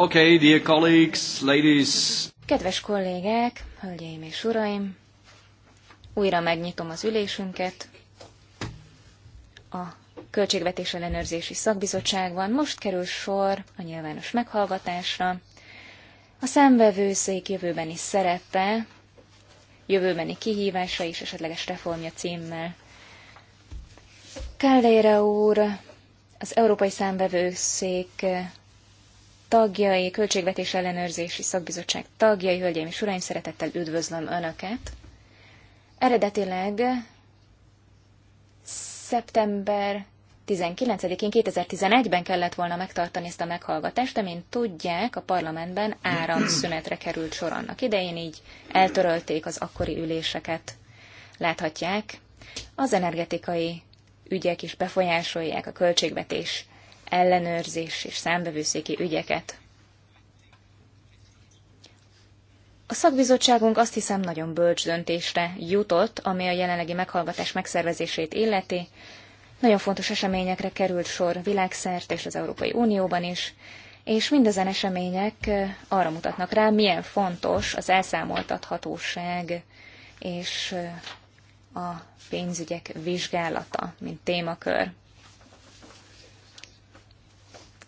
Okay, dear colleagues, ladies. Kedves kollégák, hölgyeim és uraim, újra megnyitom az ülésünket. A Költségvetés ellenőrzési szakbizottságban most kerül sor a nyilvános meghallgatásra. A szemvevőszék jövőbeni szerepe, jövőbeni kihívása és esetleges reformja címmel. Kálléra úr, az Európai Számvevőszék tagjai, Költségvetés Ellenőrzési Szakbizottság tagjai, hölgyeim és uraim, szeretettel üdvözlöm Önöket. Eredetileg szeptember 19-én 2011-ben kellett volna megtartani ezt a meghallgatást, de mint tudják, a parlamentben áramszünetre került sor annak idején, így eltörölték az akkori üléseket. Láthatják, az energetikai ügyek is befolyásolják a költségvetés ellenőrzés és számbevőszéki ügyeket. A szakbizottságunk azt hiszem nagyon bölcs döntésre jutott, ami a jelenlegi meghallgatás megszervezését illeti. Nagyon fontos eseményekre került sor világszerte és az Európai Unióban is, és mindezen események arra mutatnak rá, milyen fontos az elszámoltathatóság és a pénzügyek vizsgálata, mint témakör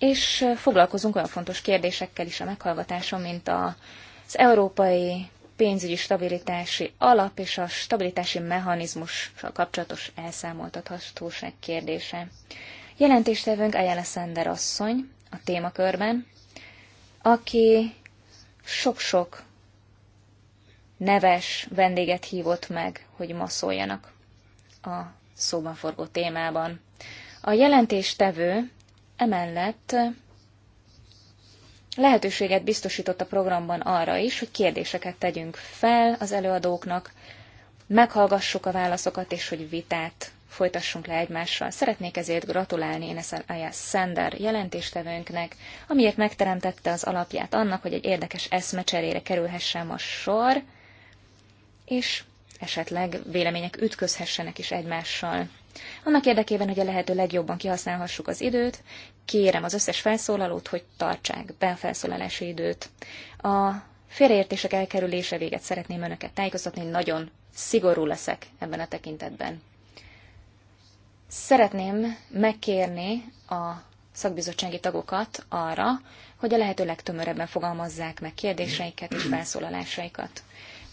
és foglalkozunk olyan fontos kérdésekkel is a meghallgatáson, mint az európai pénzügyi stabilitási alap és a stabilitási mechanizmussal kapcsolatos elszámoltathatóság kérdése. Jelentéstevőnk Ayala Sender asszony a témakörben, aki sok-sok neves vendéget hívott meg, hogy ma szóljanak a szóban forgó témában. A jelentéstevő Emellett lehetőséget biztosított a programban arra is, hogy kérdéseket tegyünk fel az előadóknak, meghallgassuk a válaszokat, és hogy vitát folytassunk le egymással. Szeretnék ezért gratulálni Ines Ayas Sender jelentéstevőnknek, amiért megteremtette az alapját annak, hogy egy érdekes eszmecserére kerülhessen a sor, és esetleg vélemények ütközhessenek is egymással. Annak érdekében, hogy a lehető legjobban kihasználhassuk az időt, kérem az összes felszólalót, hogy tartsák be a felszólalási időt. A félreértések elkerülése véget szeretném önöket tájékoztatni, nagyon szigorú leszek ebben a tekintetben. Szeretném megkérni a szakbizottsági tagokat arra, hogy a lehető legtömörebben fogalmazzák meg kérdéseiket és felszólalásaikat.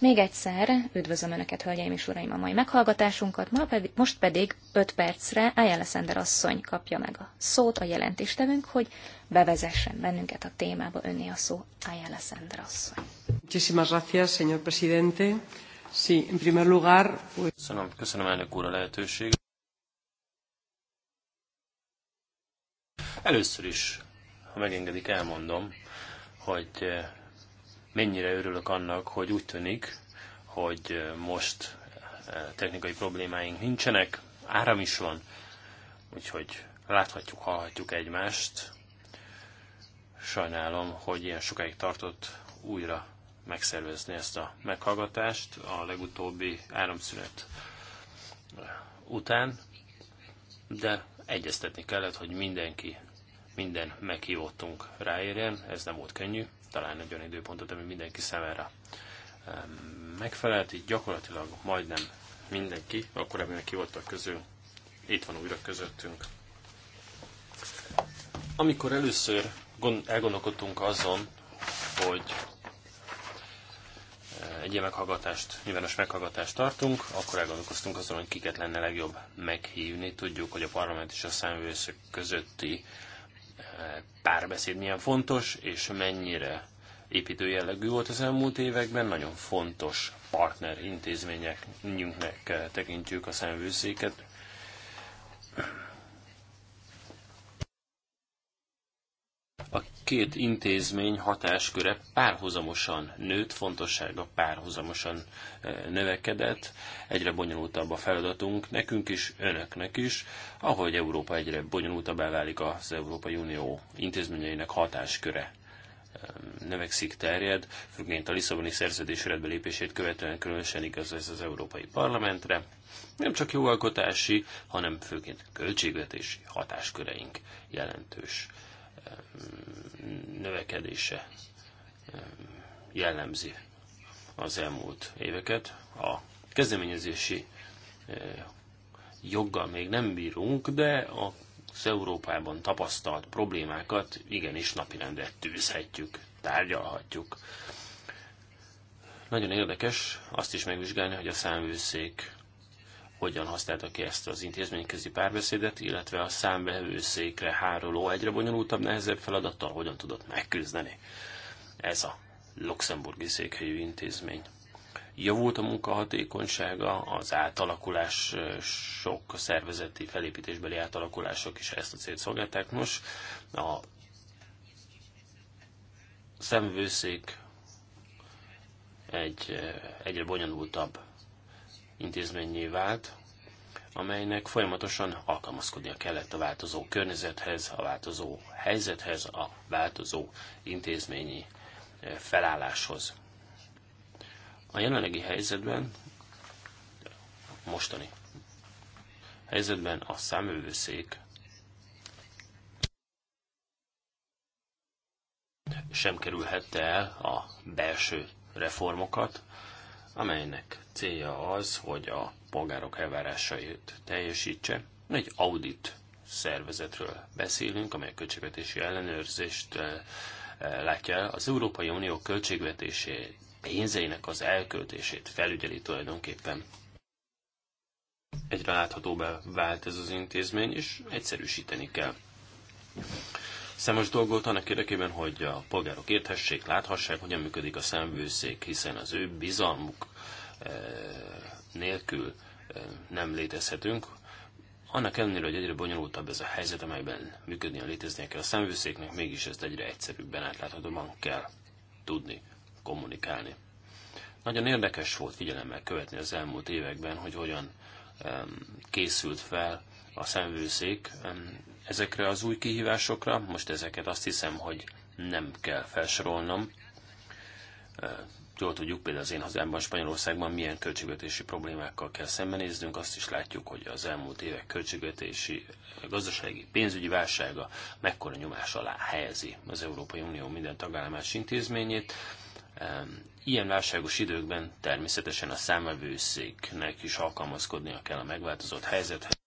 Még egyszer üdvözlöm Önöket, hölgyeim és uraim, a mai meghallgatásunkat, ma pedig, most pedig 5 percre Ayala Szender asszony kapja meg a szót, a jelentéstevünk, hogy bevezessen bennünket a témába, önni a szó Ayala Szender asszony. Muchísimas gracias, señor presidente. Sí, en primer lugar... Pues... Köszönöm, köszönöm elnök úr a lehetőséget. Először is, ha megengedik, elmondom, hogy eh, Mennyire örülök annak, hogy úgy tűnik, hogy most eh, technikai problémáink nincsenek, áram is van, úgyhogy láthatjuk, hallhatjuk egymást. Sajnálom, hogy ilyen sokáig tartott újra megszervezni ezt a meghallgatást a legutóbbi áramszünet eh, után, de egyeztetni kellett, hogy mindenki, minden meghívottunk ráérjen, ez nem volt könnyű találni egy olyan időpontot, ami mindenki számára megfelelt, így gyakorlatilag majdnem mindenki, akkor ebben ki voltak közül, itt van újra közöttünk. Amikor először elgondolkodtunk azon, hogy eh, egy ilyen meghallgatást, nyilvános meghallgatást tartunk, akkor elgondolkoztunk azon, hogy kiket lenne legjobb meghívni. Tudjuk, hogy a parlament és a számvőszök közötti párbeszéd milyen fontos, és mennyire építő jellegű volt az elmúlt években, nagyon fontos partner intézményeknek tekintjük a szemvőszéket. A két intézmény hatásköre párhuzamosan nőtt, fontossága párhuzamosan e, növekedett, egyre bonyolultabb a feladatunk, nekünk is, önöknek is, ahogy Európa egyre bonyolultabbá válik az Európai Unió intézményeinek hatásköre e, növekszik, terjed, főként a Lisszaboni szerződés lépését követően különösen igaz ez az Európai Parlamentre. Nem csak jogalkotási, hanem főként költségvetési hatásköreink jelentős növekedése jellemzi az elmúlt éveket. A kezdeményezési e, joggal még nem bírunk, de az Európában tapasztalt problémákat igenis napirendre tűzhetjük, tárgyalhatjuk. Nagyon érdekes azt is megvizsgálni, hogy a számvőszék hogyan használta ki ezt az intézményközi párbeszédet, illetve a számbevőszékre hároló egyre bonyolultabb, nehezebb feladattal hogyan tudott megküzdeni. Ez a luxemburgi székhelyű intézmény. Javult a munkahatékonysága, az átalakulás, sok szervezeti felépítésbeli átalakulások is ezt a célt szolgálták. Nos, a szemvőszék egy egyre bonyolultabb intézményé vált, amelynek folyamatosan alkalmazkodnia kellett a változó környezethez, a változó helyzethez, a változó intézményi eh, felálláshoz. A jelenlegi helyzetben, mostani helyzetben a számövőszék sem kerülhette el a belső reformokat, amelynek célja az, hogy a polgárok elvárásait teljesítse. Egy audit szervezetről beszélünk, amely a költségvetési ellenőrzést eh, eh, látja el. Az Európai Unió költségvetési pénzeinek az elköltését felügyeli tulajdonképpen. Egyre láthatóbbá vált ez az intézmény, és egyszerűsíteni kell számos dolgot annak érdekében, hogy a polgárok érthessék, láthassák, hogyan működik a szemvőszék, hiszen az ő bizalmuk eh, nélkül eh, nem létezhetünk. Annak ellenére, hogy egyre bonyolultabb ez a helyzet, amelyben működnie léteznie kell a szemvőszéknek, mégis ezt egyre egyszerűbben átláthatóban kell tudni kommunikálni. Nagyon érdekes volt figyelemmel követni az elmúlt években, hogy hogyan készült fel a számvőszék ezekre az új kihívásokra. Most ezeket azt hiszem, hogy nem kell felsorolnom. Jól tudjuk például az én hazámban, Spanyolországban milyen költségvetési problémákkal kell szembenéznünk. Azt is látjuk, hogy az elmúlt évek költségvetési, gazdasági, pénzügyi válsága mekkora nyomás alá helyezi az Európai Unió minden tagállamás intézményét. Ilyen válságos időkben természetesen a számvevőszéknek is alkalmazkodnia kell a megváltozott helyzethez.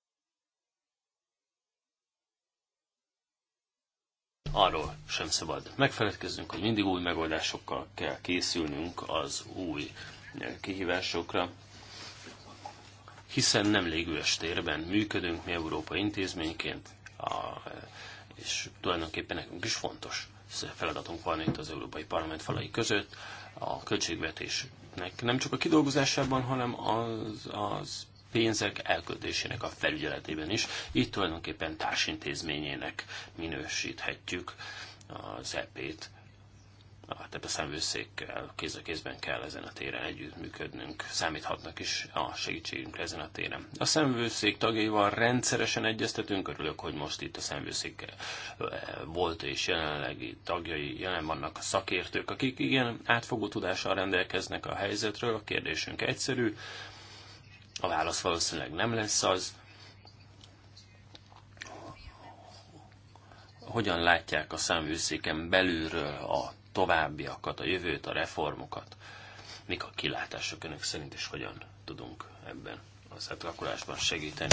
arról sem szabad megfeledkeznünk, hogy mindig új megoldásokkal kell készülnünk az új kihívásokra, hiszen nem légüres térben működünk mi európai intézményként, a, és tulajdonképpen nekünk is fontos feladatunk van itt az Európai Parlament falai között, a költségvetésnek nem csak a kidolgozásában, hanem az, az pénzek elköltésének a felügyeletében is. Így tulajdonképpen társintézményének minősíthetjük az EP-t. Hát a szemvőszékkel kéz a kézben kell ezen a téren együttműködnünk, számíthatnak is a segítségünk ezen a téren. A szemvőszék tagjaival rendszeresen egyeztetünk, örülök, hogy most itt a szemvőszék eh, volt és jelenlegi tagjai, jelen vannak a szakértők, akik igen átfogó tudással rendelkeznek a helyzetről. A kérdésünk egyszerű, a válasz valószínűleg nem lesz az. Hogyan látják a száműszéken belülről a továbbiakat, a jövőt, a reformokat? Mik a kilátások önök szerint, és hogyan tudunk ebben az átlakulásban segíteni?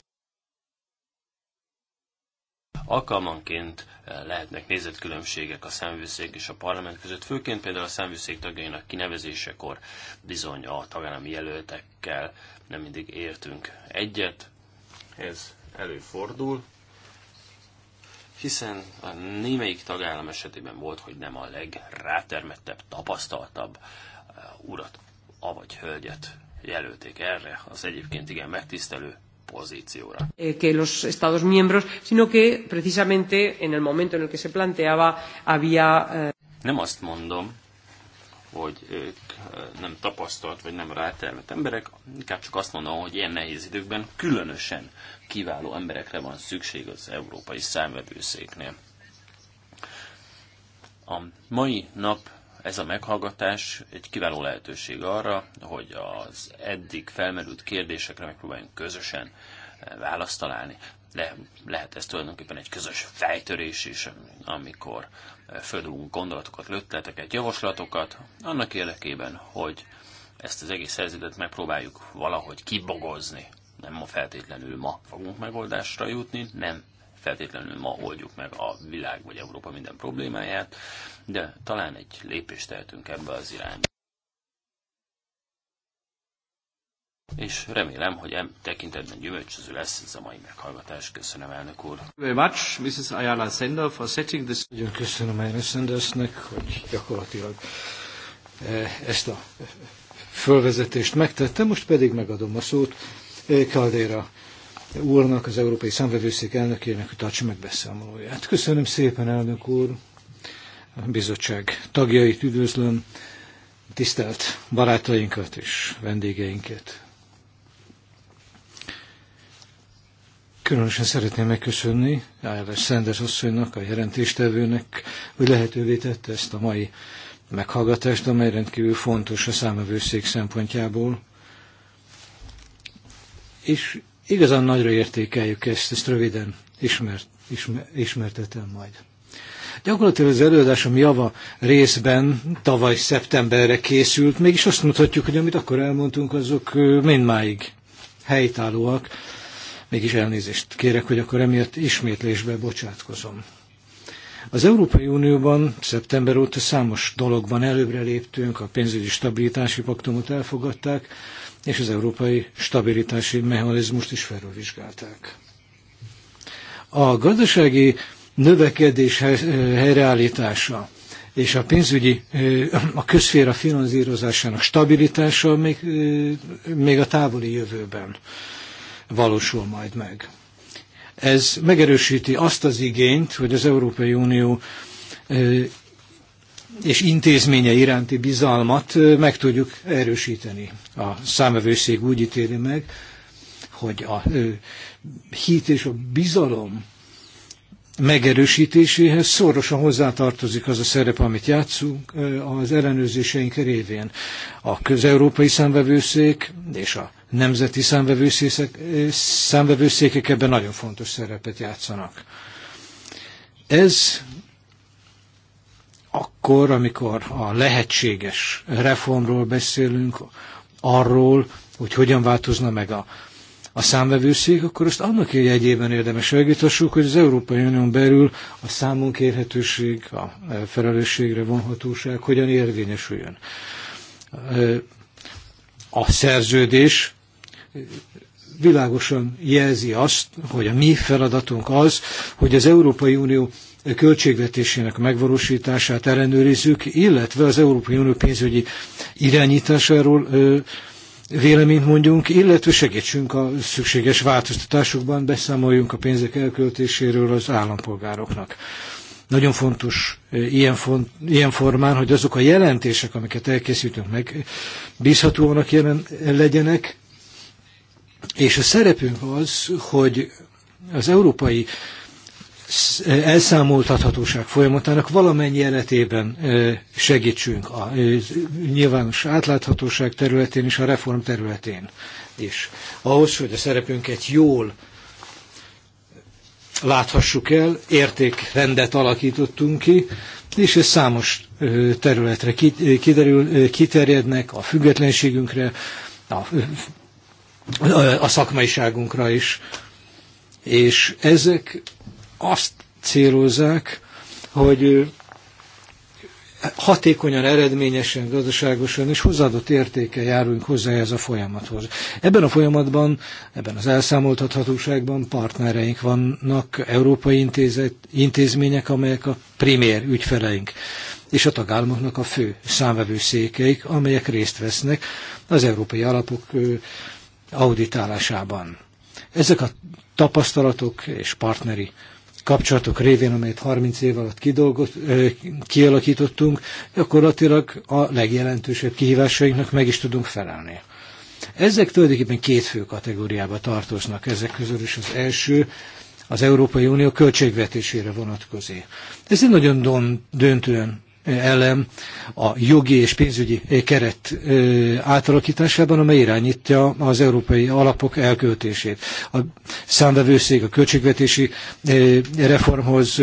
Alkalmanként eh, lehetnek nézetkülönbségek a szemvőszék és a parlament között, főként például a szemvőszék tagjainak kinevezésekor bizony a tagállami jelöltekkel nem mindig értünk egyet. Ez előfordul, hiszen a némelyik tagállam esetében volt, hogy nem a legrátermettebb, tapasztaltabb eh, urat avagy hölgyet jelölték erre az egyébként igen megtisztelő pozícióra. Eh, que los Estados miembros, sino que precisamente en el momento en el que se planteaba había... Eh, nem azt mondom, hogy ők eh, nem tapasztalt, vagy nem rátermett emberek, inkább csak azt mondom, hogy ilyen nehéz időkben különösen kiváló emberekre van szükség az európai számvevőszéknél. A mai nap ez a meghallgatás egy kiváló lehetőség arra, hogy az eddig felmerült kérdésekre megpróbáljunk közösen eh, választ találni. Le, lehet ez tulajdonképpen egy közös fejtörés is, amikor eh, földugunk gondolatokat, lötleteket, javaslatokat, annak érdekében, hogy ezt az egész helyzetet megpróbáljuk valahogy kibogozni. Nem ma feltétlenül ma fogunk megoldásra jutni, nem feltétlenül ma oldjuk meg a világ vagy Európa minden problémáját, de talán egy lépést tehetünk ebbe az irányba. És remélem, hogy em tekintetben gyümölcsöző lesz ez a mai meghallgatás. Köszönöm, elnök úr. Very much, Mrs. Ayala Sender, for setting this... Nagyon köszönöm Ayala Sendersnek, hogy gyakorlatilag e, ezt a fölvezetést megtette, most pedig megadom a szót e, Caldera úrnak, az Európai Számvevőszék elnökének, hogy tartsa meg beszámolóját. Köszönöm szépen, elnök úr! bizottság tagjait üdvözlöm, tisztelt barátainkat és vendégeinket. Különösen szeretném megköszönni Ájárás Szenders asszonynak, a jelentéstevőnek, hogy lehetővé tette ezt a mai meghallgatást, amely rendkívül fontos a számövőszék szempontjából. És igazán nagyra értékeljük ezt, ezt röviden ismert, ismer, ismertetem majd. Gyakorlatilag az előadásom java részben tavaly szeptemberre készült, mégis azt mutatjuk, hogy amit akkor elmondtunk, azok mindmáig helytállóak. Mégis elnézést kérek, hogy akkor emiatt ismétlésbe bocsátkozom. Az Európai Unióban szeptember óta számos dologban előbbre léptünk, a pénzügyi stabilitási paktumot elfogadták, és az európai stabilitási mechanizmust is felülvizsgálták. A gazdasági növekedés helyreállítása és a pénzügyi, a közféra finanszírozásának stabilitása még, még a távoli jövőben valósul majd meg. Ez megerősíti azt az igényt, hogy az Európai Unió és intézménye iránti bizalmat meg tudjuk erősíteni. A számövőszék úgy ítéli meg, hogy a hit és a bizalom megerősítéséhez szorosan hozzátartozik az a szerep, amit játszunk az ellenőrzéseink révén. A közeurópai számvevőszék és a nemzeti számvevőszékek ebben nagyon fontos szerepet játszanak. Ez akkor, amikor a lehetséges reformról beszélünk, arról, hogy hogyan változna meg a a számvevőszék, akkor azt annak jegyében érdemes megvitassuk, hogy az Európai Unión belül a számunk érhetőség, a e, felelősségre vonhatóság hogyan érvényesüljön. E, a szerződés világosan jelzi azt, hogy a mi feladatunk az, hogy az Európai Unió költségvetésének megvalósítását ellenőrizzük, illetve az Európai Unió pénzügyi irányításáról e, véleményt mondjunk, illetve segítsünk a szükséges változtatásokban, beszámoljunk a pénzek elköltéséről az állampolgároknak. Nagyon fontos eh, ilyen, font, ilyen formán, hogy azok a jelentések, amiket elkészítünk meg, bízhatóanak jelen, legyenek, és a szerepünk az, hogy az európai uh, elszámoltathatóság folyamatának valamennyi eletében segítsünk a nyilvános átláthatóság területén és a reform területén is. Ahhoz, hogy a szerepünket jól láthassuk el, értékrendet alakítottunk ki, és ez számos területre kiderül, kiterjednek a függetlenségünkre, a, a szakmaiságunkra is. És ezek azt célozzák, hogy hatékonyan, eredményesen, gazdaságosan és hozzáadott értéke járunk hozzá ez a folyamathoz. Ebben a folyamatban, ebben az elszámoltathatóságban partnereink vannak, európai intézet, intézmények, amelyek a primér ügyfeleink és a tagállamoknak a fő számvevő székeik, amelyek részt vesznek az európai alapok auditálásában. Ezek a tapasztalatok és partneri kapcsolatok révén, amelyet 30 év alatt kidolgot, kialakítottunk, gyakorlatilag a legjelentősebb kihívásainknak meg is tudunk felelni. Ezek tulajdonképpen két fő kategóriába tartoznak, ezek közül is az első, az Európai Unió költségvetésére vonatkozik. Ez egy nagyon döntően elem a jogi és pénzügyi keret átalakításában, amely irányítja az európai alapok elköltését. A számvevőszék a költségvetési reformhoz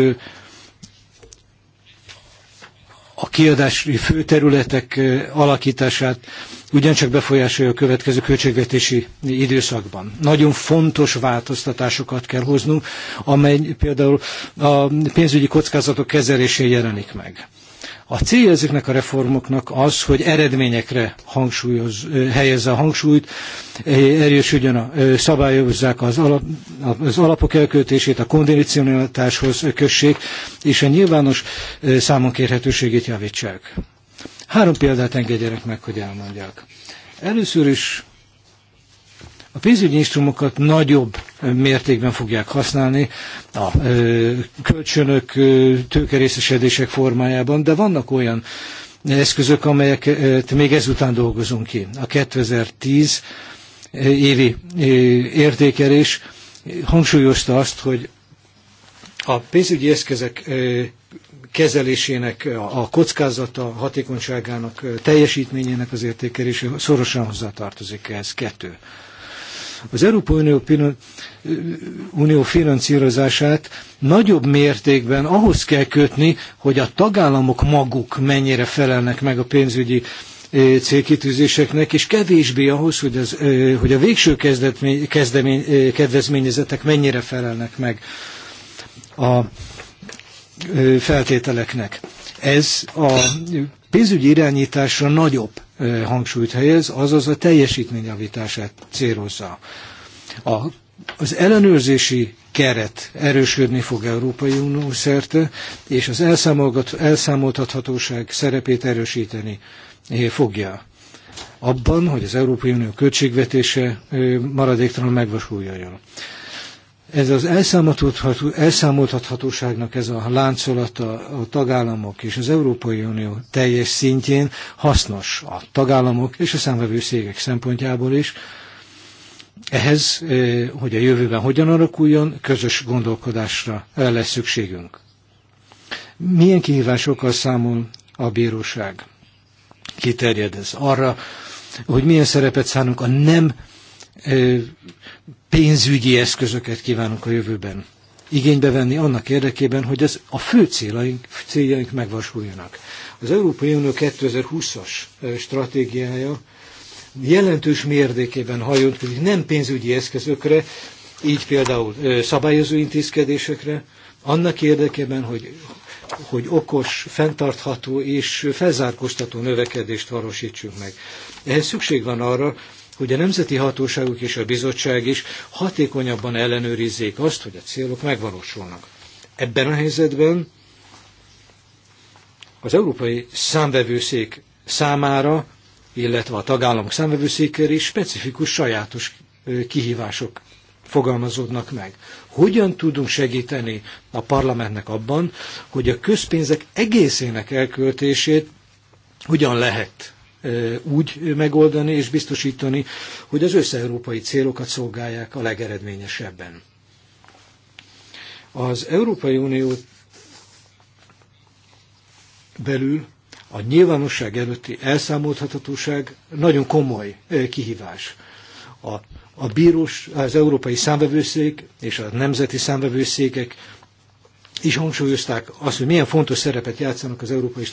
a kiadási főterületek alakítását ugyancsak befolyásolja a következő költségvetési időszakban. Nagyon fontos változtatásokat kell hoznunk, amely például a pénzügyi kockázatok kezelésén jelenik meg. A célja ezeknek a reformoknak az, hogy eredményekre hangsúlyoz, helyezze a hangsúlyt, erősödjön a szabályozzák az, alap, az alapok elköltését, a kondicionalitáshoz kössék, és a nyilvános számon kérhetőségét javítsák. Három példát engedjenek meg, hogy elmondjak. Először is a pénzügyi instrumokat nagyobb mértékben fogják használni a kölcsönök, tőkerészesedések formájában, de vannak olyan eszközök, amelyeket még ezután dolgozunk ki. A 2010 évi értékelés hangsúlyozta azt, hogy a pénzügyi eszközök kezelésének, a kockázata, hatékonyságának, teljesítményének az értékelése szorosan hozzátartozik ehhez kettő. Az Európai Unió, Unió finanszírozását nagyobb mértékben ahhoz kell kötni, hogy a tagállamok maguk mennyire felelnek meg a pénzügyi célkitűzéseknek, és kevésbé ahhoz, hogy, az, hogy a végső kezdemény, kezdemény, kedvezményezetek mennyire felelnek meg a feltételeknek. Ez a pénzügyi irányításra nagyobb hangsúlyt helyez, azaz a teljesítményjavítását célozza. A, az ellenőrzési keret erősödni fog Európai Unió szerte, és az elszámoltathatóság szerepét erősíteni eh, fogja abban, hogy az Európai Unió költségvetése maradéktalan megvasuljon. Ez az elszámoltathatóságnak ez a láncolata a tagállamok és az Európai Unió teljes szintjén hasznos a tagállamok és a számvevőszégek szempontjából is. Ehhez, eh, hogy a jövőben hogyan alakuljon, közös gondolkodásra eh, lesz szükségünk. Milyen kihívásokkal számol a bíróság? Kiterjed ez arra, hogy milyen szerepet szánunk a nem pénzügyi eszközöket kívánunk a jövőben igénybe venni annak érdekében, hogy ez a fő céljaink, céljaink megvasuljanak. Az Európai Unió 2020-as stratégiája jelentős mérdékében hajónkodik nem pénzügyi eszközökre, így például szabályozó intézkedésekre, annak érdekében, hogy, hogy okos, fenntartható és felzárkóztató növekedést valósítsunk meg. Ehhez szükség van arra, hogy a nemzeti hatóságok és a bizottság is hatékonyabban ellenőrizzék azt, hogy a célok megvalósulnak. Ebben a helyzetben az Európai Számvevőszék számára, illetve a tagállamok számvevőszékére is specifikus sajátos kihívások fogalmazódnak meg. Hogyan tudunk segíteni a parlamentnek abban, hogy a közpénzek egészének elköltését hogyan lehet úgy megoldani és biztosítani, hogy az összeurópai célokat szolgálják a legeredményesebben. Az Európai Unió belül a nyilvánosság előtti elszámolthatatóság nagyon komoly kihívás. A, a bírós, az Európai Számvevőszék és a Nemzeti Számvevőszékek és hangsúlyozták azt, hogy milyen fontos szerepet játszanak az európai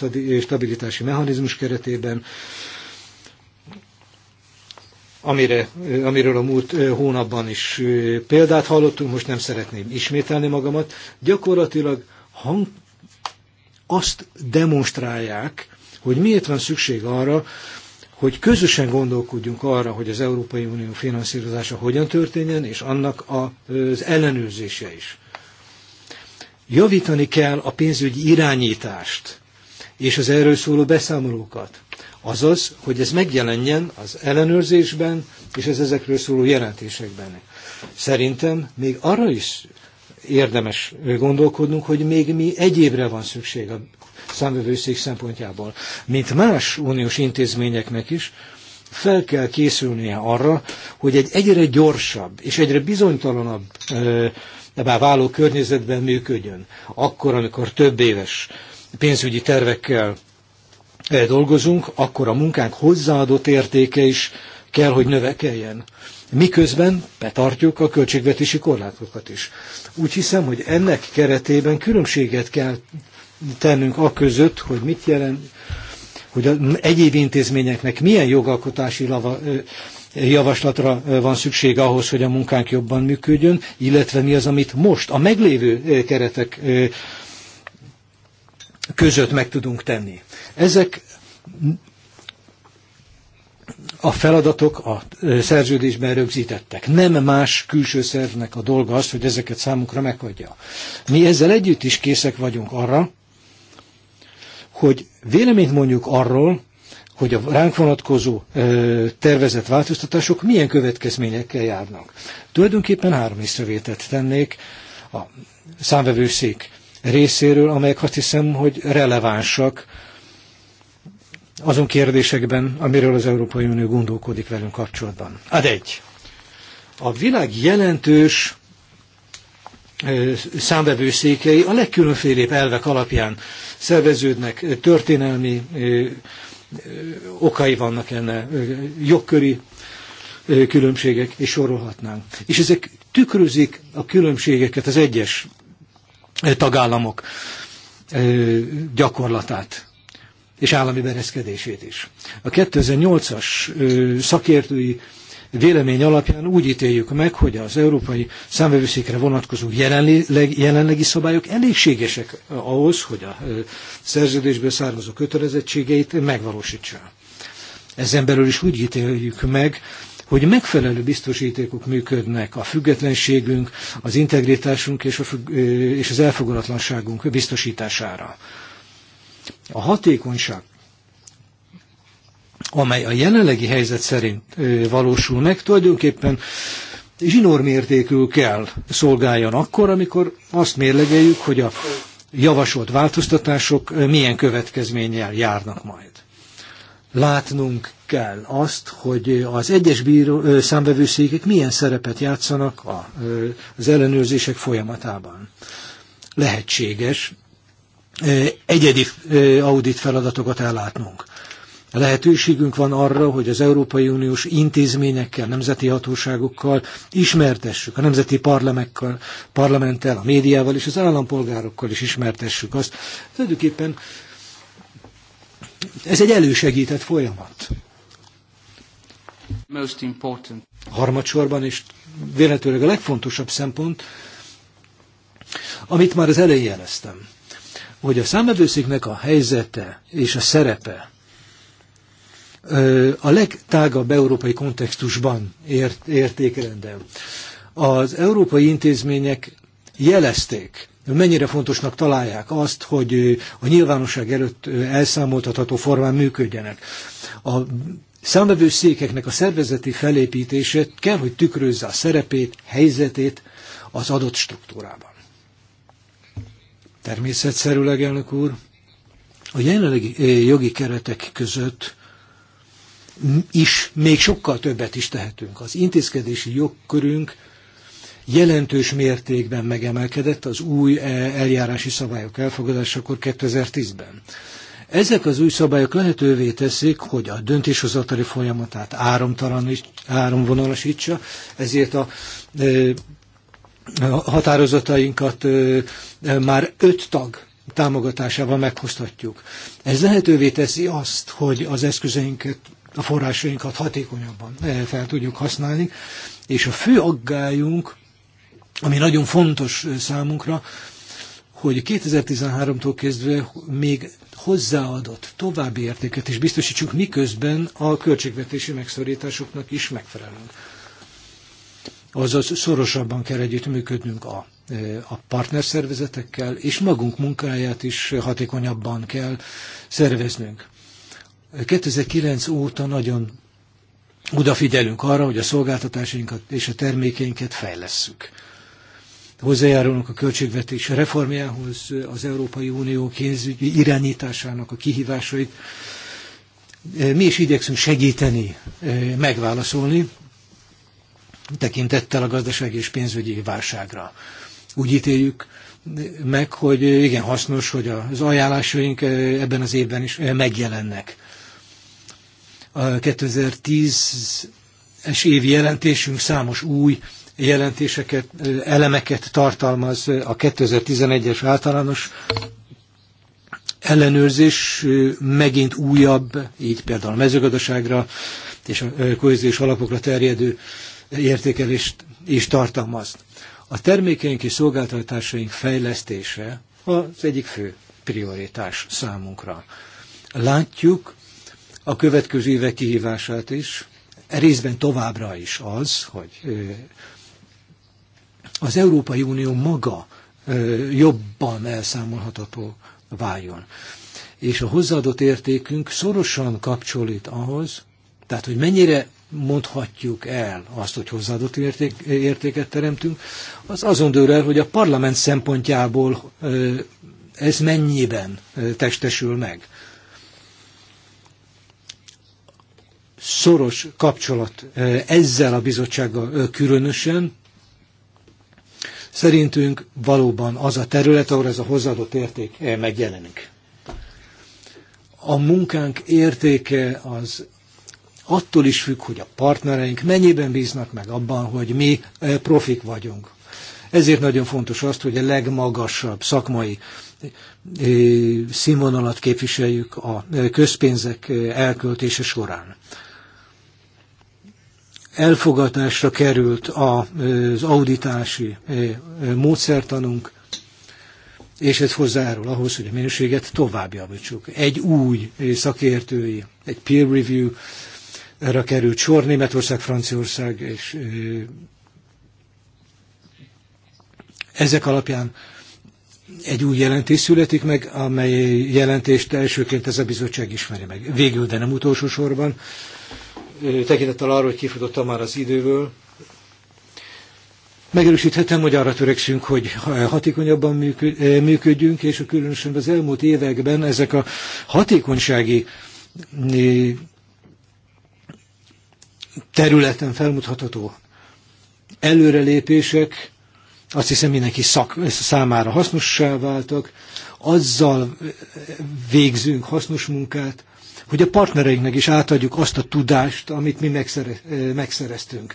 stabilitási mechanizmus keretében, amire, amiről a múlt hónapban is példát hallottunk, most nem szeretném ismételni magamat, gyakorlatilag hang, azt demonstrálják, hogy miért van szükség arra, hogy közösen gondolkodjunk arra, hogy az Európai Unió finanszírozása hogyan történjen, és annak az ellenőrzése is. Javítani kell a pénzügyi irányítást és az erről szóló beszámolókat. Azaz, hogy ez megjelenjen az ellenőrzésben és az ezekről szóló jelentésekben. Szerintem még arra is érdemes gondolkodnunk, hogy még mi egyébre van szükség a számvevőszék szempontjából, mint más uniós intézményeknek is, fel kell készülnie arra, hogy egy egyre gyorsabb és egyre bizonytalanabb be váló környezetben működjön. Akkor, amikor több éves pénzügyi tervekkel eh, dolgozunk, akkor a munkánk hozzáadott értéke is kell, hogy növekeljen. Miközben betartjuk a költségvetési korlátokat is. Úgy hiszem, hogy ennek keretében különbséget kell tennünk a között, hogy mit jelent, hogy az egyéb intézményeknek milyen jogalkotási lava, javaslatra van szükség ahhoz, hogy a munkánk jobban működjön, illetve mi az, amit most a meglévő keretek között meg tudunk tenni. Ezek a feladatok a szerződésben rögzítettek. Nem más külső szervnek a dolga az, hogy ezeket számunkra megadja. Mi ezzel együtt is készek vagyunk arra, hogy véleményt mondjuk arról, hogy a ránk vonatkozó tervezett változtatások milyen következményekkel járnak. Tulajdonképpen három észrevételt tennék a számvevőszék részéről, amelyek azt hiszem, hogy relevánsak azon kérdésekben, amiről az Európai Unió gondolkodik velünk kapcsolatban. Ad hát egy. A világ jelentős számvevőszékei a legkülönfélébb elvek alapján szerveződnek történelmi okai vannak ennek, jogköri különbségek, és sorolhatnánk. És ezek tükrözik a különbségeket az egyes tagállamok gyakorlatát és állami bereszkedését is. A 2008-as szakértői vélemény alapján úgy ítéljük meg, hogy az európai számvevőszékre vonatkozó jelenlegi szabályok elégségesek eh, ahhoz, hogy a eh, szerződésből származó kötelezettségeit megvalósítsa. Ezen belül is úgy ítéljük meg, hogy megfelelő biztosítékok működnek a függetlenségünk, az integritásunk és, a függ, eh, és az elfogadatlanságunk biztosítására. A hatékonyság amely a jelenlegi helyzet szerint valósul meg, tulajdonképpen zsinórmértékű kell szolgáljon akkor, amikor azt mérlegeljük, hogy a javasolt változtatások milyen következménnyel járnak majd. Látnunk kell azt, hogy az egyes bíró, számvevőszékek milyen szerepet játszanak a, az ellenőrzések folyamatában. Lehetséges egyedi audit feladatokat ellátnunk lehetőségünk van arra, hogy az Európai Uniós intézményekkel, nemzeti hatóságokkal ismertessük, a nemzeti parlamenttel, a médiával és az állampolgárokkal is ismertessük azt. Tulajdonképpen ez egy elősegített folyamat. Most important. Harmadsorban, és véletőleg a legfontosabb szempont, amit már az elején jeleztem, hogy a számvevőszéknek a helyzete és a szerepe a legtágabb európai kontextusban ért, értékrendel. Az európai intézmények jelezték, mennyire fontosnak találják azt, hogy a nyilvánosság előtt elszámoltatható formán működjenek. A számvevőszékeknek a szervezeti felépítése kell, hogy tükrözze a szerepét, helyzetét az adott struktúrában. Természetszerűleg, elnök úr, a jelenlegi jogi keretek között is még sokkal többet is tehetünk. Az intézkedési jogkörünk jelentős mértékben megemelkedett az új e, eljárási szabályok elfogadásakor 2010-ben. Ezek az új szabályok lehetővé teszik, hogy a döntéshozatali folyamatát áramvonalasítsa, ezért a e, határozatainkat e, már öt tag támogatásával meghozhatjuk. Ez lehetővé teszi azt, hogy az eszközeinket a forrásainkat hatékonyabban eh, fel tudjuk használni. És a fő aggályunk, ami nagyon fontos eh, számunkra, hogy 2013-tól kezdve még hozzáadott további értéket is biztosítsunk, miközben a költségvetési megszorításoknak is megfelelünk. Azaz szorosabban kell együttműködnünk a, eh, a partnerszervezetekkel, és magunk munkáját is hatékonyabban kell szerveznünk. 2009 óta nagyon odafigyelünk arra, hogy a szolgáltatásainkat és a termékeinket fejlesszük. Hozzájárulunk a költségvetés reformjához, az Európai Unió pénzügyi irányításának a kihívásait. Mi is igyekszünk segíteni, eh, megválaszolni, tekintettel a gazdasági és pénzügyi válságra. Úgy ítéljük meg, hogy igen hasznos, hogy az ajánlásaink eh, ebben az évben is eh, megjelennek 2010 es évi jelentésünk számos új jelentéseket, elemeket tartalmaz a 2011-es általános ellenőrzés megint újabb, így például a mezőgazdaságra és a kohéziós alapokra terjedő értékelést is tartalmaz. A termékeink és szolgáltatásaink fejlesztése az egyik fő prioritás számunkra. Látjuk, a következő évek kihívását is, részben továbbra is az, hogy az Európai Unió maga jobban elszámolható váljon. És a hozzáadott értékünk szorosan kapcsolít ahhoz, tehát hogy mennyire mondhatjuk el azt, hogy hozzáadott érték, értéket teremtünk, az azon dől el, hogy a parlament szempontjából ez mennyiben testesül meg. szoros kapcsolat ezzel a bizottsággal különösen. Szerintünk valóban az a terület, ahol ez a hozzáadott érték megjelenik. A munkánk értéke az attól is függ, hogy a partnereink mennyiben bíznak meg abban, hogy mi profik vagyunk. Ezért nagyon fontos azt, hogy a legmagasabb szakmai színvonalat képviseljük a közpénzek elköltése során elfogadásra került az auditási e, e, módszertanunk, és ez hozzájárul ahhoz, hogy a minőséget tovább javítsuk. Egy új e, szakértői, egy peer review, erre került sor Németország, Franciaország, és ezek alapján egy új jelentés születik meg, amely jelentést elsőként ez a bizottság ismeri meg. Végül, de nem utolsó sorban, tekintettel arra, hogy kifutottam már az időből, Megerősíthetem, hogy arra törekszünk, hogy hatékonyabban eh, működjünk, és a különösen az elmúlt években ezek a hatékonysági eh, területen felmutatható előrelépések azt hiszem mindenki szak, számára hasznossá váltak, azzal eh, végzünk hasznos munkát, hogy a partnereinknek is átadjuk azt a tudást, amit mi megszereztünk.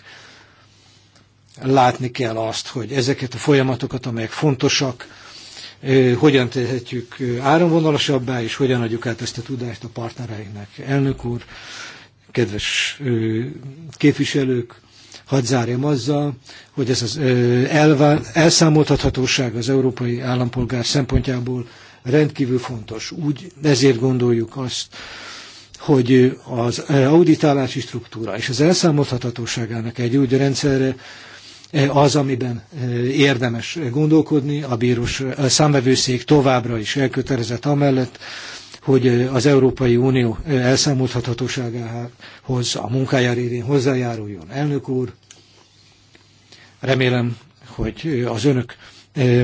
Látni kell azt, hogy ezeket a folyamatokat, amelyek fontosak, hogyan tehetjük áramvonalasabbá, és hogyan adjuk át ezt a tudást a partnereinknek. Elnök úr, kedves képviselők, hadd zárjam azzal, hogy ez az elszámoltathatóság az európai állampolgár szempontjából rendkívül fontos. Úgy ezért gondoljuk azt, hogy az auditálási struktúra és az elszámolhatatóságának egy úgy rendszerre az, amiben érdemes gondolkodni, a bírós a számvevőszék továbbra is elkötelezett amellett, hogy az Európai Unió elszámolhatóságához a munkájár érén hozzájáruljon. Elnök úr, remélem, hogy az önök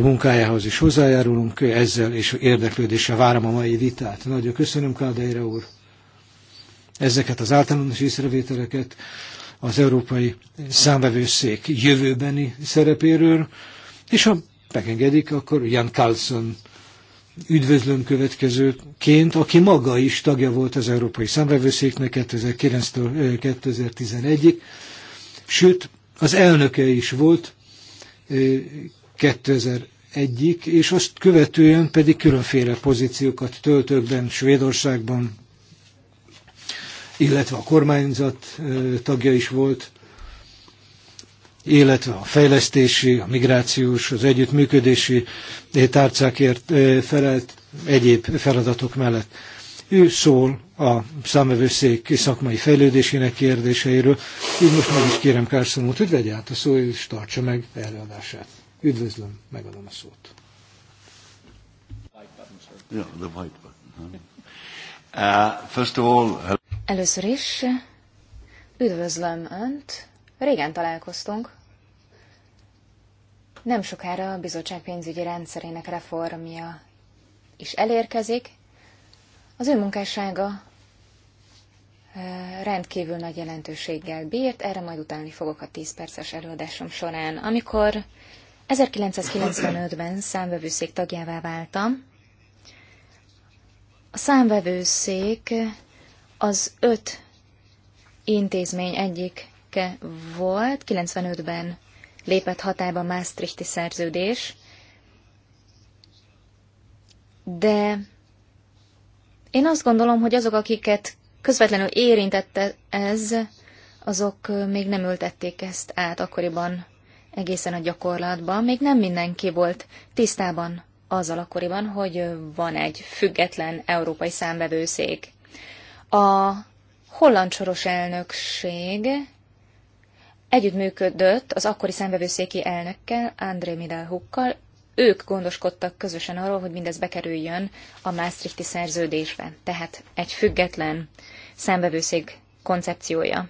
munkájához is hozzájárulunk ezzel, és érdeklődéssel várom a mai vitát. Nagyon köszönöm, Kádeire úr ezeket az általános észrevételeket az Európai Számvevőszék jövőbeni szerepéről, és ha megengedik, akkor Jan Carlson üdvözlöm következőként, aki maga is tagja volt az Európai Számvevőszéknek 2009-től 2011-ig, sőt, az elnöke is volt 2001-ig, és azt követően pedig különféle pozíciókat töltök Svédországban, illetve a kormányzat tagja is volt, illetve a fejlesztési, a migrációs, az együttműködési tárcákért felelt egyéb feladatok mellett. Ő szól a számövőszék szakmai fejlődésének kérdéseiről, így most meg is kérem Kárszomót, hogy vegye át a szó, és tartsa meg előadását. Üdvözlöm, megadom a szót. Yeah, the white button. Huh? Uh, first of all, Először is üdvözlöm Önt. Régen találkoztunk. Nem sokára a bizottság pénzügyi rendszerének reformja is elérkezik. Az ő munkássága rendkívül nagy jelentőséggel bírt, erre majd utáni fogok a 10 perces előadásom során. Amikor 1995-ben számvevőszék tagjává váltam, a számvevőszék az öt intézmény egyike volt, 95-ben lépett hatályba Maastrichti szerződés, de én azt gondolom, hogy azok, akiket közvetlenül érintette ez, azok még nem ültették ezt át akkoriban egészen a gyakorlatban. Még nem mindenki volt tisztában azzal akkoriban, hogy van egy független európai számbevőszék. A holland soros elnökség együttműködött az akkori szembevőszéki elnökkel, André Midelhukkal. ők gondoskodtak közösen arról, hogy mindez bekerüljön a Maastrichti szerződésbe, tehát egy független szembevőszék koncepciója.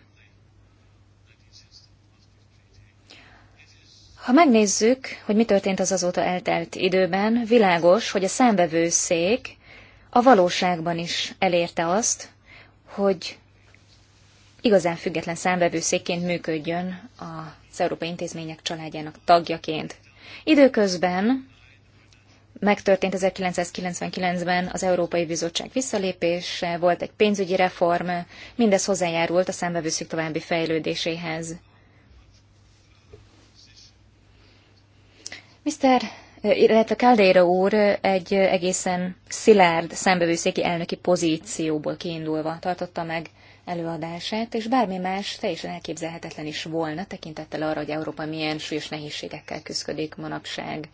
Ha megnézzük, hogy mi történt az azóta eltelt időben, világos, hogy a szembevőszék a valóságban is elérte azt, hogy igazán független számbevőszékként működjön az Európai Intézmények családjának tagjaként. Időközben megtörtént 1999-ben az Európai Bizottság visszalépése, volt egy pénzügyi reform, mindez hozzájárult a számbevőszék további fejlődéséhez. Mr illetve Caldeira úr egy egészen szilárd szembevőszéki elnöki pozícióból kiindulva tartotta meg előadását, és bármi más teljesen elképzelhetetlen is volna, tekintettel arra, hogy Európa milyen súlyos nehézségekkel küzdik manapság.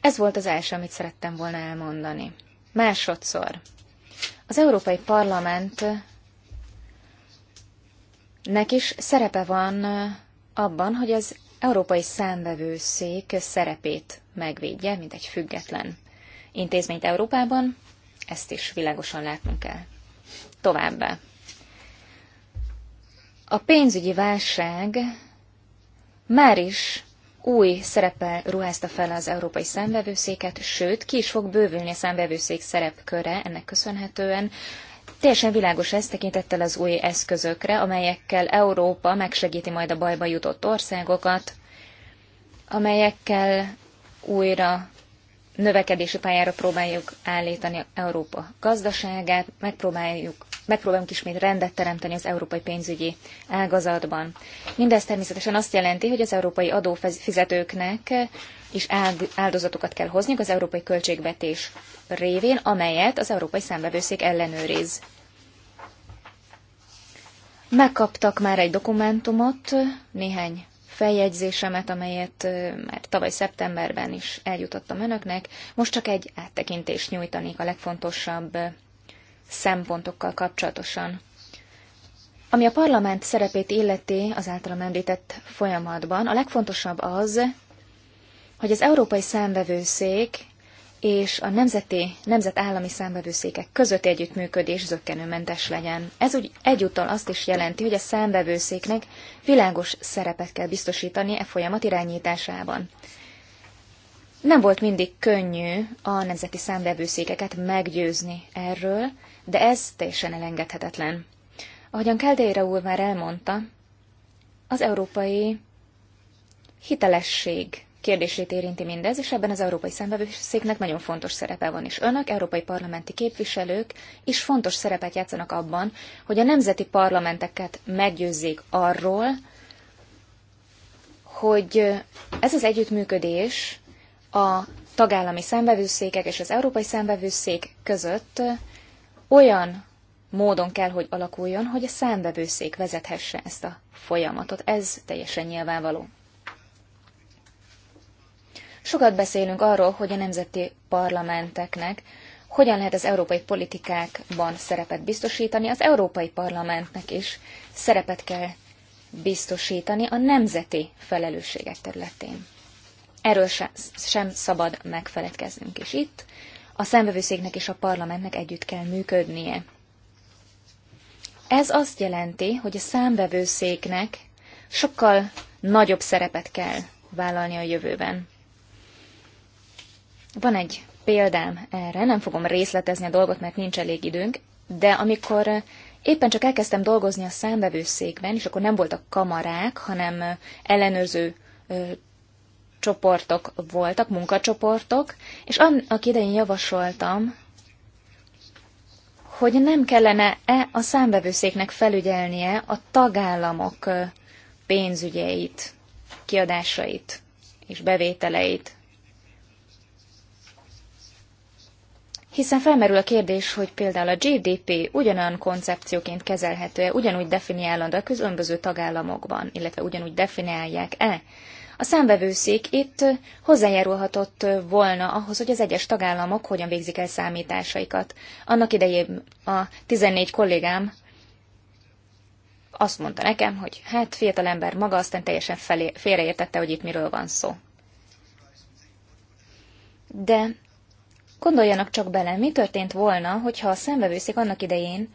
Ez volt az első, amit szerettem volna elmondani. Másodszor. Az Európai Parlamentnek is szerepe van abban, hogy az európai számvevőszék szerepét megvédje, mint egy független intézményt Európában, ezt is világosan látnunk kell. Továbbá. A pénzügyi válság már is új szerepe ruházta fel az európai számvevőszéket, sőt, ki is fog bővülni a számvevőszék szerepköre ennek köszönhetően. Teljesen világos ez tekintettel az új eszközökre, amelyekkel Európa megsegíti majd a bajba jutott országokat, amelyekkel újra növekedési pályára próbáljuk állítani Európa gazdaságát, megpróbáljuk, megpróbálunk ismét rendet teremteni az európai pénzügyi ágazatban. Mindez természetesen azt jelenti, hogy az európai adófizetőknek és áldozatokat kell hozniuk az európai költségvetés révén, amelyet az Európai Számbevőszék ellenőriz. Megkaptak már egy dokumentumot, néhány feljegyzésemet, amelyet már tavaly szeptemberben is eljutottam önöknek. Most csak egy áttekintést nyújtanék a legfontosabb szempontokkal kapcsolatosan. Ami a parlament szerepét illeti az általam említett folyamatban, a legfontosabb az, hogy az Európai Számbevőszék és a nemzeti, nemzetállami számbevőszékek közötti együttműködés zöggenőmentes legyen. Ez úgy egyúttal azt is jelenti, hogy a számbevőszéknek világos szerepet kell biztosítani e folyamat irányításában. Nem volt mindig könnyű a nemzeti számbevőszékeket meggyőzni erről, de ez teljesen elengedhetetlen. Ahogyan Keldeira úr már elmondta, az európai hitelesség kérdését érinti mindez, és ebben az Európai Szembevőszéknek nagyon fontos szerepe van, és önök, európai parlamenti képviselők is fontos szerepet játszanak abban, hogy a nemzeti parlamenteket meggyőzzék arról, hogy ez az együttműködés a tagállami számbevőszékek és az európai számbevőszék között olyan módon kell, hogy alakuljon, hogy a számbevőszék vezethesse ezt a folyamatot. Ez teljesen nyilvánvaló. Sokat beszélünk arról, hogy a nemzeti parlamenteknek hogyan lehet az európai politikákban szerepet biztosítani, az európai parlamentnek is szerepet kell biztosítani a nemzeti felelősségek területén. Erről sem szabad megfeledkeznünk, és itt a szembevőszéknek és a parlamentnek együtt kell működnie. Ez azt jelenti, hogy a számbevőszéknek sokkal nagyobb szerepet kell vállalni a jövőben. Van egy példám erre, nem fogom részletezni a dolgot, mert nincs elég időnk, de amikor eh, éppen csak elkezdtem dolgozni a számbevőszékben, és akkor nem voltak kamarák, hanem eh, ellenőrző eh, csoportok voltak, munkacsoportok, és annak idején javasoltam, hogy nem kellene-e a számbevőszéknek felügyelnie a tagállamok pénzügyeit, kiadásait és bevételeit. Hiszen felmerül a kérdés, hogy például a GDP ugyanolyan koncepcióként kezelhető-e, ugyanúgy definiálandó a különböző tagállamokban, illetve ugyanúgy definiálják-e. A számvevőszék itt hozzájárulhatott volna ahhoz, hogy az egyes tagállamok hogyan végzik el számításaikat. Annak idején a 14 kollégám azt mondta nekem, hogy hát fiatal ember maga aztán teljesen felé, félreértette, hogy itt miről van szó. De Gondoljanak csak bele, mi történt volna, hogyha a szembevőszék annak idején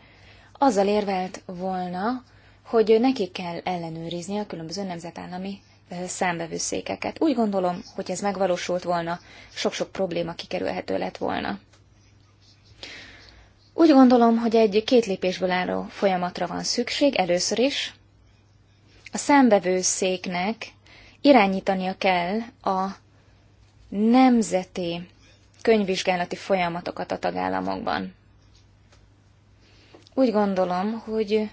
azzal érvelt volna, hogy nekik kell ellenőrizni a különböző nemzetállami szembevőszékeket. Úgy gondolom, hogy ez megvalósult volna, sok-sok probléma kikerülhető lett volna. Úgy gondolom, hogy egy két lépésből álló folyamatra van szükség először is. A szembevőszéknek irányítania kell a nemzeti könyvvizsgálati folyamatokat a tagállamokban. Úgy gondolom, hogy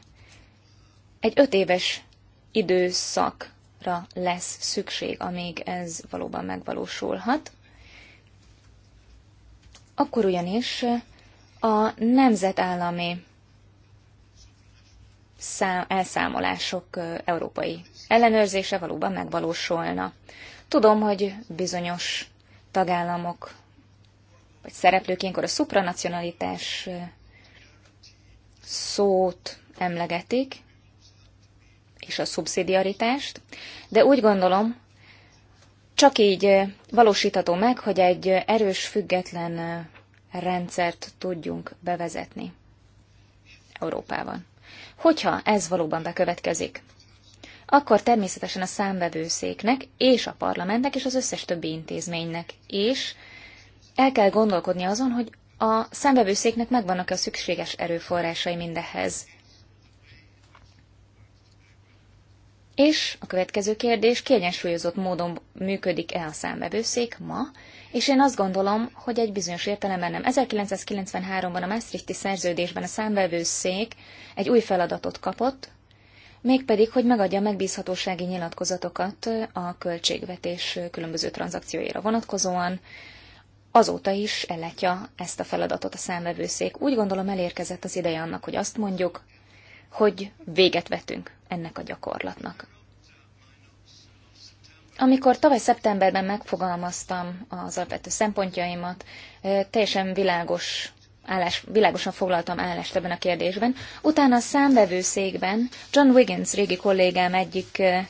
egy öt éves időszakra lesz szükség, amíg ez valóban megvalósulhat. Akkor ugyanis a nemzetállami elszámolások európai ellenőrzése valóban megvalósulna. Tudom, hogy bizonyos tagállamok vagy szereplők ilyenkor a szupranacionalitás szót emlegetik, és a szubszidiaritást, de úgy gondolom, csak így valósítható meg, hogy egy erős, független rendszert tudjunk bevezetni Európában. Hogyha ez valóban bekövetkezik, akkor természetesen a számbevőszéknek és a parlamentnek és az összes többi intézménynek és el kell gondolkodni azon, hogy a számbevőszéknek megvannak a szükséges erőforrásai mindehhez. És a következő kérdés, kiegyensúlyozott módon működik-e a számbevőszék ma, és én azt gondolom, hogy egy bizonyos értelemben nem. 1993-ban a Maastrichti szerződésben a számbevőszék egy új feladatot kapott, mégpedig, hogy megadja megbízhatósági nyilatkozatokat a költségvetés különböző tranzakcióira vonatkozóan, azóta is ellátja ezt a feladatot a számvevőszék. Úgy gondolom elérkezett az ideje annak, hogy azt mondjuk, hogy véget vetünk ennek a gyakorlatnak. Amikor tavaly szeptemberben megfogalmaztam az alapvető szempontjaimat, eh, teljesen világos állás, világosan foglaltam állást ebben a kérdésben. Utána a számvevőszékben John Wiggins régi kollégám egyik eh,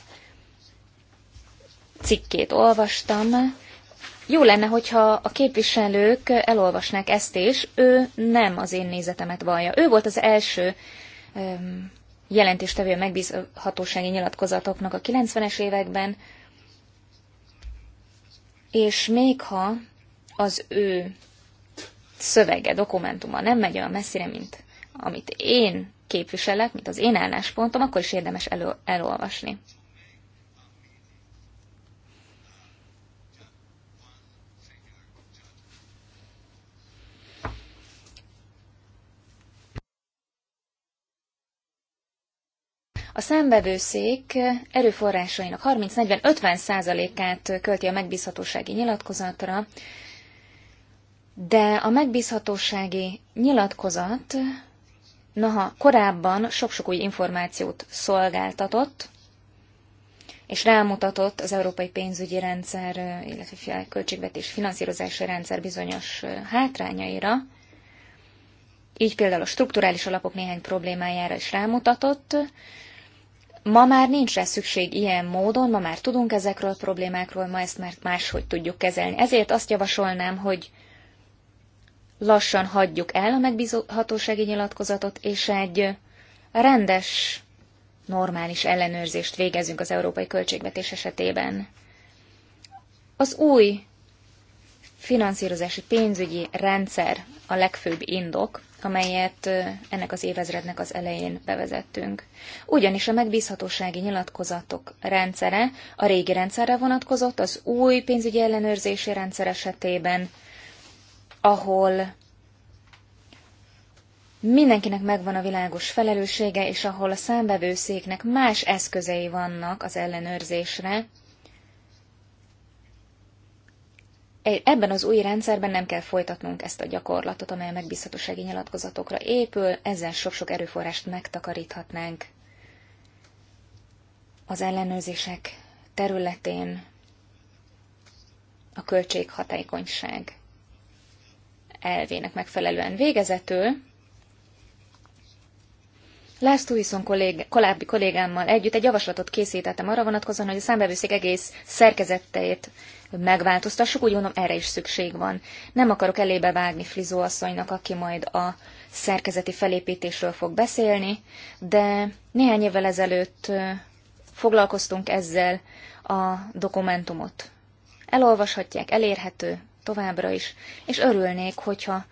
cikkét olvastam, jó lenne, hogyha a képviselők elolvasnák ezt is, ő nem az én nézetemet vallja. Ő volt az első um, jelentéstevő a megbízhatósági nyilatkozatoknak a 90-es években, és még ha az ő szövege, dokumentuma nem megy olyan messzire, mint amit én képviselek, mint az én álláspontom, akkor is érdemes elő, elolvasni. A számbevőszék erőforrásainak 30-40-50 százalékát költi a megbízhatósági nyilatkozatra, de a megbízhatósági nyilatkozat, naha korábban sok-sok új információt szolgáltatott, és rámutatott az európai pénzügyi rendszer, illetve költségvetés finanszírozási rendszer bizonyos hátrányaira, így például a strukturális alapok néhány problémájára is rámutatott, Ma már nincs rá szükség ilyen módon, ma már tudunk ezekről a problémákról, ma ezt már máshogy tudjuk kezelni. Ezért azt javasolnám, hogy lassan hagyjuk el a megbízhatósági nyilatkozatot, és egy rendes, normális ellenőrzést végezzünk az európai költségvetés esetében. Az új finanszírozási pénzügyi rendszer a legfőbb indok, amelyet ennek az évezrednek az elején bevezettünk. Ugyanis a megbízhatósági nyilatkozatok rendszere a régi rendszerre vonatkozott, az új pénzügyi ellenőrzési rendszer esetében, ahol mindenkinek megvan a világos felelőssége, és ahol a számbevőszéknek más eszközei vannak az ellenőrzésre, ebben az új rendszerben nem kell folytatnunk ezt a gyakorlatot, amely a megbízhatósági nyilatkozatokra épül, ezzel sok-sok erőforrást megtakaríthatnánk az ellenőrzések területén a költséghatékonyság elvének megfelelően végezetül. László Iszon kollég, korábbi kollégámmal együtt egy javaslatot készítettem arra vonatkozóan, hogy a számbevőszék egész szerkezetét megváltoztassuk, úgy gondolom erre is szükség van. Nem akarok elébe vágni Frizó asszonynak, aki majd a szerkezeti felépítésről fog beszélni, de néhány évvel ezelőtt foglalkoztunk ezzel a dokumentumot. Elolvashatják, elérhető továbbra is, és örülnék, hogyha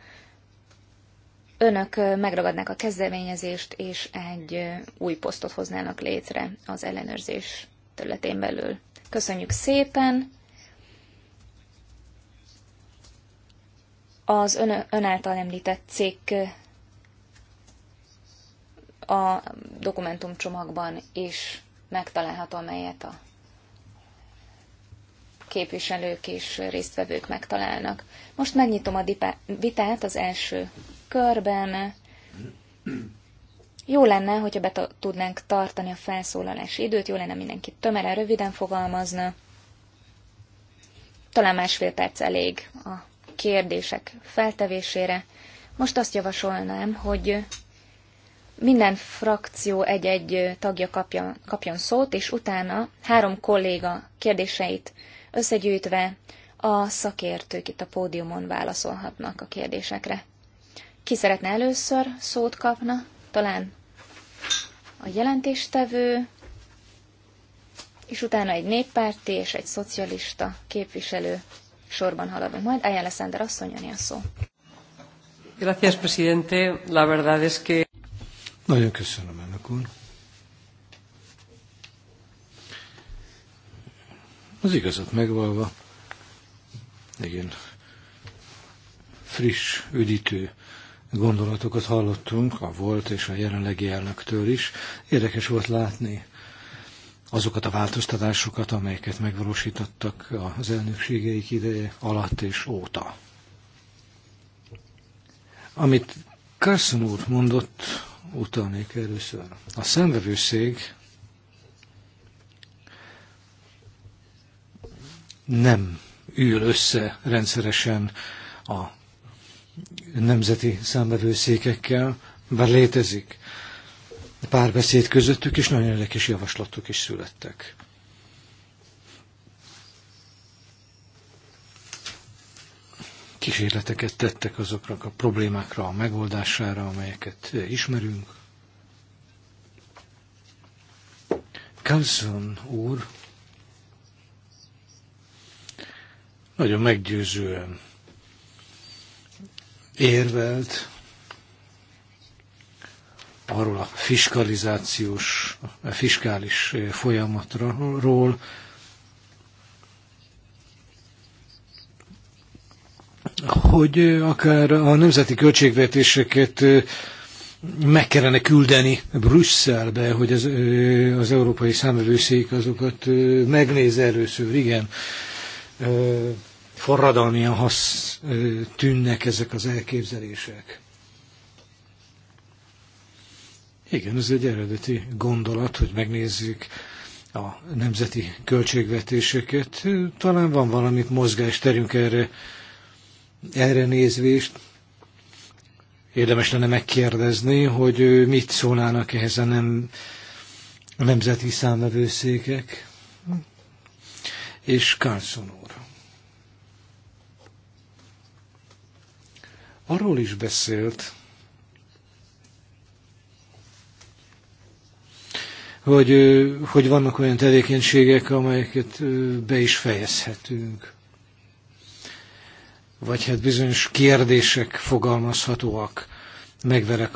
önök megragadnák a kezdeményezést, és egy új posztot hoznának létre az ellenőrzés területén belül. Köszönjük szépen! Az ön, ön által említett cikk a dokumentumcsomagban is megtalálható, amelyet a képviselők és résztvevők megtalálnak. Most megnyitom a vitát az első körben. Jó lenne, hogyha be tudnánk tartani a felszólalási időt, jó lenne mindenki tömere, röviden fogalmazna. Talán másfél perc elég a kérdések feltevésére. Most azt javasolnám, hogy minden frakció egy-egy tagja kapja, kapjon szót, és utána három kolléga kérdéseit összegyűjtve a szakértők itt a pódiumon válaszolhatnak a kérdésekre. Ki szeretne először szót kapna? Talán a jelentéstevő, és utána egy néppárti és egy szocialista képviselő sorban haladunk. Majd Ayala Leszender asszony a szó. Gracias, presidente. La verdad es que... Nagyon köszönöm, elnök úr. Az igazat megvalva, igen, friss, üdítő gondolatokat hallottunk, a volt és a jelenlegi elnöktől is. Érdekes volt látni azokat a változtatásokat, amelyeket megvalósítottak az elnökségeik ideje alatt és óta. Amit Carson úr mondott, utalnék először. A szemvevőszék nem ül össze rendszeresen a nemzeti számbevőszékekkel, bár létezik párbeszéd közöttük, és nagyon érdekes javaslatok is születtek. Kísérleteket tettek azokra a problémákra, a megoldására, amelyeket ismerünk. Carlson úr nagyon meggyőzően érvelt arról a fiskalizációs, a fiskális folyamatról, hogy akár a nemzeti költségvetéseket meg kellene küldeni Brüsszelbe, hogy az, az európai számövőszék azokat megnéz először, igen forradalmian hasz, tűnnek ezek az elképzelések. Igen, ez egy eredeti gondolat, hogy megnézzük a nemzeti költségvetéseket. Talán van valamit mozgásterünk erre, erre nézvést. Érdemes lenne megkérdezni, hogy mit szólnának ehhez a, nem, a nemzeti számvevőszékek. És Carlson Arról is beszélt, hogy, hogy vannak olyan tevékenységek, amelyeket be is fejezhetünk. Vagy hát bizonyos kérdések fogalmazhatóak meg vele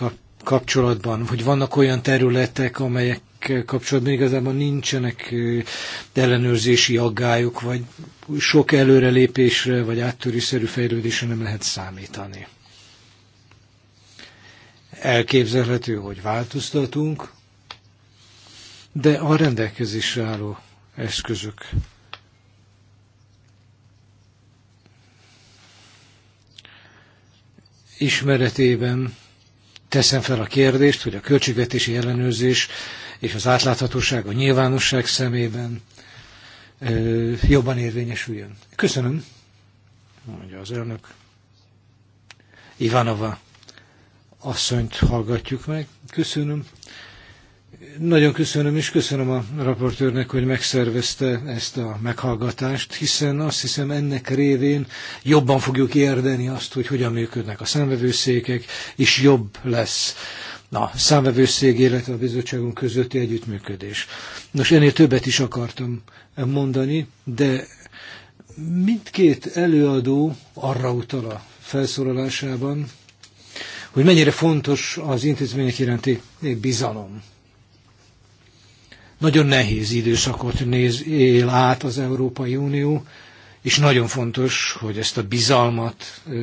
kapcsolatban, hogy vannak olyan területek, amelyek kapcsolatban igazából nincsenek ellenőrzési aggályok, vagy sok előrelépésre, vagy áttörésszerű fejlődésre nem lehet számítani elképzelhető, hogy változtatunk, de a rendelkezésre álló eszközök ismeretében teszem fel a kérdést, hogy a költségvetési ellenőrzés és az átláthatóság a nyilvánosság szemében jobban érvényesüljön. Köszönöm, mondja az elnök. Ivanova asszonyt hallgatjuk meg. Köszönöm. Nagyon köszönöm, és köszönöm a raportőrnek, hogy megszervezte ezt a meghallgatást, hiszen azt hiszem ennek révén jobban fogjuk érdeni azt, hogy hogyan működnek a számvevőszékek, és jobb lesz a számvevőszék, illetve a bizottságunk közötti együttműködés. Nos, ennél többet is akartam mondani, de mindkét előadó arra utal a felszólalásában, hogy mennyire fontos az intézmények iránti bizalom. Nagyon nehéz időszakot néz, él át az Európai Unió, és nagyon fontos, hogy ezt a bizalmat ö,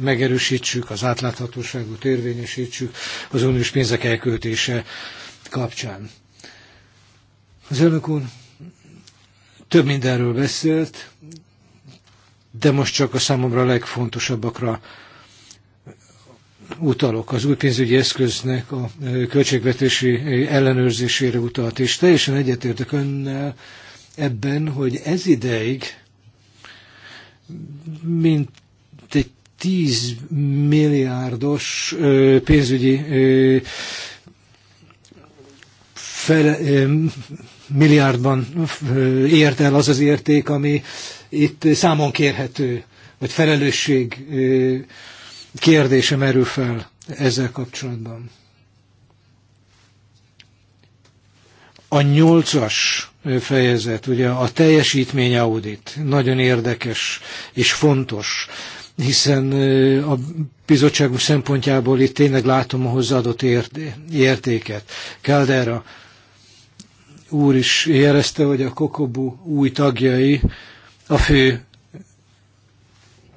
megerősítsük, az átláthatóságot érvényesítsük az uniós pénzek elköltése kapcsán. Az elnök úr több mindenről beszélt, de most csak a számomra legfontosabbakra utalok, az új pénzügyi eszköznek a költségvetési ellenőrzésére utalt, és teljesen egyetértek önnel ebben, hogy ez ideig mint egy 10 milliárdos pénzügyi fele, milliárdban ért el az az érték, ami itt számon kérhető, vagy felelősség kérdése merül fel ezzel kapcsolatban. A nyolcas fejezet, ugye a teljesítmény audit nagyon érdekes és fontos, hiszen a bizottságunk szempontjából itt tényleg látom a hozzáadott értéket. Kaldera úr is jelezte, hogy a Kokobu új tagjai a fő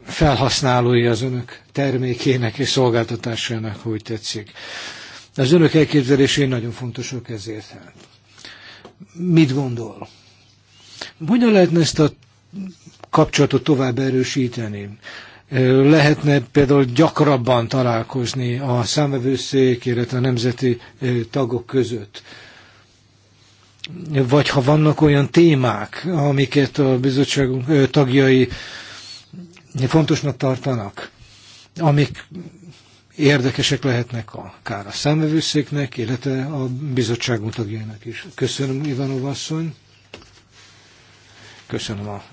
felhasználói az önök termékének és szolgáltatásának, hogy tetszik. Az önök elképzelésén nagyon fontosak ezért. Hát. Mit gondol? Hogyan lehetne ezt a kapcsolatot tovább erősíteni? lehetne például gyakrabban találkozni a számvevőszék, illetve a nemzeti tagok között. Vagy ha vannak olyan témák, amiket a bizottságunk tagjai fontosnak tartanak, amik érdekesek lehetnek akár a számvevőszéknek, illetve a bizottságunk tagjainak is. Köszönöm, Ivanov asszony. Köszönöm a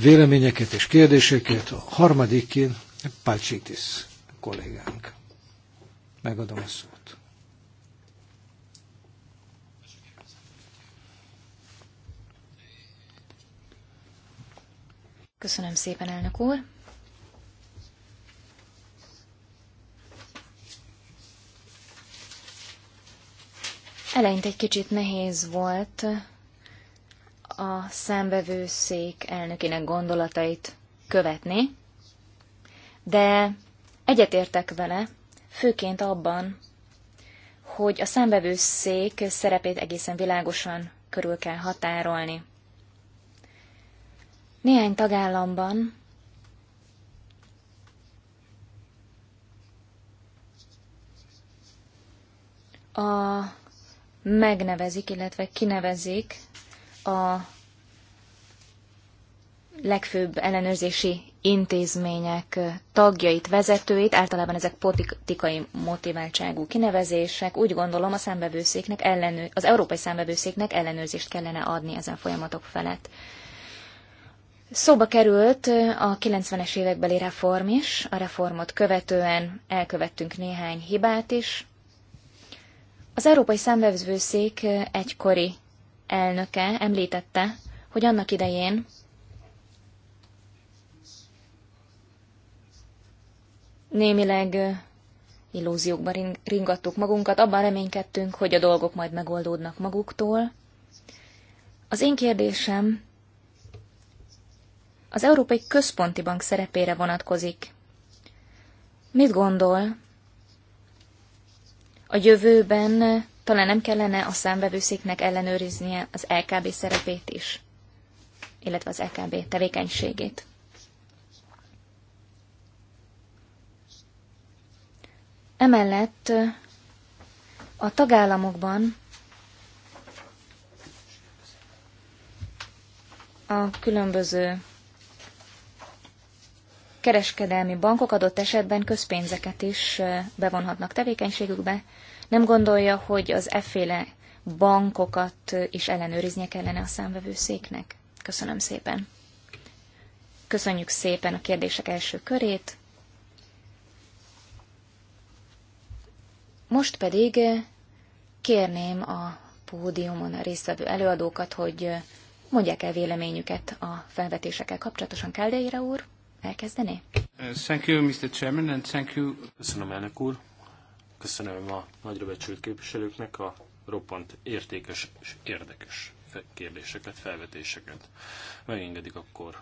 véleményeket és kérdéseket. A harmadikén Pálcsitis, kollégánk. Megadom a szót. Köszönöm szépen, elnök úr. Eleinte egy kicsit nehéz volt a szék elnökének gondolatait követni, de egyetértek vele, főként abban, hogy a szék szerepét egészen világosan körül kell határolni. Néhány tagállamban a megnevezik, illetve kinevezik a legfőbb ellenőrzési intézmények tagjait, vezetőit, általában ezek politikai motiváltságú kinevezések, úgy gondolom a számbevőszéknek ellenő, az európai számbevőszéknek ellenőrzést kellene adni ezen folyamatok felett. Szóba került a 90-es évekbeli reform is, a reformot követően elkövettünk néhány hibát is. Az Európai Szembevzőszék egykori elnöke említette, hogy annak idején némileg illúziókba ringattuk magunkat, abban reménykedtünk, hogy a dolgok majd megoldódnak maguktól. Az én kérdésem az Európai Központi Bank szerepére vonatkozik. Mit gondol? A jövőben talán nem kellene a számbevőszéknek ellenőriznie az LKB szerepét is, illetve az LKB tevékenységét. Emellett a tagállamokban a különböző kereskedelmi bankok adott esetben közpénzeket is bevonhatnak tevékenységükbe. Nem gondolja, hogy az efféle bankokat is ellenőriznie kellene a számvevőszéknek? Köszönöm szépen. Köszönjük szépen a kérdések első körét. Most pedig kérném a pódiumon a résztvevő előadókat, hogy mondják el véleményüket a felvetésekkel kapcsolatosan. Keldeire úr elkezdené? Thank you, Mr. Chairman, and thank you. Köszönöm, elnök úr. Köszönöm a nagyra becsült képviselőknek a roppant értékes és érdekes kérdéseket, felvetéseket. Megengedik, akkor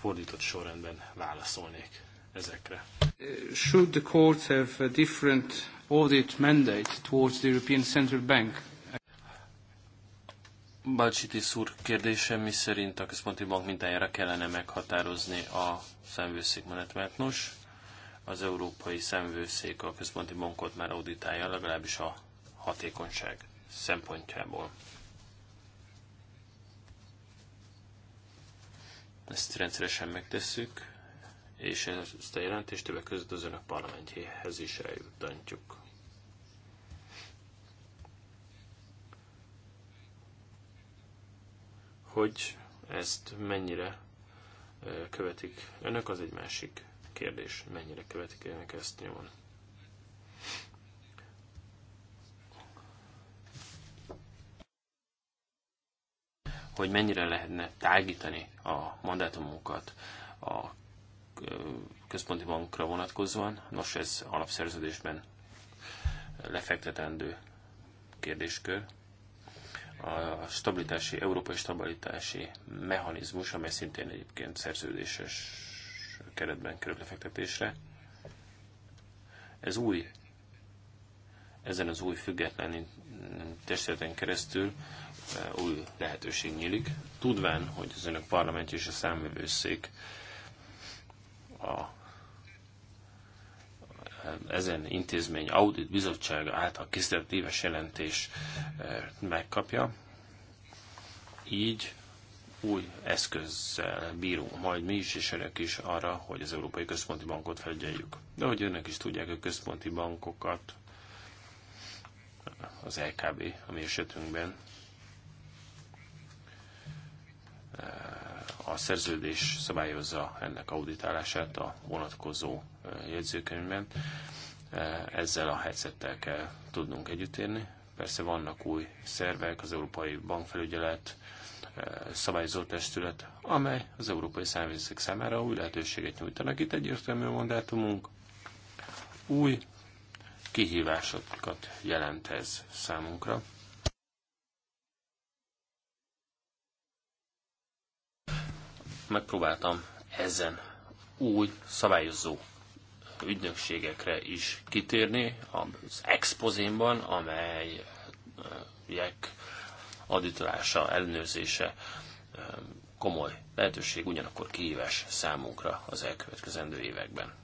fordított sorrendben válaszolnék ezekre. Should the courts have a different audit mandate towards the European Central Bank Balcsiti szúr kérdése, mi szerint a központi bank mintájára kellene meghatározni a szemvőszék menetmet. Nos, az európai szemvőszék a központi bankot már auditálja, legalábbis a hatékonyság szempontjából. Ezt rendszeresen megtesszük, és ezt a jelentést többek között az önök parlamentjéhez is eljutantjuk. hogy ezt mennyire követik önök, az egy másik kérdés, mennyire követik önök ezt nyomon. hogy mennyire lehetne tágítani a mandátumokat a központi bankra vonatkozóan. Nos, ez alapszerződésben lefektetendő kérdéskör a stabilitási, európai stabilitási mechanizmus, amely szintén egyébként szerződéses keretben kerül lefektetésre. Ez új, ezen az új független testületen keresztül eh, új lehetőség nyílik. Tudván, hogy az önök parlamentje és a számvevőszék a ezen intézmény audit bizottsága által készített éves jelentés eh, megkapja. Így új eszközzel bírunk majd mi is, és önök is arra, hogy az Európai Központi Bankot felügyeljük. De hogy önök is tudják, a központi bankokat az LKB, a mi esetünkben a szerződés szabályozza ennek auditálását a vonatkozó jegyzőkönyvben. Ezzel a helyzettel kell tudnunk együttérni. Persze vannak új szervek, az Európai Bankfelügyelet, szabályozó testület, amely az európai számvészek számára új lehetőséget nyújtanak. Itt egyértelmű mandátumunk új kihívásokat jelent ez számunkra. megpróbáltam ezen új szabályozó ügynökségekre is kitérni az expozémban, amelyek aditorása, ellenőrzése komoly lehetőség, ugyanakkor kihívás számunkra az elkövetkezendő években.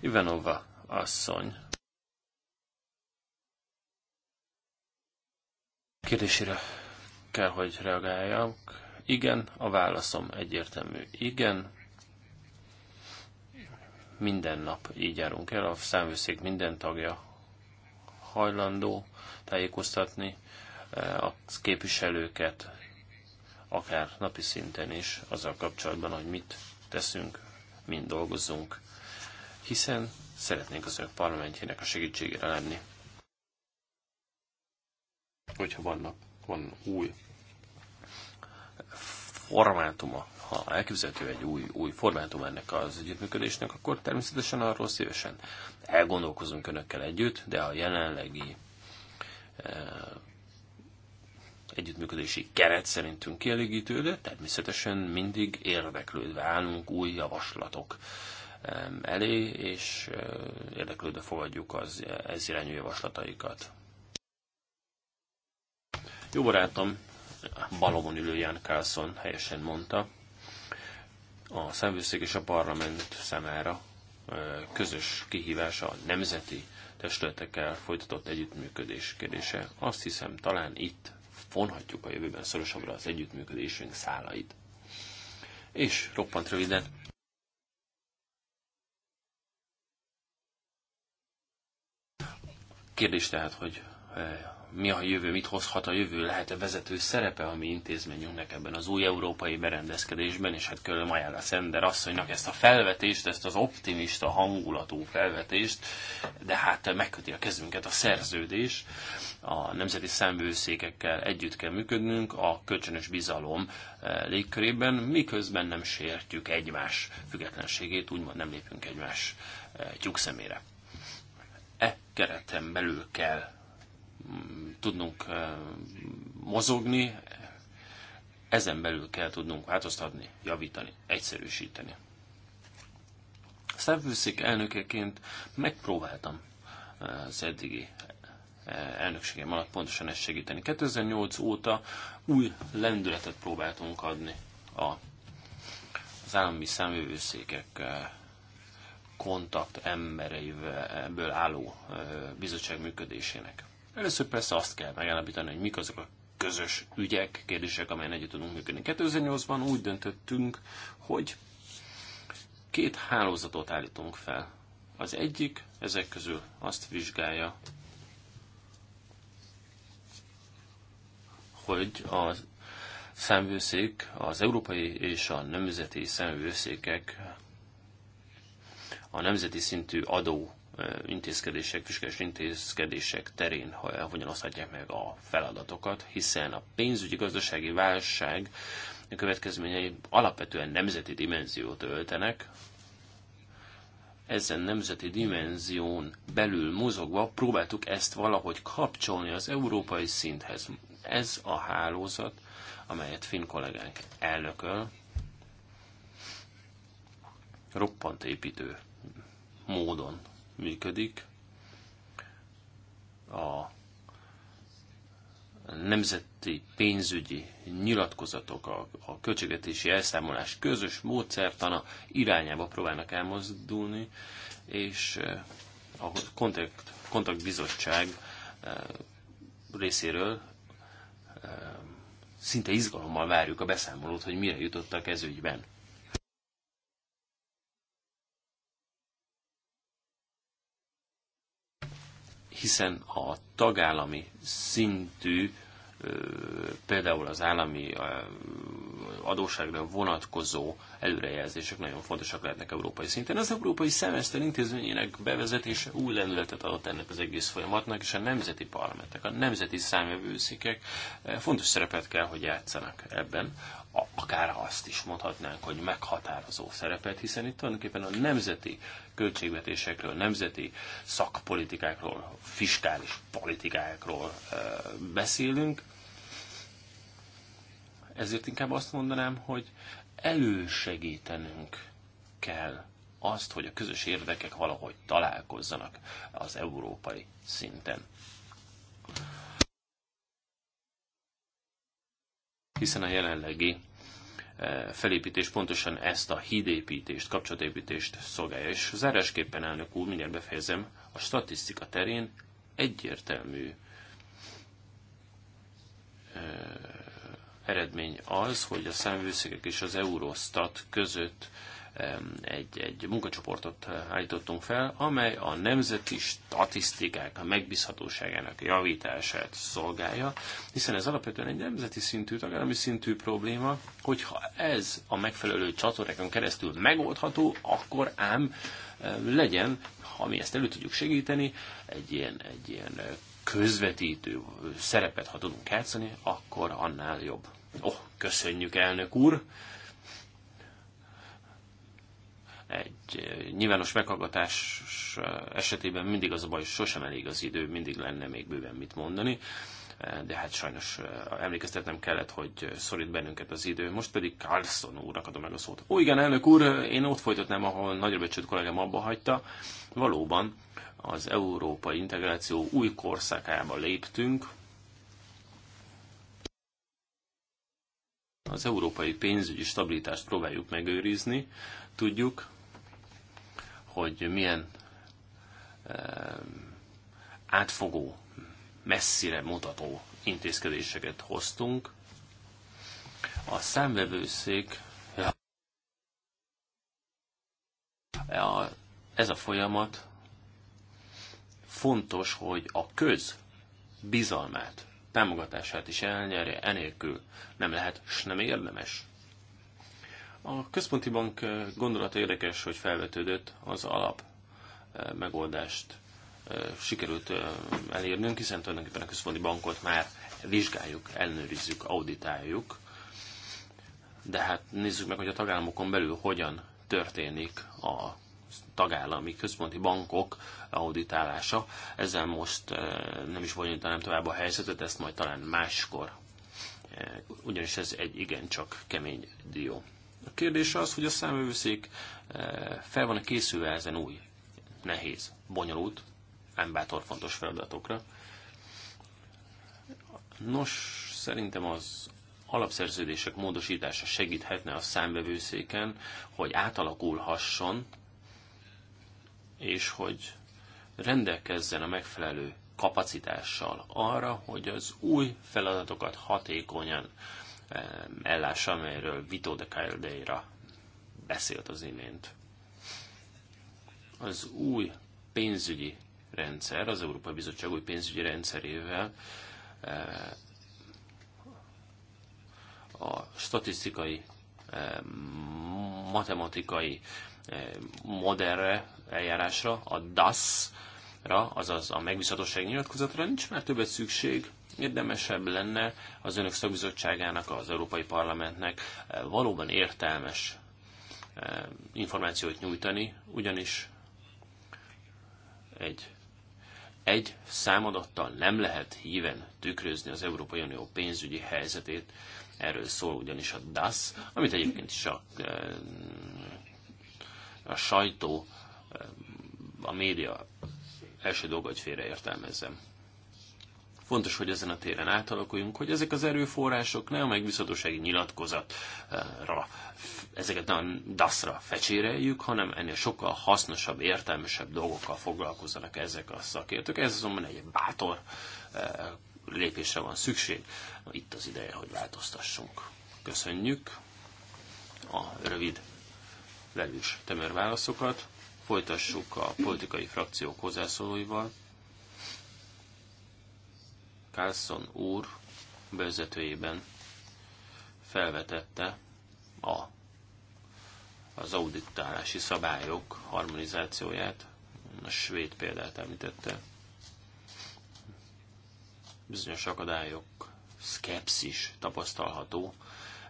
Ivanova asszony kérdésére kell, hogy reagáljak. Igen, a válaszom egyértelmű. Igen, minden nap így járunk el, a számvőszék minden tagja hajlandó tájékoztatni e, a képviselőket, akár napi szinten is, azzal kapcsolatban, hogy mit teszünk, mind dolgozunk, hiszen szeretnénk az önök parlamentjének a segítségére lenni. Hogyha vannak van új formátuma, ha elképzelhető egy új, új formátum ennek az együttműködésnek, akkor természetesen arról szívesen elgondolkozunk önökkel együtt, de a jelenlegi eh, együttműködési keret szerintünk kielégítő, de természetesen mindig érdeklődve állunk új javaslatok eh, elé, és eh, érdeklődve fogadjuk az ez irányú javaslataikat. Jó barátom, balomon ülő Jan Carlson helyesen mondta, a szemvőszék és a parlament számára közös kihívása a nemzeti testületekkel folytatott együttműködés kérdése. Azt hiszem, talán itt vonhatjuk a jövőben szorosabbra az együttműködésünk szálait. És roppant röviden, Kérdés tehát, hogy mi a jövő, mit hozhat a jövő, lehet-e vezető szerepe a mi intézményünknek ebben az új európai berendezkedésben, és hát külön a Szender asszonynak ezt a felvetést, ezt az optimista hangulatú felvetést, de hát megköti a kezünket a szerződés, a nemzeti számbőszékekkel együtt kell működnünk a kölcsönös bizalom eh, légkörében, miközben nem sértjük egymás függetlenségét, úgymond nem lépünk egymás eh, tyúk szemére. E kereten belül kell tudnunk eh, mozogni, ezen belül kell tudnunk változtatni, javítani, egyszerűsíteni. Szervőszék elnökeként megpróbáltam eh, az eddigi eh, elnökségem alatt pontosan ezt segíteni. 2008 óta új lendületet próbáltunk adni a, az állami számjövőszékek kontakt embereiből álló bizottság működésének. Először persze azt kell megállapítani, hogy mik azok a közös ügyek, kérdések, amelyen együtt tudunk működni. 2008-ban úgy döntöttünk, hogy két hálózatot állítunk fel. Az egyik ezek közül azt vizsgálja, hogy a számvőszék, az európai és a nemzeti számvőszékek a nemzeti szintű adó Eh, intézkedések, fiskális intézkedések terén hogyan oszthatják meg a feladatokat, hiszen a pénzügyi gazdasági válság következményei alapvetően nemzeti dimenziót öltenek, ezen nemzeti dimenzión belül mozogva próbáltuk ezt valahogy kapcsolni az európai szinthez. Ez a hálózat, amelyet finn kollégánk elnököl, roppant építő módon működik. A nemzeti pénzügyi nyilatkozatok, a, a költségvetési elszámolás közös módszertana irányába próbálnak elmozdulni, és eh, a kontakt, kontaktbizottság eh, részéről eh, szinte izgalommal várjuk a beszámolót, hogy mire jutottak ez ügyben. hiszen a tagállami szintű például az állami adósságra vonatkozó előrejelzések nagyon fontosak lehetnek európai szinten. Az európai szemeszter intézményének bevezetése új lendületet adott ennek az egész folyamatnak, és a nemzeti parlamentek, a nemzeti számjövőszékek fontos szerepet kell, hogy játszanak ebben akár azt is mondhatnánk, hogy meghatározó szerepet, hiszen itt tulajdonképpen a nemzeti költségvetésekről, nemzeti szakpolitikákról, fiskális politikákról beszélünk. Ezért inkább azt mondanám, hogy elősegítenünk kell azt, hogy a közös érdekek valahogy találkozzanak az európai szinten. hiszen a jelenlegi eh, felépítés pontosan ezt a hídépítést, kapcsolatépítést szolgálja. És zárásképpen, elnök úr, mindjárt befejezem, a statisztika terén egyértelmű eh, eredmény az, hogy a számvőszégek és az Eurostat között egy, egy munkacsoportot eh, állítottunk fel, amely a nemzeti statisztikák a megbízhatóságának javítását szolgálja, hiszen ez alapvetően egy nemzeti szintű, tagállami szintű probléma, hogyha ez a megfelelő csatornákon keresztül megoldható, akkor ám eh, legyen, ha mi ezt elő tudjuk segíteni, egy ilyen, egy ilyen eh, közvetítő szerepet, ha tudunk játszani, akkor annál jobb. Oh, köszönjük, elnök úr! egy nyilvános meghallgatás esetében mindig az a baj, hogy sosem elég az idő, mindig lenne még bőven mit mondani, de hát sajnos emlékeztetnem kellett, hogy szorít bennünket az idő. Most pedig Carlson úrnak adom meg a szót. Ó, igen, elnök úr, én ott folytatnám, ahol nagyra becsült kollégám abba hagyta. Valóban az európai integráció új korszakába léptünk, az európai pénzügyi stabilitást próbáljuk megőrizni, tudjuk, hogy milyen ehm, átfogó, messzire mutató intézkedéseket hoztunk. A számvevőszék ez a folyamat fontos, hogy a köz bizalmát, támogatását is elnyerje, enélkül nem lehet, és nem érdemes a központi bank eh, gondolata érdekes, hogy felvetődött az alap eh, megoldást eh, sikerült elérnünk, hiszen tulajdonképpen a központi bankot már vizsgáljuk, ellenőrizzük, auditáljuk. De hát nézzük meg, hogy a tagállamokon belül hogyan történik a tagállami központi bankok auditálása. Ezzel most nem is bonyolítanám tovább a helyzetet, ezt majd talán máskor. Ugyanis ez egy igencsak kemény dió. A kérdés az, hogy a számövőszék eh, fel van-e készülve ezen új, nehéz, bonyolult, ám bátor fontos feladatokra. Nos, szerintem az alapszerződések módosítása segíthetne a számbevőszéken, hogy átalakulhasson, és hogy rendelkezzen a megfelelő kapacitással arra, hogy az új feladatokat hatékonyan ellása, amelyről Vito de Caldeira beszélt az imént. Az új pénzügyi rendszer, az Európai Bizottság új pénzügyi rendszerével eh, a statisztikai, eh, matematikai eh, modernre eljárásra, a DAS-ra, azaz a megbízhatóság nyilatkozatra nincs már többet szükség, Érdemesebb lenne az önök szakbizottságának, az Európai Parlamentnek eh, valóban értelmes eh, információt nyújtani, ugyanis egy egy számadattal nem lehet híven tükrözni az Európai Unió pénzügyi helyzetét, erről szól ugyanis a DAS, amit egyébként is a, eh, a sajtó, a média első dolga, hogy félreértelmezzem. Fontos, hogy ezen a téren átalakuljunk, hogy ezek az erőforrások ne a megbízhatósági nyilatkozatra, ezeket a DASZ-ra fecséreljük, hanem ennél sokkal hasznosabb, értelmesebb dolgokkal foglalkozzanak ezek a szakértők. Ez azonban egy bátor eh, lépésre van szükség. Itt az ideje, hogy változtassunk. Köszönjük a rövid velős tömör válaszokat. Folytassuk a politikai frakciók hozzászólóival. Carlson úr bevezetőjében felvetette a, az auditálási szabályok harmonizációját, a svéd példát említette, bizonyos akadályok, szkepszis tapasztalható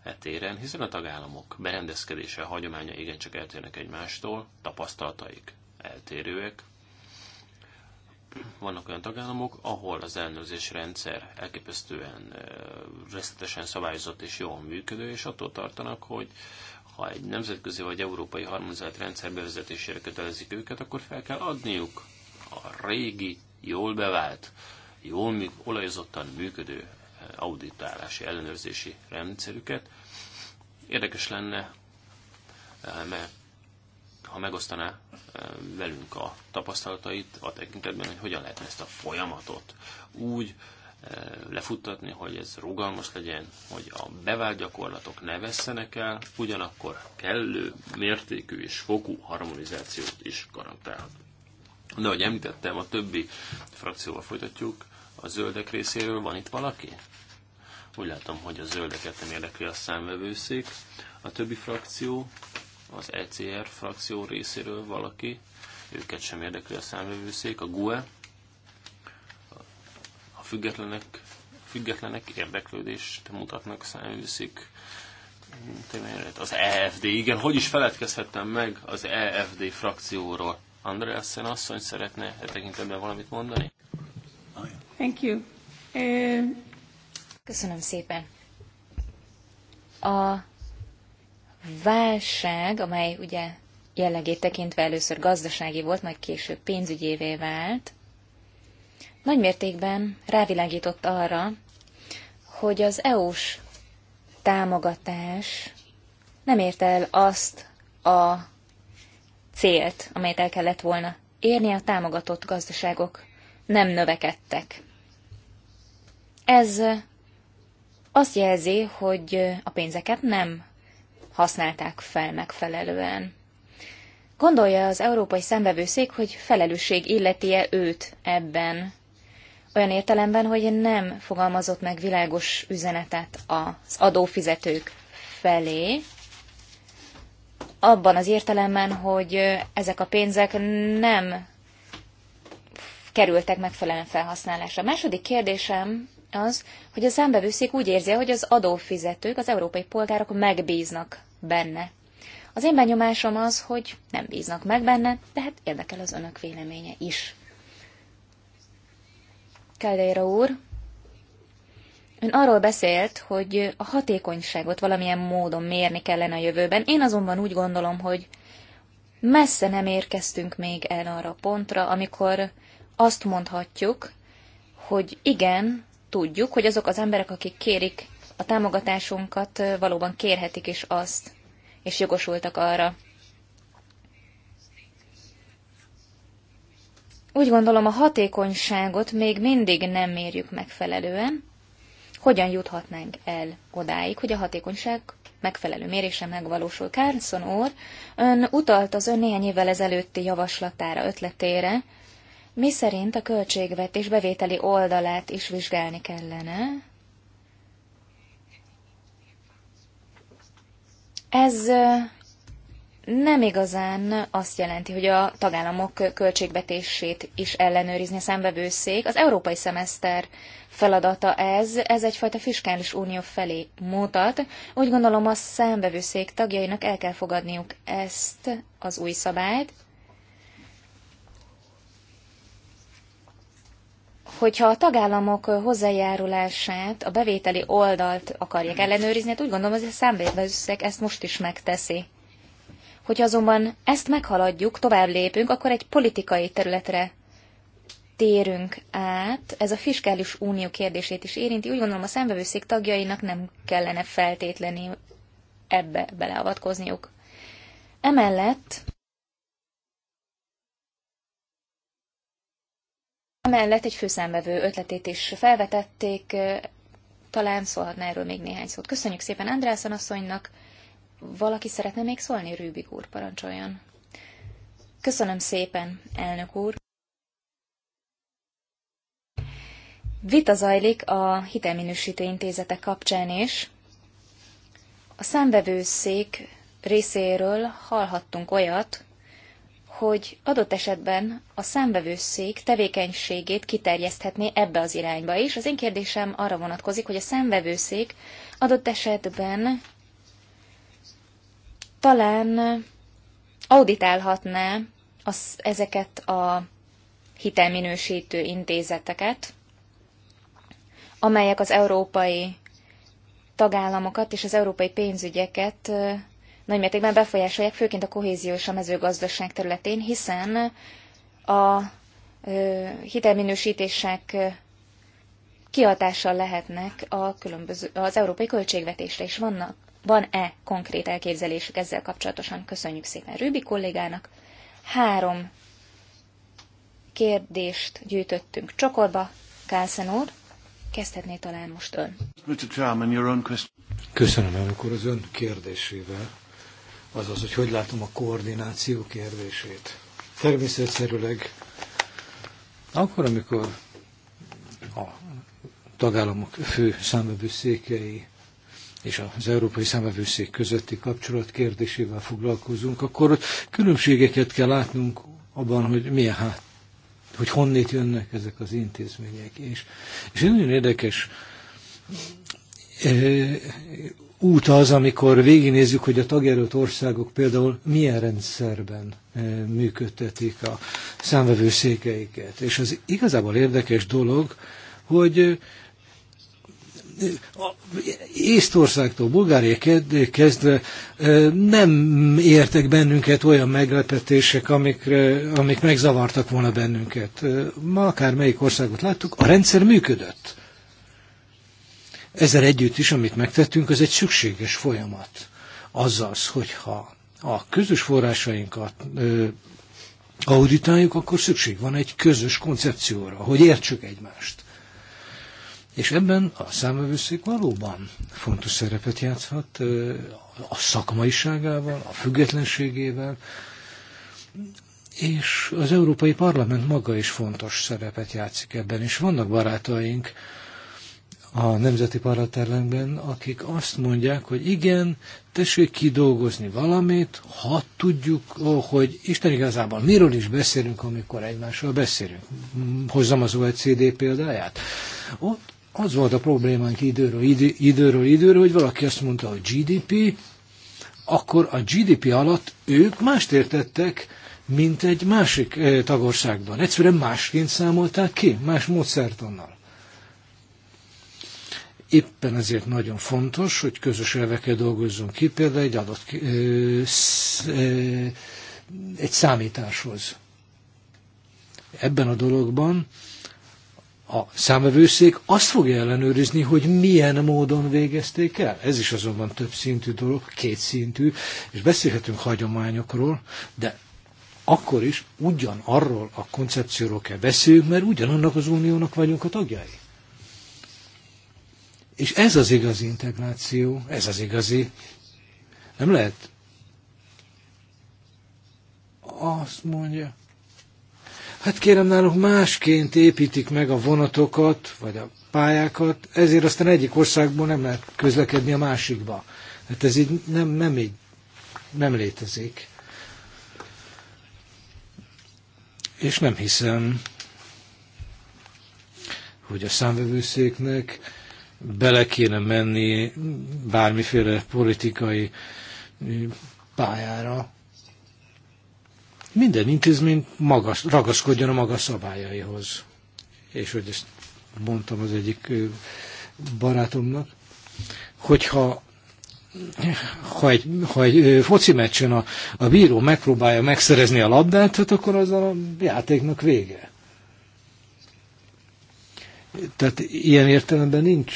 E téren hiszen a tagállamok berendezkedése, hagyománya igencsak eltérnek egymástól, tapasztalataik eltérőek, vannak olyan tagállamok, ahol az ellenőrzés rendszer elképesztően részletesen szabályozott és jól működő, és attól tartanak, hogy ha egy nemzetközi vagy európai harmonizált rendszer bevezetésére kötelezik őket, akkor fel kell adniuk a régi, jól bevált, jól olajozottan működő auditálási, ellenőrzési rendszerüket. Érdekes lenne ha megosztaná eh, velünk a tapasztalatait a tekintetben, hogy hogyan lehetne ezt a folyamatot úgy eh, lefuttatni, hogy ez rugalmas legyen, hogy a bevált gyakorlatok ne vesszenek el, ugyanakkor kellő mértékű és fokú harmonizációt is garantálhat. De ahogy említettem, a többi frakcióval folytatjuk. A zöldek részéről van itt valaki? Úgy látom, hogy a zöldeket nem érdekli a számvevőszék. A többi frakció az ECR frakció részéről valaki, őket sem érdekli a számvevőszék, a GUE, a függetlenek, függetlenek érdeklődést mutatnak a számvevőszék az EFD, igen, hogy is feledkezhettem meg az EFD frakcióról. Andreasen asszony szeretne e tekintetben valamit mondani? Thank you. Köszönöm szépen. A válság, amely ugye jellegét tekintve először gazdasági volt, majd később pénzügyévé vált, nagymértékben rávilágított arra, hogy az EU-s támogatás nem ért el azt a célt, amelyet el kellett volna érni, a támogatott gazdaságok nem növekedtek. Ez azt jelzi, hogy a pénzeket nem használták fel megfelelően. Gondolja az Európai Szembevőszék, hogy felelősség illeti-e őt ebben? Olyan értelemben, hogy nem fogalmazott meg világos üzenetet az adófizetők felé, abban az értelemben, hogy ezek a pénzek nem kerültek megfelelően felhasználásra. A második kérdésem az, hogy a számbevőszék úgy érzi, hogy az adófizetők, az európai polgárok megbíznak benne. Az én benyomásom az, hogy nem bíznak meg benne, de hát érdekel az önök véleménye is. Caldeira úr, ön arról beszélt, hogy a hatékonyságot valamilyen módon mérni kellene a jövőben. Én azonban úgy gondolom, hogy messze nem érkeztünk még el arra a pontra, amikor azt mondhatjuk, hogy igen, tudjuk, hogy azok az emberek, akik kérik a támogatásunkat valóban kérhetik is azt, és jogosultak arra. Úgy gondolom, a hatékonyságot még mindig nem mérjük megfelelően. Hogyan juthatnánk el odáig, hogy a hatékonyság megfelelő mérése megvalósul? Carlson úr, ön utalt az ön néhány évvel ezelőtti javaslatára, ötletére, mi szerint a költségvetés bevételi oldalát is vizsgálni kellene, Ez nem igazán azt jelenti, hogy a tagállamok költségvetését is ellenőrizni a számbevőszék. Az európai szemeszter feladata ez, ez egyfajta fiskális unió felé mutat. Úgy gondolom a számbevőszék tagjainak el kell fogadniuk ezt az új szabályt, hogyha a tagállamok hozzájárulását, a bevételi oldalt akarják ellenőrizni, hát úgy gondolom, hogy a számvédőszeg ezt most is megteszi. Hogyha azonban ezt meghaladjuk, tovább lépünk, akkor egy politikai területre térünk át, ez a fiskális unió kérdését is érinti, úgy gondolom a szemvevőszék tagjainak nem kellene feltétlenül ebbe beleavatkozniuk. Emellett Amellett egy főszámbevő ötletét is felvetették, talán szólhatna erről még néhány szót. Köszönjük szépen Andrászon asszonynak. Valaki szeretne még szólni? Rübig úr, parancsoljon. Köszönöm szépen, elnök úr. Vita zajlik a hitelminősítő intézete kapcsán is. A számvevőszék részéről hallhattunk olyat, hogy adott esetben a számvevőszék tevékenységét kiterjeszthetné ebbe az irányba is. Az én kérdésem arra vonatkozik, hogy a számvevőszék adott esetben talán auditálhatná az, ezeket a hitelminősítő intézeteket, amelyek az európai tagállamokat és az európai pénzügyeket nagymértékben befolyásolják, főként a kohézió és a mezőgazdaság területén, hiszen a hitelminősítések kihatással lehetnek a különböző, az európai költségvetésre is vannak. Van-e konkrét elképzelésük ezzel kapcsolatosan? Köszönjük szépen Rübi kollégának. Három kérdést gyűjtöttünk csokorba. Kálszen úr, kezdhetné talán most ön. Köszönöm, amikor az ön kérdésével azaz, hogy hogy látom a koordináció kérdését. Természetszerűleg akkor, amikor a tagállamok fő számvevőszékei és az Európai Számvevőszék közötti kapcsolat kérdésével foglalkozunk, akkor ott különbségeket kell látnunk abban, hogy milyen hát, hogy honnét jönnek ezek az intézmények. És, és nagyon érdekes eh, út az, amikor végignézzük, hogy a tagjelölt országok például milyen rendszerben e, működtetik a számvevőszékeiket. És az igazából érdekes dolog, hogy e, Észtországtól Bulgária kezdve e, nem értek bennünket olyan meglepetések, amik, amik megzavartak volna bennünket. Ma akár melyik országot láttuk, a rendszer működött ezzel együtt is, amit megtettünk, az egy szükséges folyamat. Azaz, hogyha a közös forrásainkat ö, auditáljuk, akkor szükség van egy közös koncepcióra, hogy értsük egymást. És ebben a számövőszék valóban fontos szerepet játszhat a szakmaiságával, a függetlenségével, és az Európai Parlament maga is fontos szerepet játszik ebben, és vannak barátaink, a nemzeti parlamentekben, akik azt mondják, hogy igen, tessék kidolgozni valamit, ha tudjuk, ó, hogy Isten igazából miről is beszélünk, amikor egymással beszélünk. Hozzam az OECD példáját. Ott az volt a problémánk időről, idő, időről időről, hogy valaki azt mondta, hogy GDP, akkor a GDP alatt ők mást értettek, mint egy másik eh, tagországban. Egyszerűen másként számolták ki, más módszertannal. Éppen ezért nagyon fontos, hogy közös elvekkel dolgozzunk ki, például egy adott egy számításhoz. Ebben a dologban a számvevőszék azt fogja ellenőrizni, hogy milyen módon végezték el. Ez is azonban több szintű dolog, két szintű, és beszélhetünk hagyományokról, de akkor is ugyanarról a koncepcióról kell beszéljünk, mert ugyanannak az uniónak vagyunk a tagjai. És ez az igazi integráció, ez az igazi. Nem lehet azt mondja, hát kérem, náluk másként építik meg a vonatokat, vagy a pályákat, ezért aztán egyik országból nem lehet közlekedni a másikba. Hát ez így nem, nem így nem létezik. És nem hiszem, hogy a számvevőszéknek bele kéne menni bármiféle politikai pályára. Minden intézmény magas, ragaszkodjon a maga szabályaihoz. És hogy ezt mondtam az egyik barátomnak, hogyha ha egy, ha egy foci meccsen a, a bíró megpróbálja megszerezni a labdát, hát akkor az a játéknak vége. Tehát ilyen értelemben nincs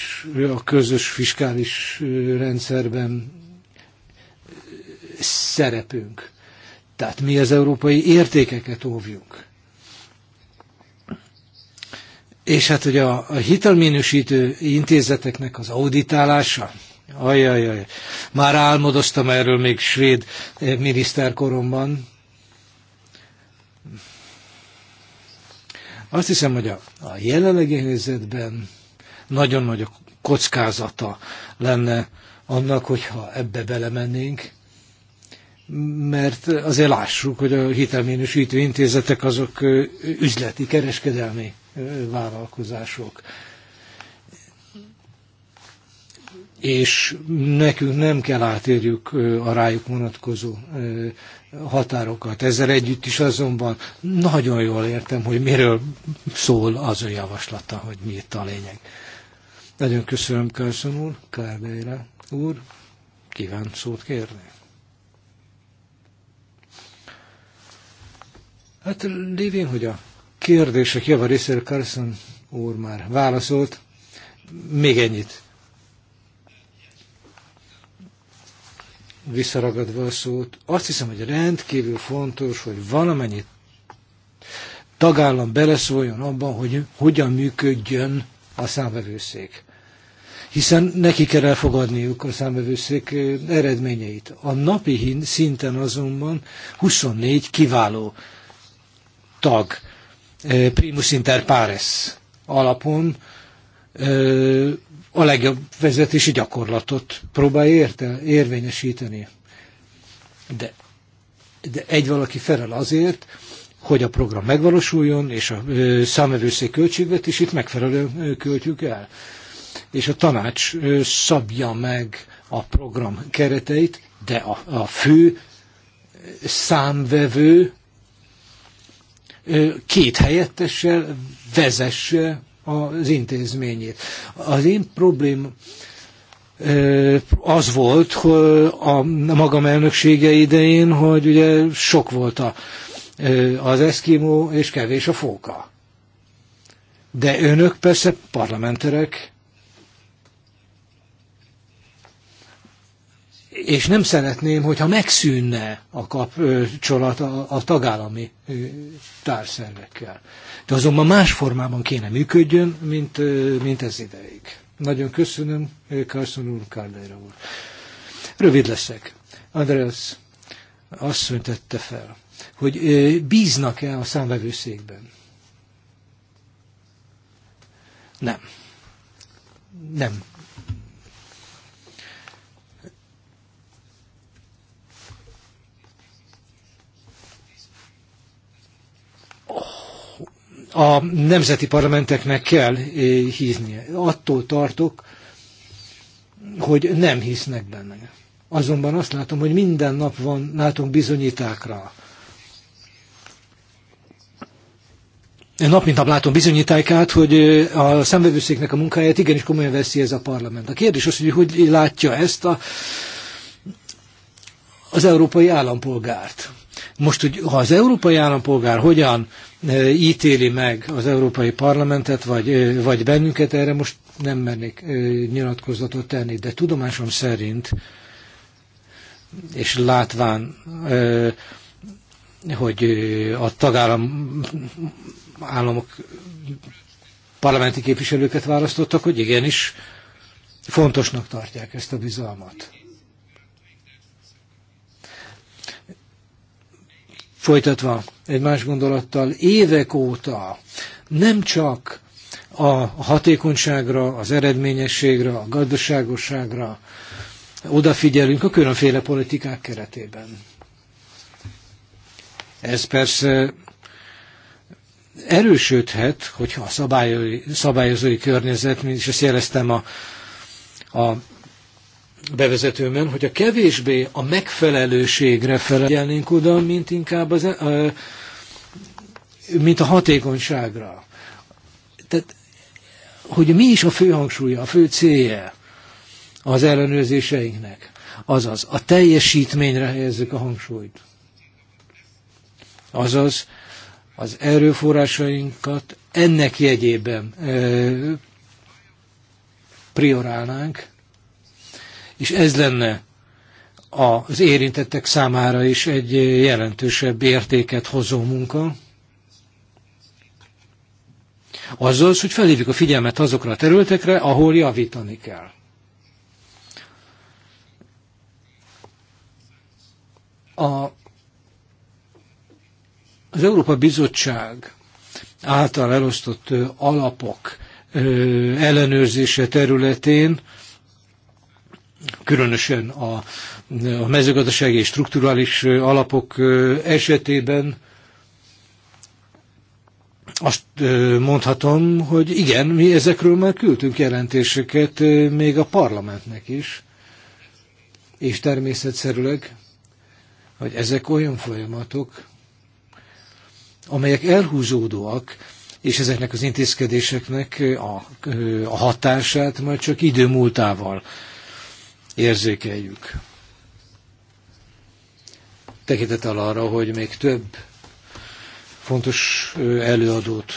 a közös fiskális rendszerben szerepünk. Tehát mi az európai értékeket óvjunk. És hát ugye a, a hitelminősítő intézeteknek az auditálása, ajajaj, már álmodoztam erről még svéd eh, miniszterkoromban, Azt hiszem, hogy a, a jelenlegi helyzetben nagyon nagy a kockázata lenne annak, hogyha ebbe belemennénk, mert azért lássuk, hogy a hitelminősítő intézetek azok üzleti, kereskedelmi vállalkozások. És nekünk nem kell átérjük a rájuk vonatkozó határokat. Ezzel együtt is azonban nagyon jól értem, hogy miről szól az ő javaslata, hogy mi itt a lényeg. Nagyon köszönöm, Carson úr, Kárdeire úr, kíván szót kérni. Hát lévén, hogy a kérdések java részéről Carson úr már válaszolt, még ennyit visszaragadva a szót, azt hiszem, hogy rendkívül fontos, hogy valamennyi tagállam beleszóljon abban, hogy hogyan működjön a számvevőszék. Hiszen neki kell elfogadniuk a számvevőszék eredményeit. A napi szinten azonban 24 kiváló tag, eh, primus inter pares alapon eh, a legjobb vezetési gyakorlatot próbálja érte, érvényesíteni. De, de egy valaki felel azért, hogy a program megvalósuljon, és a számvevőszék itt megfelelően költjük el. És a tanács szabja meg a program kereteit, de a, a fő számvevő két helyettessel vezesse az intézményét. Az én problém az volt hogy a magam elnöksége idején, hogy ugye sok volt a, az eszkimó és kevés a fóka. De önök persze parlamenterek, és nem szeretném, hogyha megszűnne a kapcsolat a, a tagállami társzervekkel de azonban más formában kéne működjön, mint, mint ez ideig. Nagyon köszönöm, Carson úr, Kárdájra úr. Rövid leszek. Andreas asszony tette fel, hogy bíznak-e a számvevőszékben? Nem. Nem a nemzeti parlamenteknek kell eh, híznie. Attól tartok, hogy nem hisznek benne. Azonban azt látom, hogy minden nap van, látunk bizonyítákra. Nap mint nap látom bizonyítákát, hogy eh, a szemvevőszéknek a munkáját igenis komolyan veszi ez a parlament. A kérdés az, hogy hogy látja ezt a, az európai állampolgárt. Most, hogy ha az európai állampolgár hogyan e, ítéli meg az Európai Parlamentet, vagy, e, vagy bennünket, erre most nem mernék e, nyilatkozatot tenni, de tudomásom szerint, és látván, hogy a tagállam államok parlamenti képviselőket választottak, hogy igenis fontosnak tartják ezt a bizalmat. Folytatva egy más gondolattal, évek óta nem csak a hatékonyságra, az eredményességre, a gazdaságosságra odafigyelünk a különféle politikák keretében. Ez persze erősödhet, hogyha a szabályozói, szabályozói környezet, mint is ezt jeleztem a, a bevezetőmben, hogy a kevésbé a megfelelőségre felelnénk oda, mint inkább az, mint a hatékonyságra. Tehát, hogy mi is a fő hangsúlya, a fő célja az ellenőrzéseinknek. Azaz, a teljesítményre helyezzük a hangsúlyt. Azaz, az erőforrásainkat ennek jegyében e, priorálnánk, és ez lenne az érintettek számára is egy jelentősebb értéket hozó munka. Azzal, hogy felhívjuk a figyelmet azokra a területekre, ahol javítani kell. A, az Európa Bizottság által elosztott alapok ellenőrzése területén különösen a, a mezőgazdasági és strukturális alapok esetében azt mondhatom, hogy igen, mi ezekről már küldtünk jelentéseket még a parlamentnek is, és természetszerűleg, hogy ezek olyan folyamatok, amelyek elhúzódóak, és ezeknek az intézkedéseknek a, a hatását majd csak idő múltával érzékeljük. Tekintettel arra, hogy még több fontos előadót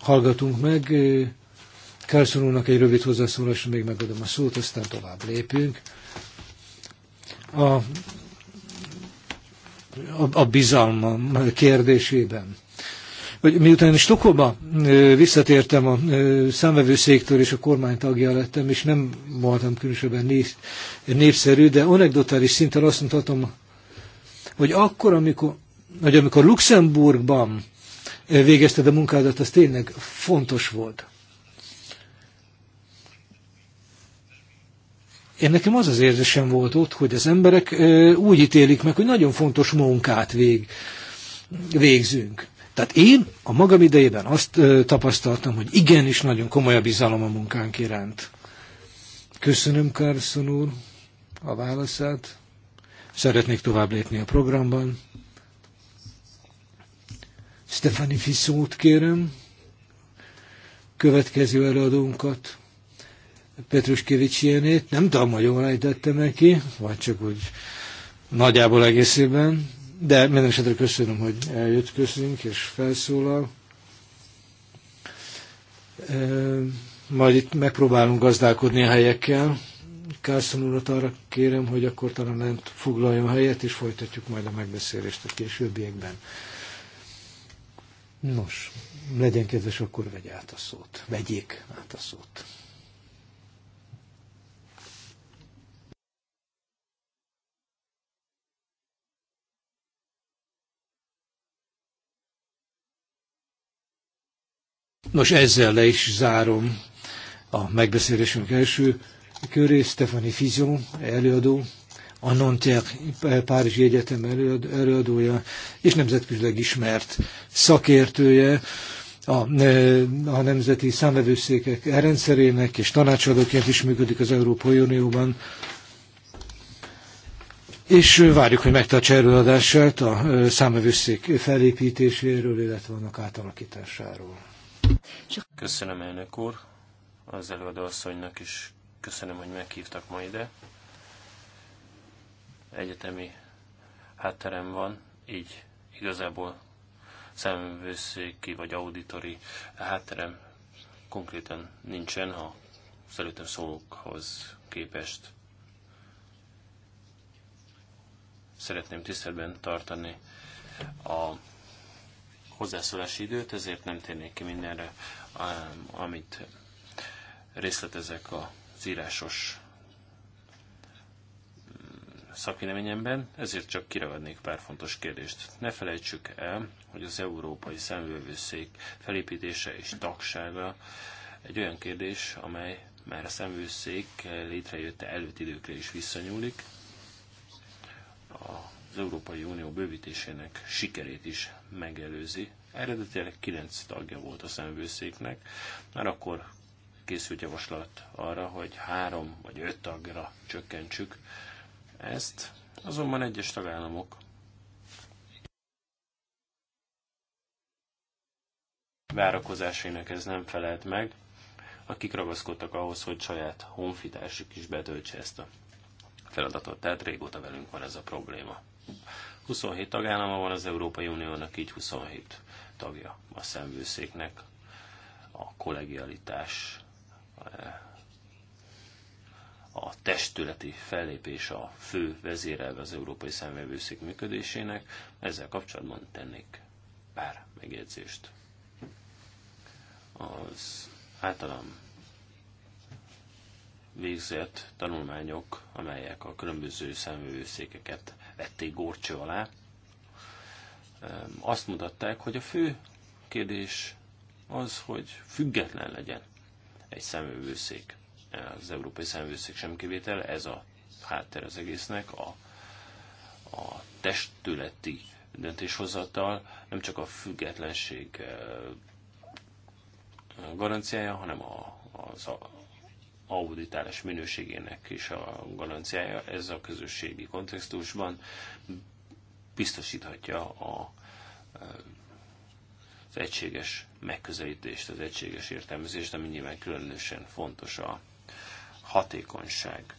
hallgatunk meg. Carlson úrnak egy rövid hozzászólásra még megadom a szót, aztán tovább lépünk. A, a, a bizalma kérdésében vagy miután Stokholba visszatértem a számvevőszéktől és a kormány tagja lettem, és nem voltam különösebben népszerű, de anekdotális szinten azt mondhatom, hogy akkor, amikor, hogy amikor Luxemburgban végezted a munkádat, az tényleg fontos volt. Én nekem az az érzésem volt ott, hogy az emberek úgy ítélik meg, hogy nagyon fontos munkát vég, végzünk. Tehát én a magam idejében azt tapasztaltam, hogy igenis nagyon komoly a bizalom a munkánk iránt. Köszönöm, Carson úr, a válaszát. Szeretnék tovább lépni a programban. Stefani Fiszót kérem, következő előadónkat, Petrus Kivicsienét. Nem tudom, hogy jól ejtettem neki, vagy csak úgy nagyjából egészében de minden esetre köszönöm, hogy eljött közünk és felszólal. Majd itt megpróbálunk gazdálkodni a helyekkel. Kárszon urat arra kérem, hogy akkor talán lent foglaljon helyet, és folytatjuk majd a megbeszélést a későbbiekben. Nos, legyen kedves, akkor vegy át a szót. Vegyék át a szót. Nos, ezzel le is zárom a megbeszélésünk első köré. Stefani Fizion, előadó, a Nanterre Párizsi Egyetem előadója, és nemzetközileg ismert szakértője a, e, a nemzeti számvevőszékek rendszerének, és tanácsadóként is működik az Európai Unióban. És várjuk, hogy megtartsa előadását a e, számvevőszék felépítéséről, illetve annak átalakításáról. Köszönöm, elnök úr. Az előadó asszonynak is köszönöm, hogy meghívtak ma ide. Egyetemi hátterem van, így igazából szemvőszéki vagy auditori hátterem konkrétan nincsen, ha szerintem szólókhoz képest szeretném tiszteletben tartani a hozzászólási időt, ezért nem térnék ki mindenre, amit részletezek az írásos mm, szakvéleményemben, ezért csak kiragadnék pár fontos kérdést. Ne felejtsük el, hogy az Európai Szemvővőszék felépítése és tagsága egy olyan kérdés, amely már a szemvőszék létrejötte előtt időkre is visszanyúlik. A az Európai Unió bővítésének sikerét is megelőzi. Eredetileg 9 tagja volt a szemvőszéknek, már akkor készült javaslat arra, hogy három vagy öt tagra csökkentsük ezt, azonban egyes tagállamok várakozásainak ez nem felelt meg, akik ragaszkodtak ahhoz, hogy saját honfitársuk is betöltse ezt a feladatot, tehát régóta velünk van ez a probléma. 27 tagállama van az Európai Uniónak, így 27 tagja a szemvőszéknek a kollegialitás, eh, a testületi fellépés a fő vezérelve az Európai Szemvőszék működésének. Ezzel kapcsolatban tennék pár megjegyzést. Az általam végzett tanulmányok, amelyek a különböző szemvőszékeket vették górcső alá, azt mutatták, hogy a fő kérdés az, hogy független legyen egy szemvőszék. Az európai szemvőszék sem kivétel, ez a háttér az egésznek, a, a testületi döntéshozattal nem csak a függetlenség garanciája, hanem a, az auditálás minőségének is a garanciája. Ez a közösségi kontextusban biztosíthatja a, e, az egységes megközelítést, az egységes értelmezést, ami nyilván különösen fontos a hatékonyság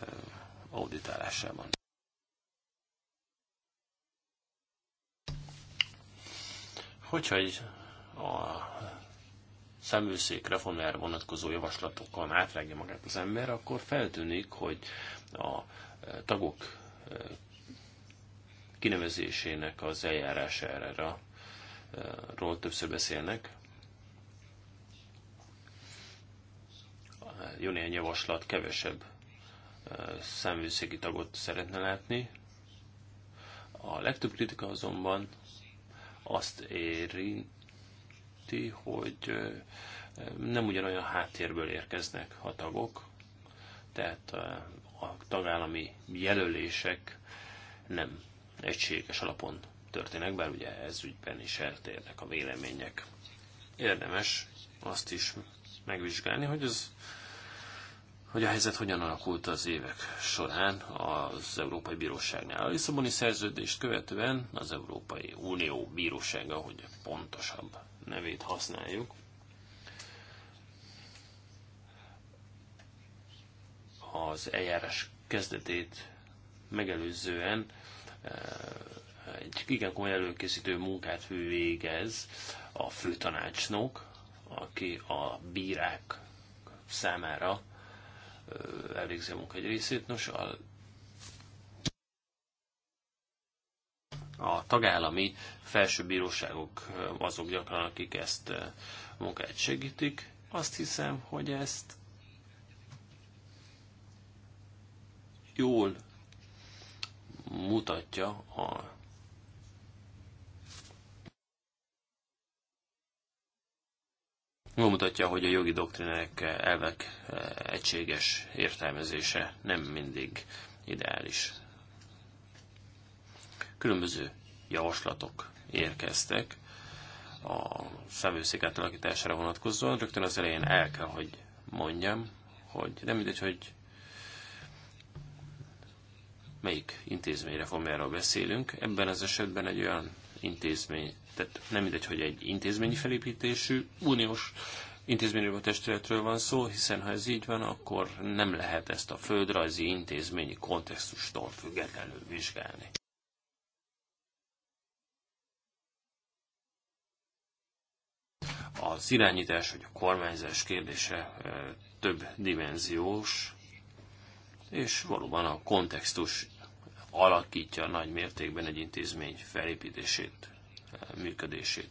e, auditálásában. Hogyha egy a szemőszék reformjára vonatkozó javaslatokon átrágja magát az ember, akkor feltűnik, hogy a e, tagok e, kinevezésének az eljárására e, ról többször beszélnek. Jó néhány javaslat kevesebb szemvőszégi tagot szeretne látni. A legtöbb kritika azonban azt éri, jelenti, hogy nem ugyanolyan háttérből érkeznek a tagok, tehát a tagállami jelölések nem egységes alapon történnek, bár ugye ez ügyben is eltérnek a vélemények. Érdemes azt is megvizsgálni, hogy az hogy a helyzet hogyan alakult az évek során az Európai Bíróságnál. A Lisszaboni szerződést követően az Európai Unió Bírósága, hogy pontosabb nevét használjuk. Az eljárás kezdetét megelőzően eh, egy igen komoly előkészítő munkát végez a főtanácsnok, aki a bírák számára eh, elvégzi a munka egy részét. Nos, a a tagállami felsőbíróságok azok gyakran, akik ezt munkáját munkát segítik. Azt hiszem, hogy ezt jól mutatja a Jól mutatja, hogy a jogi doktrinák, elvek egységes értelmezése nem mindig ideális. Különböző javaslatok érkeztek a szemőszék átalakítására vonatkozóan. Rögtön az elején el kell, hogy mondjam, hogy nem mindegy, hogy melyik reformjáról beszélünk. Ebben az esetben egy olyan intézmény, tehát nem mindegy, hogy egy intézményi felépítésű, uniós intézményről testületről van szó, hiszen ha ez így van, akkor nem lehet ezt a földrajzi intézményi kontextustól függetlenül vizsgálni. az irányítás vagy a kormányzás kérdése több dimenziós, és valóban a kontextus alakítja nagy mértékben egy intézmény felépítését, működését.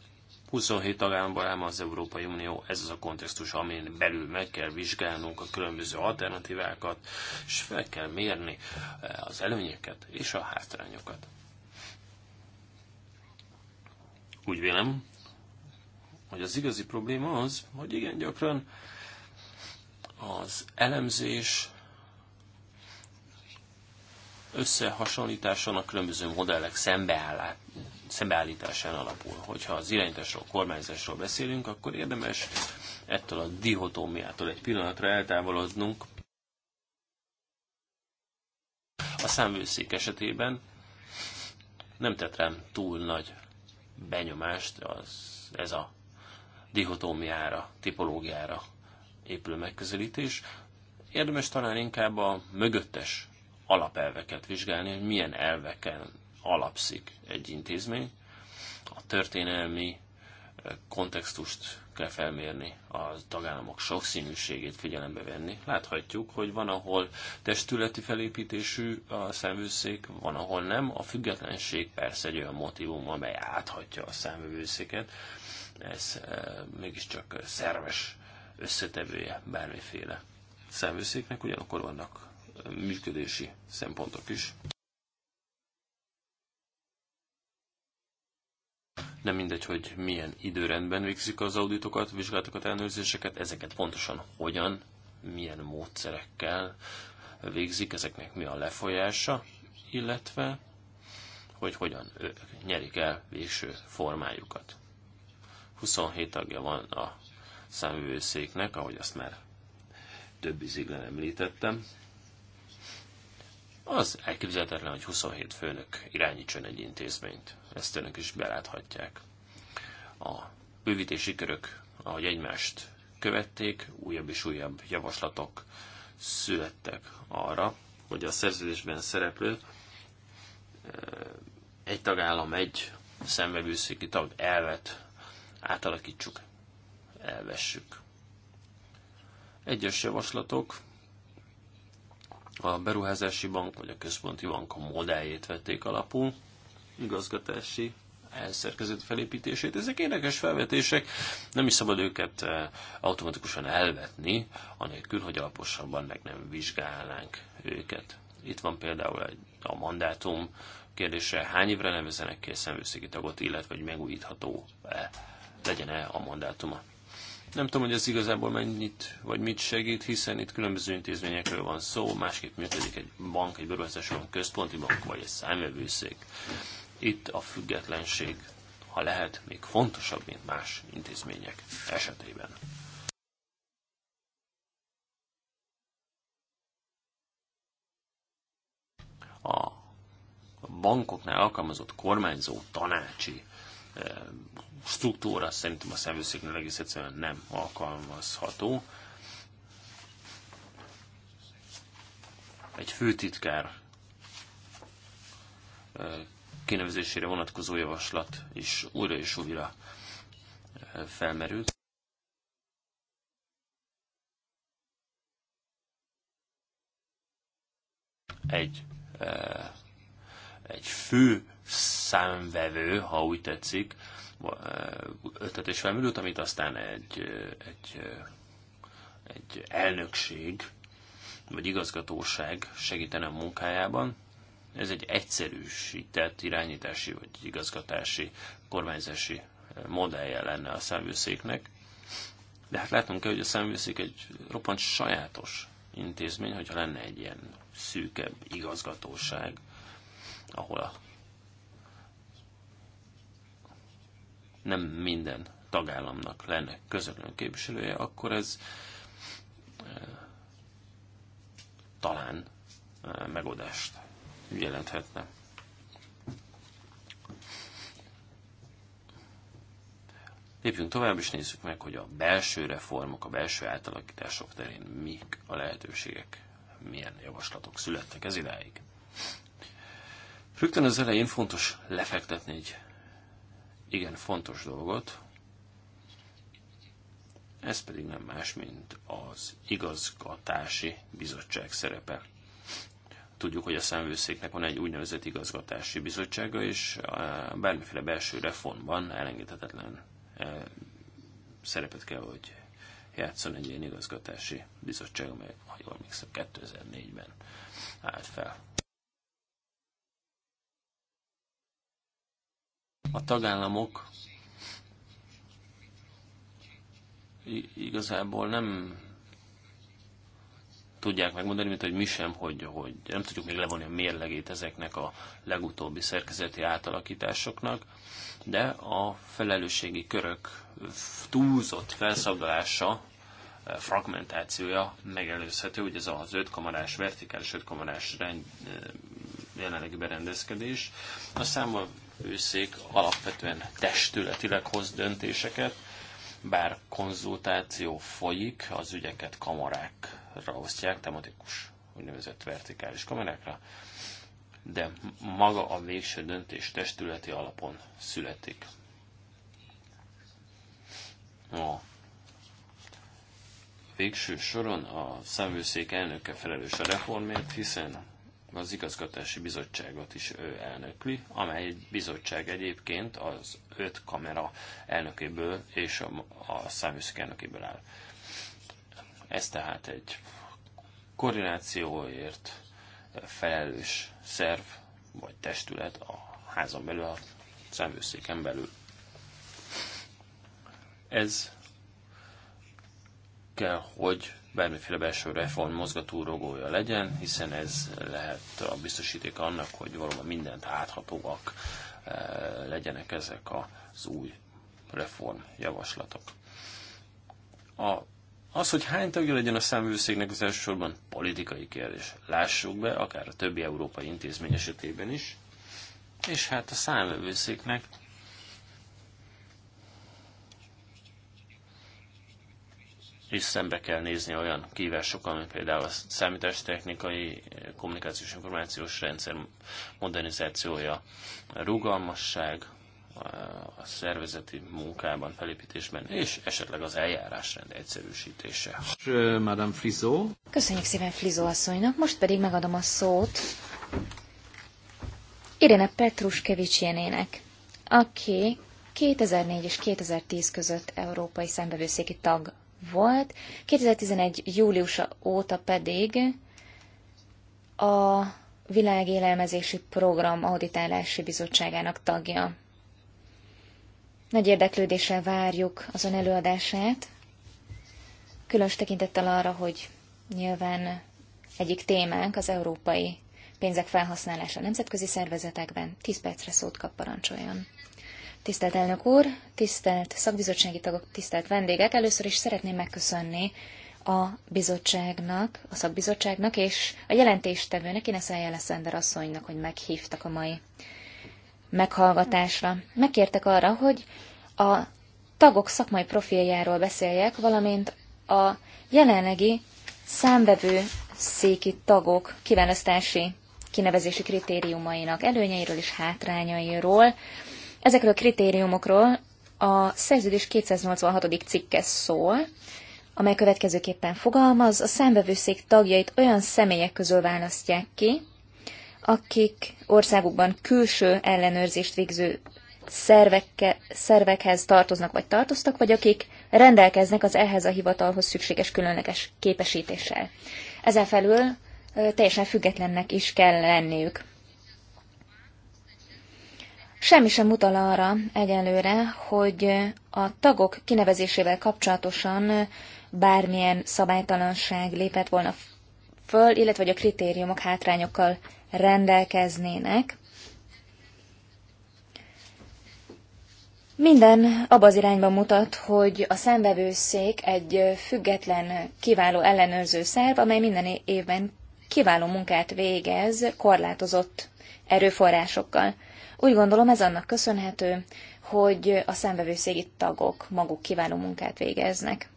27 tagállamban ám az Európai Unió, ez az a kontextus, amin belül meg kell vizsgálnunk a különböző alternatívákat, és fel kell mérni az előnyeket és a hátrányokat. Úgy vélem, hogy az igazi probléma az, hogy igen gyakran az elemzés összehasonlításon a különböző modellek szembeállításán alapul. Hogyha az irányításról, kormányzásról beszélünk, akkor érdemes ettől a dihotómiától egy pillanatra eltávolodnunk. A számvőszék esetében nem tett rám túl nagy benyomást az, ez a dihotómiára, tipológiára épülő megközelítés. Érdemes talán inkább a mögöttes alapelveket vizsgálni, hogy milyen elveken alapszik egy intézmény. A történelmi eh, kontextust kell felmérni, a tagállamok sokszínűségét figyelembe venni. Láthatjuk, hogy van, ahol testületi felépítésű a szemvőszék, van, ahol nem. A függetlenség persze egy olyan motivum, amely áthatja a szemvőszéket ez eh, mégiscsak szerves összetevője bármiféle számvőszéknek, ugyanakkor vannak eh, működési szempontok is. Nem mindegy, hogy milyen időrendben végzik az auditokat, vizsgálatokat, ellenőrzéseket, ezeket pontosan hogyan, milyen módszerekkel végzik, ezeknek mi a lefolyása, illetve hogy hogyan eh, nyerik el végső formájukat. 27 tagja van a száművőszéknek, ahogy azt már több iziglen említettem. Az elképzelhetetlen, hogy 27 főnök irányítson egy intézményt. Ezt önök is beláthatják. A bővítési körök, ahogy egymást követték, újabb és újabb javaslatok születtek arra, hogy a szerződésben szereplő eh, egy tagállam, egy szembevőszéki tag elvet átalakítsuk, elvessük. Egyes javaslatok a beruházási bank vagy a központi bank a modelljét vették alapul, igazgatási elszerkezett felépítését. Ezek érdekes felvetések, nem is szabad őket eh, automatikusan elvetni, anélkül, hogy alaposabban meg nem vizsgálnánk őket. Itt van például a mandátum kérdése, hány évre nevezenek ki a tagot, illetve hogy megújítható-e legyen-e a mandátuma. Nem tudom, hogy ez igazából mennyit vagy mit segít, hiszen itt különböző intézményekről van szó, másképp működik egy bank, egy beruházási központi bank vagy egy számjövőszék. Itt a függetlenség, ha lehet, még fontosabb, mint más intézmények esetében. A bankoknál alkalmazott kormányzó tanácsi struktúra szerintem a szemvőszéknél egész egyszerűen nem alkalmazható. Egy főtitkár kinevezésére vonatkozó javaslat is újra és újra felmerült. Egy, egy fő számvevő, ha úgy tetszik, ötlet és felmerült, amit aztán egy, egy, egy elnökség vagy igazgatóság segítene a munkájában. Ez egy egyszerűsített irányítási vagy igazgatási, kormányzási modellje lenne a számvőszéknek. De hát látnunk kell, hogy a számvőszék egy roppant sajátos intézmény, hogyha lenne egy ilyen szűkebb igazgatóság, ahol a nem minden tagállamnak lenne közvetlen képviselője, akkor ez eh, talán eh, megoldást jelenthetne. Lépjünk tovább, és nézzük meg, hogy a belső reformok, a belső átalakítások terén mik a lehetőségek, milyen javaslatok születtek ez idáig. Rögtön az elején fontos lefektetni egy igen fontos dolgot, ez pedig nem más, mint az igazgatási bizottság szerepe. Tudjuk, hogy a szemvőszéknek van egy úgynevezett igazgatási bizottsága, és eh, bármiféle belső reformban elengedhetetlen eh, szerepet kell, hogy játszon egy ilyen igazgatási bizottság, amely, ha jól 2004-ben állt fel. a tagállamok igazából nem tudják megmondani, mint hogy mi sem, hogy, hogy nem tudjuk még levonni a mérlegét ezeknek a legutóbbi szerkezeti átalakításoknak, de a felelősségi körök túlzott felszabdalása, eh, fragmentációja megelőzhető, hogy ez az ötkamarás, vertikális ötkamarás rend, eh, jelenlegi berendezkedés. A számba őszék alapvetően testületileg hoz döntéseket, bár konzultáció folyik, az ügyeket kamarákra osztják, tematikus úgynevezett vertikális kamerákra, de maga a végső döntés testületi alapon születik. A végső soron a szemvőszék elnöke felelős a reformért, hiszen az igazgatási bizottságot is ő elnökli, amely egy bizottság egyébként az öt kamera elnökéből és a, a száműszik elnökéből áll. Ez tehát egy koordinációért felelős szerv vagy testület a házon belül, a száműszéken belül. Ez kell, hogy bármiféle belső reform mozgató rogója legyen, hiszen ez lehet a biztosíték annak, hogy valóban mindent áthatóak eh, legyenek ezek az új reform javaslatok. A, az, hogy hány tagja legyen a számvőszéknek az elsősorban politikai kérdés. Lássuk be, akár a többi európai intézmény esetében is. És hát a számvőszéknek és szembe kell nézni olyan kívásokkal, mint például a számítástechnikai, kommunikációs információs rendszer modernizációja, a rugalmasság, a szervezeti munkában, felépítésben, és esetleg az eljárásrend egyszerűsítése. Madame Frizó. Köszönjük szépen Frizó asszonynak, most pedig megadom a szót Irene Petruskevics Jenének, aki 2004 és 2010 között európai szembevőszéki tag volt, 2011. júliusa óta pedig a Világélelmezési Program Auditálási Bizottságának tagja. Nagy érdeklődéssel várjuk azon előadását, különös tekintettel arra, hogy nyilván egyik témánk az európai pénzek felhasználása nemzetközi szervezetekben. 10 percre szót kap parancsoljon. Tisztelt elnök úr, tisztelt szakbizottsági tagok, tisztelt vendégek! Először is szeretném megköszönni a bizottságnak, a szakbizottságnak és a jelentéstevőnek, Ines Eljeleszender asszonynak, hogy meghívtak a mai meghallgatásra. Megkértek arra, hogy a tagok szakmai profiljáról beszéljek, valamint a jelenlegi számvevő széki tagok kiválasztási kinevezési kritériumainak előnyeiről és hátrányairól, Ezekről a kritériumokról a szerződés 286. cikke szól, amely következőképpen fogalmaz, a számbevőszék tagjait olyan személyek közül választják ki, akik országukban külső ellenőrzést végző szervekke, szervekhez tartoznak vagy tartoztak, vagy akik rendelkeznek az ehhez a hivatalhoz szükséges különleges képesítéssel. Ezen felül teljesen függetlennek is kell lenniük. Semmi sem mutal arra egyelőre, hogy a tagok kinevezésével kapcsolatosan bármilyen szabálytalanság lépett volna föl, illetve hogy a kritériumok hátrányokkal rendelkeznének. Minden abba az irányba mutat, hogy a számvevőszék egy független, kiváló ellenőrző szerv, amely minden évben kiváló munkát végez korlátozott erőforrásokkal. Úgy gondolom ez annak köszönhető, hogy a szembevőszégi tagok maguk kiváló munkát végeznek.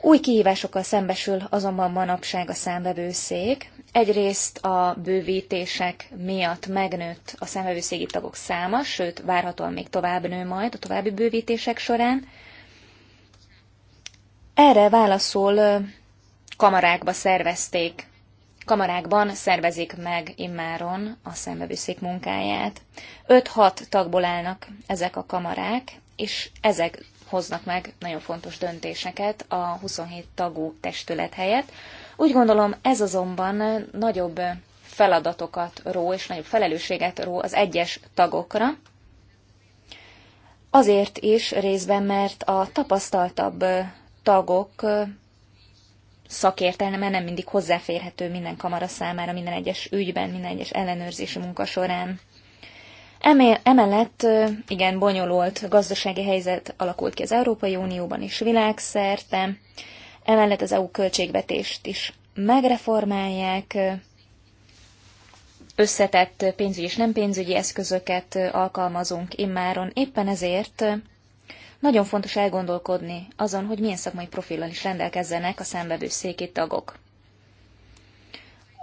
Új kihívásokkal szembesül azonban manapság a szembevőszék. Egyrészt a bővítések miatt megnőtt a szembevőszégi tagok száma, sőt, várhatóan még tovább nő majd a további bővítések során. Erre válaszol kamarákba szervezték kamarákban szervezik meg immáron a szembevűszék munkáját. 5-6 tagból állnak ezek a kamarák, és ezek hoznak meg nagyon fontos döntéseket a 27 tagú testület helyett. Úgy gondolom, ez azonban nagyobb feladatokat ró és nagyobb felelősséget ró az egyes tagokra. Azért is részben, mert a tapasztaltabb tagok szakértelme nem mindig hozzáférhető minden kamara számára, minden egyes ügyben, minden egyes ellenőrzési munka során. Emellett igen bonyolult gazdasági helyzet alakult ki az Európai Unióban és világszerte, emellett az EU költségvetést is megreformálják, összetett pénzügyi és nem pénzügyi eszközöket alkalmazunk immáron. Éppen ezért nagyon fontos elgondolkodni azon, hogy milyen szakmai profillal is rendelkezzenek a szenvedő széki tagok.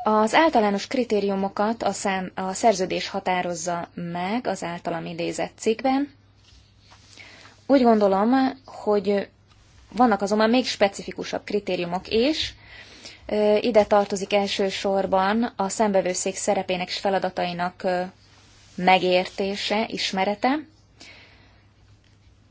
Az általános kritériumokat a, szám, a szerződés határozza meg az általam idézett cikkben. Úgy gondolom, hogy vannak azonban még specifikusabb kritériumok is. Ide tartozik elsősorban a szembevőszék szerepének és feladatainak megértése, ismerete,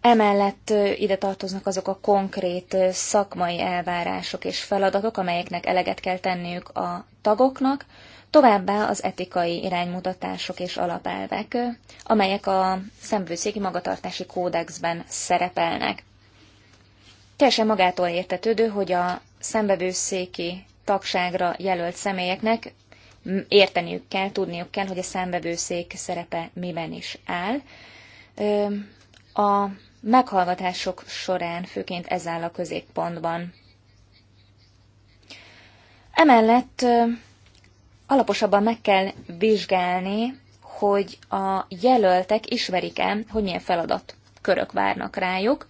Emellett ide tartoznak azok a konkrét szakmai elvárások és feladatok, amelyeknek eleget kell tenniük a tagoknak, továbbá az etikai iránymutatások és alapelvek, amelyek a szemvőszégi magatartási kódexben szerepelnek. Teljesen magától értetődő, hogy a szembevőszéki tagságra jelölt személyeknek érteniük kell, tudniuk kell, hogy a szembevőszék szerepe miben is áll. A meghallgatások során főként ez áll a középpontban. Emellett alaposabban meg kell vizsgálni, hogy a jelöltek ismerik-e, hogy milyen feladatkörök várnak rájuk.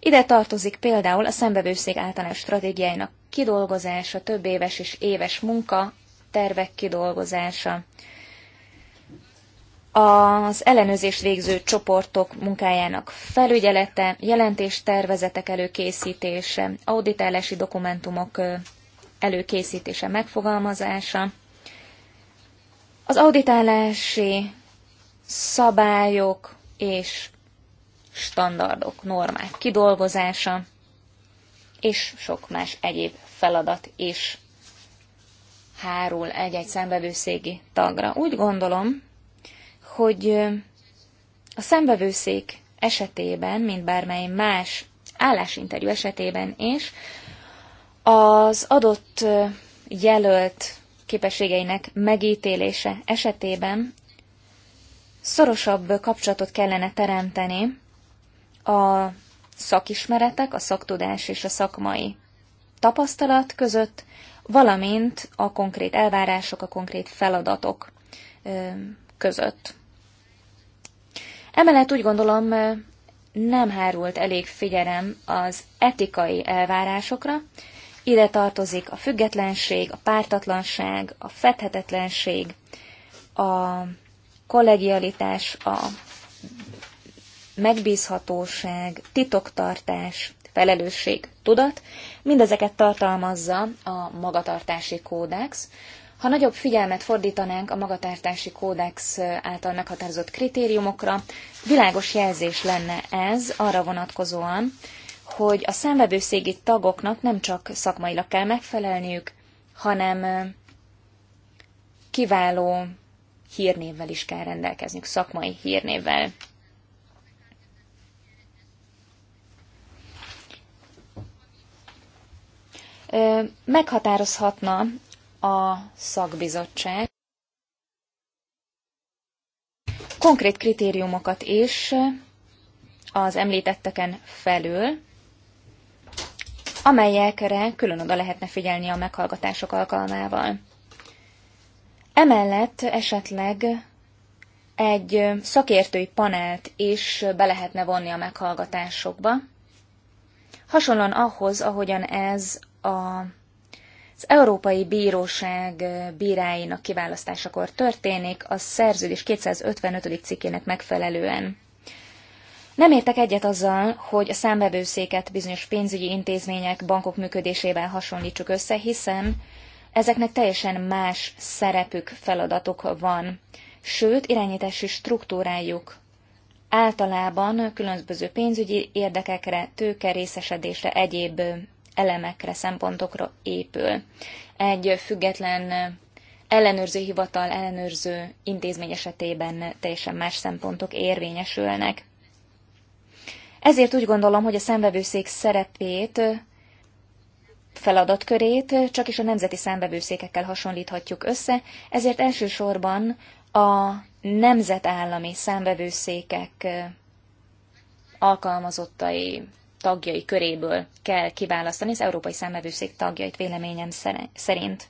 Ide tartozik például a szembevőszék általános stratégiáinak kidolgozása, több éves és éves munka, tervek kidolgozása, az ellenőrzést végző csoportok munkájának felügyelete, jelentéstervezetek előkészítése, auditálási dokumentumok előkészítése, megfogalmazása, az auditálási szabályok és standardok, normák kidolgozása, és sok más egyéb feladat is hárul egy-egy számbevőszégi tagra. Úgy gondolom, hogy a szembevőszék esetében, mint bármely más állásinterjú esetében is, az adott jelölt képességeinek megítélése esetében szorosabb kapcsolatot kellene teremteni a szakismeretek, a szaktudás és a szakmai tapasztalat között, valamint a konkrét elvárások, a konkrét feladatok között. Emellett úgy gondolom, nem hárult elég figyelem az etikai elvárásokra. Ide tartozik a függetlenség, a pártatlanság, a fedhetetlenség, a kollegialitás, a megbízhatóság, titoktartás, felelősség, tudat, mindezeket tartalmazza a magatartási kódex, ha nagyobb figyelmet fordítanánk a magatartási kódex által meghatározott kritériumokra, világos jelzés lenne ez arra vonatkozóan, hogy a számvevőszégi tagoknak nem csak szakmailag kell megfelelniük, hanem kiváló hírnévvel is kell rendelkezniük, szakmai hírnévvel. Meghatározhatna a szakbizottság konkrét kritériumokat is az említetteken felül, amelyekre külön oda lehetne figyelni a meghallgatások alkalmával. Emellett esetleg egy szakértői panelt is be lehetne vonni a meghallgatásokba, hasonlóan ahhoz, ahogyan ez a az Európai Bíróság bíráinak kiválasztásakor történik, a szerződés 255. cikkének megfelelően. Nem értek egyet azzal, hogy a számbevőszéket bizonyos pénzügyi intézmények, bankok működésével hasonlítsuk össze, hiszen ezeknek teljesen más szerepük, feladatuk van. Sőt, irányítási struktúrájuk általában különböző pénzügyi érdekekre, tőkerészesedésre, egyéb elemekre, szempontokra épül. Egy független ellenőrző hivatal, ellenőrző intézmény esetében teljesen más szempontok érvényesülnek. Ezért úgy gondolom, hogy a szembevőszék szerepét, feladatkörét csak is a nemzeti szembevőszékekkel hasonlíthatjuk össze, ezért elsősorban a nemzetállami szembevőszékek alkalmazottai tagjai köréből kell kiválasztani az Európai Számvevőszék tagjait véleményem szerint.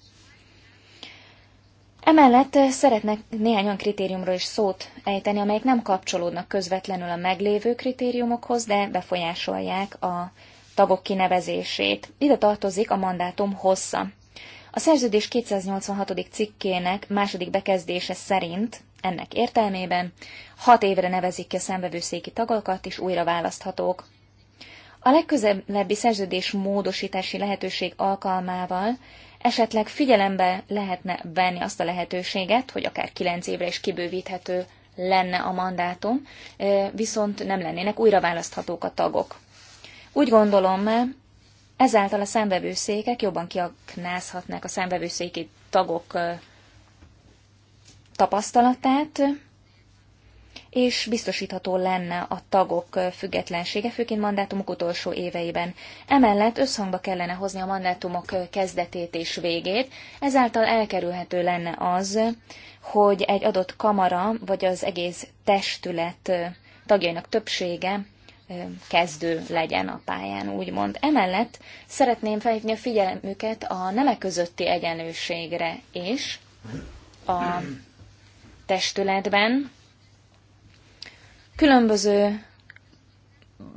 Emellett szeretnek néhány olyan kritériumról is szót ejteni, amelyek nem kapcsolódnak közvetlenül a meglévő kritériumokhoz, de befolyásolják a tagok kinevezését. Ide tartozik a mandátum hossza. A szerződés 286. cikkének második bekezdése szerint ennek értelmében hat évre nevezik ki a szembevőszéki tagokat, és újra választhatók. A legközelebbi szerződés módosítási lehetőség alkalmával esetleg figyelembe lehetne venni azt a lehetőséget, hogy akár kilenc évre is kibővíthető lenne a mandátum, viszont nem lennének újra választhatók a tagok. Úgy gondolom, ezáltal a számvevőszékek jobban kiaknázhatnák a számvevőszéki tagok tapasztalatát, és biztosítható lenne a tagok függetlensége, főként mandátumok utolsó éveiben. Emellett összhangba kellene hozni a mandátumok kezdetét és végét, ezáltal elkerülhető lenne az, hogy egy adott kamara vagy az egész testület tagjainak többsége kezdő legyen a pályán, úgymond. Emellett szeretném felhívni a figyelmüket a nemek közötti egyenlőségre és a testületben, Különböző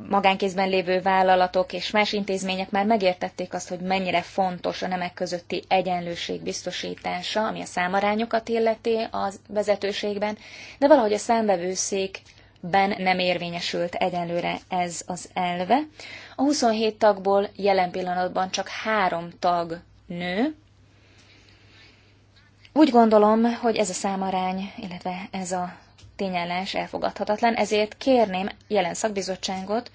magánkézben lévő vállalatok és más intézmények már megértették azt, hogy mennyire fontos a nemek közötti egyenlőség biztosítása, ami a számarányokat illeti a vezetőségben, de valahogy a számvevőszékben nem érvényesült egyenlőre ez az elve. A 27 tagból jelen pillanatban csak három tag nő. Úgy gondolom, hogy ez a számarány, illetve ez a tényállás elfogadhatatlan, ezért kérném jelen szakbizottságot,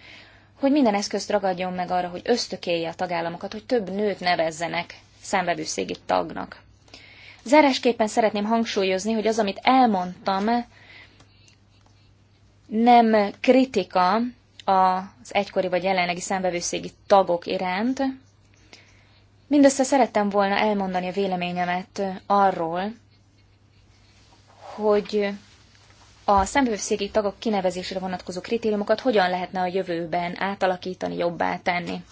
hogy minden eszközt ragadjon meg arra, hogy ösztökélje a tagállamokat, hogy több nőt nevezzenek számbevőszégi tagnak. Zárásképpen szeretném hangsúlyozni, hogy az, amit elmondtam, nem kritika az egykori vagy jelenlegi számbevőszégi tagok iránt. Mindössze szerettem volna elmondani a véleményemet arról, hogy a szembevőszéki tagok kinevezésére vonatkozó kritériumokat hogyan lehetne a jövőben átalakítani, jobbá tenni.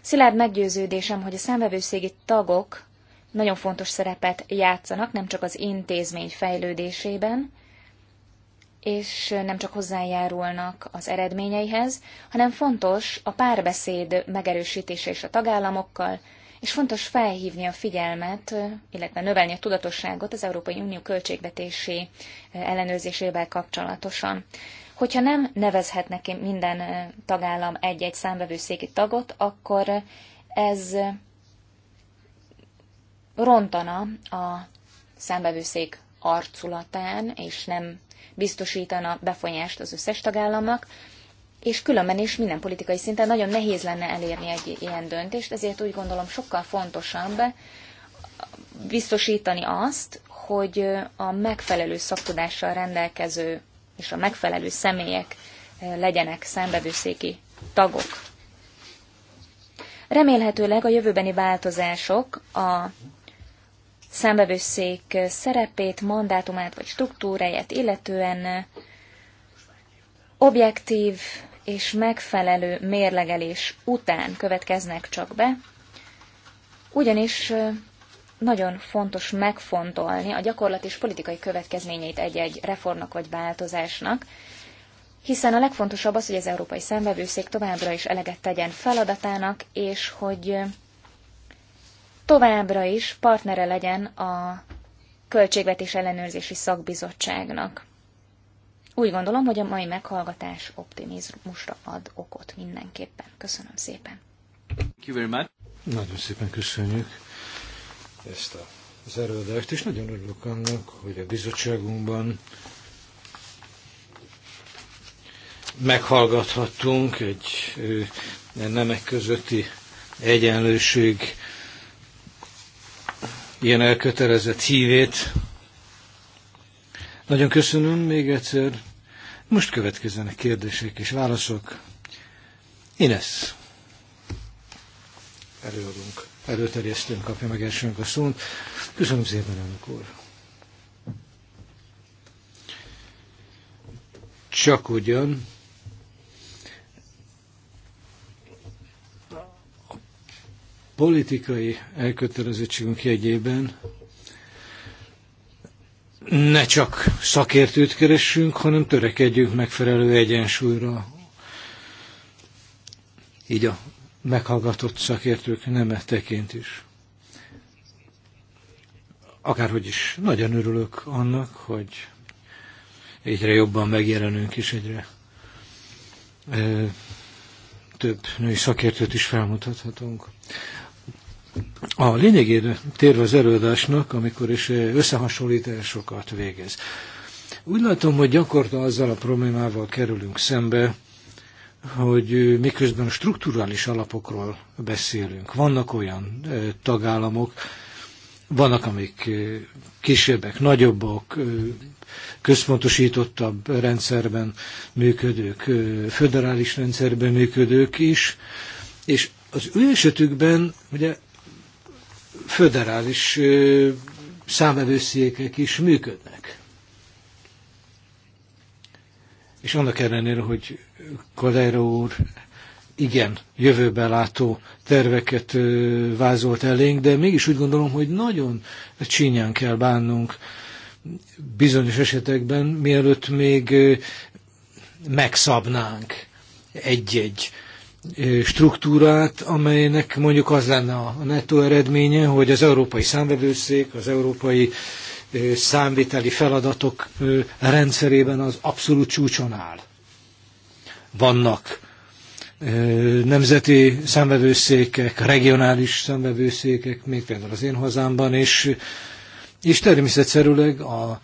Szilárd meggyőződésem, hogy a számvevőszégi tagok nagyon fontos szerepet játszanak, nem csak az intézmény fejlődésében, és nem csak hozzájárulnak az eredményeihez, hanem fontos a párbeszéd megerősítése is a tagállamokkal, és fontos felhívni a figyelmet, illetve növelni a tudatosságot az Európai Unió költségvetési ellenőrzésével kapcsolatosan. Hogyha nem nevezhetnek minden tagállam egy-egy számbevőszéki tagot, akkor ez rontana a számbevőszék arculatán, és nem biztosítana befolyást az összes tagállamnak és különben is minden politikai szinten nagyon nehéz lenne elérni egy ilyen döntést, ezért úgy gondolom sokkal fontosabb biztosítani azt, hogy a megfelelő szaktudással rendelkező és a megfelelő személyek legyenek számbevőszéki tagok. Remélhetőleg a jövőbeni változások a számbevőszék szerepét, mandátumát vagy struktúráját illetően objektív és megfelelő mérlegelés után következnek csak be, ugyanis nagyon fontos megfontolni a gyakorlat és politikai következményeit egy-egy reformnak vagy változásnak, hiszen a legfontosabb az, hogy az Európai Számvevőszék továbbra is eleget tegyen feladatának, és hogy továbbra is partnere legyen a Költségvetés Ellenőrzési Szakbizottságnak. Úgy gondolom, hogy a mai meghallgatás optimizmusra ad okot mindenképpen. Köszönöm szépen. Thank you very much. Nagyon szépen köszönjük ezt a az előadást, és nagyon örülök annak, hogy a bizottságunkban meghallgathattunk egy nemek közötti egyenlőség ilyen elkötelezett hívét, nagyon köszönöm még egyszer. Most következzenek kérdések és válaszok. Ines. Előadunk, előterjesztőnk kapja meg elsőnk a szót. Köszönöm szépen, elnök úr. Csak ugyan a politikai elkötelezettségünk jegyében ne csak szakértőt keressünk, hanem törekedjünk megfelelő egyensúlyra. Így a meghallgatott szakértők neme tekint is. Akárhogy is, nagyon örülök annak, hogy egyre jobban megjelenünk, és egyre ö, több női szakértőt is felmutathatunk a lényegére térve az előadásnak, amikor is eh, összehasonlításokat végez. Úgy látom, hogy gyakorta azzal a problémával kerülünk szembe, hogy eh, miközben strukturális alapokról beszélünk. Vannak olyan eh, tagállamok, vannak, amik kisebbek, nagyobbak, központosítottabb rendszerben működők, föderális rendszerben működők is, és az ő esetükben ugye föderális számvevőszékek is működnek. És annak ellenére, hogy Kaleiro úr igen, jövőben látó terveket vázolt elénk, de mégis úgy gondolom, hogy nagyon csínyán kell bánnunk bizonyos esetekben, mielőtt még megszabnánk egy-egy struktúrát, amelynek mondjuk az lenne a nettó eredménye, hogy az Európai Számvevőszék, az Európai Számviteli Feladatok rendszerében az abszolút csúcson áll. Vannak nemzeti számvevőszékek, regionális számvevőszékek, még például az én hazámban, és, és természetszerűleg a,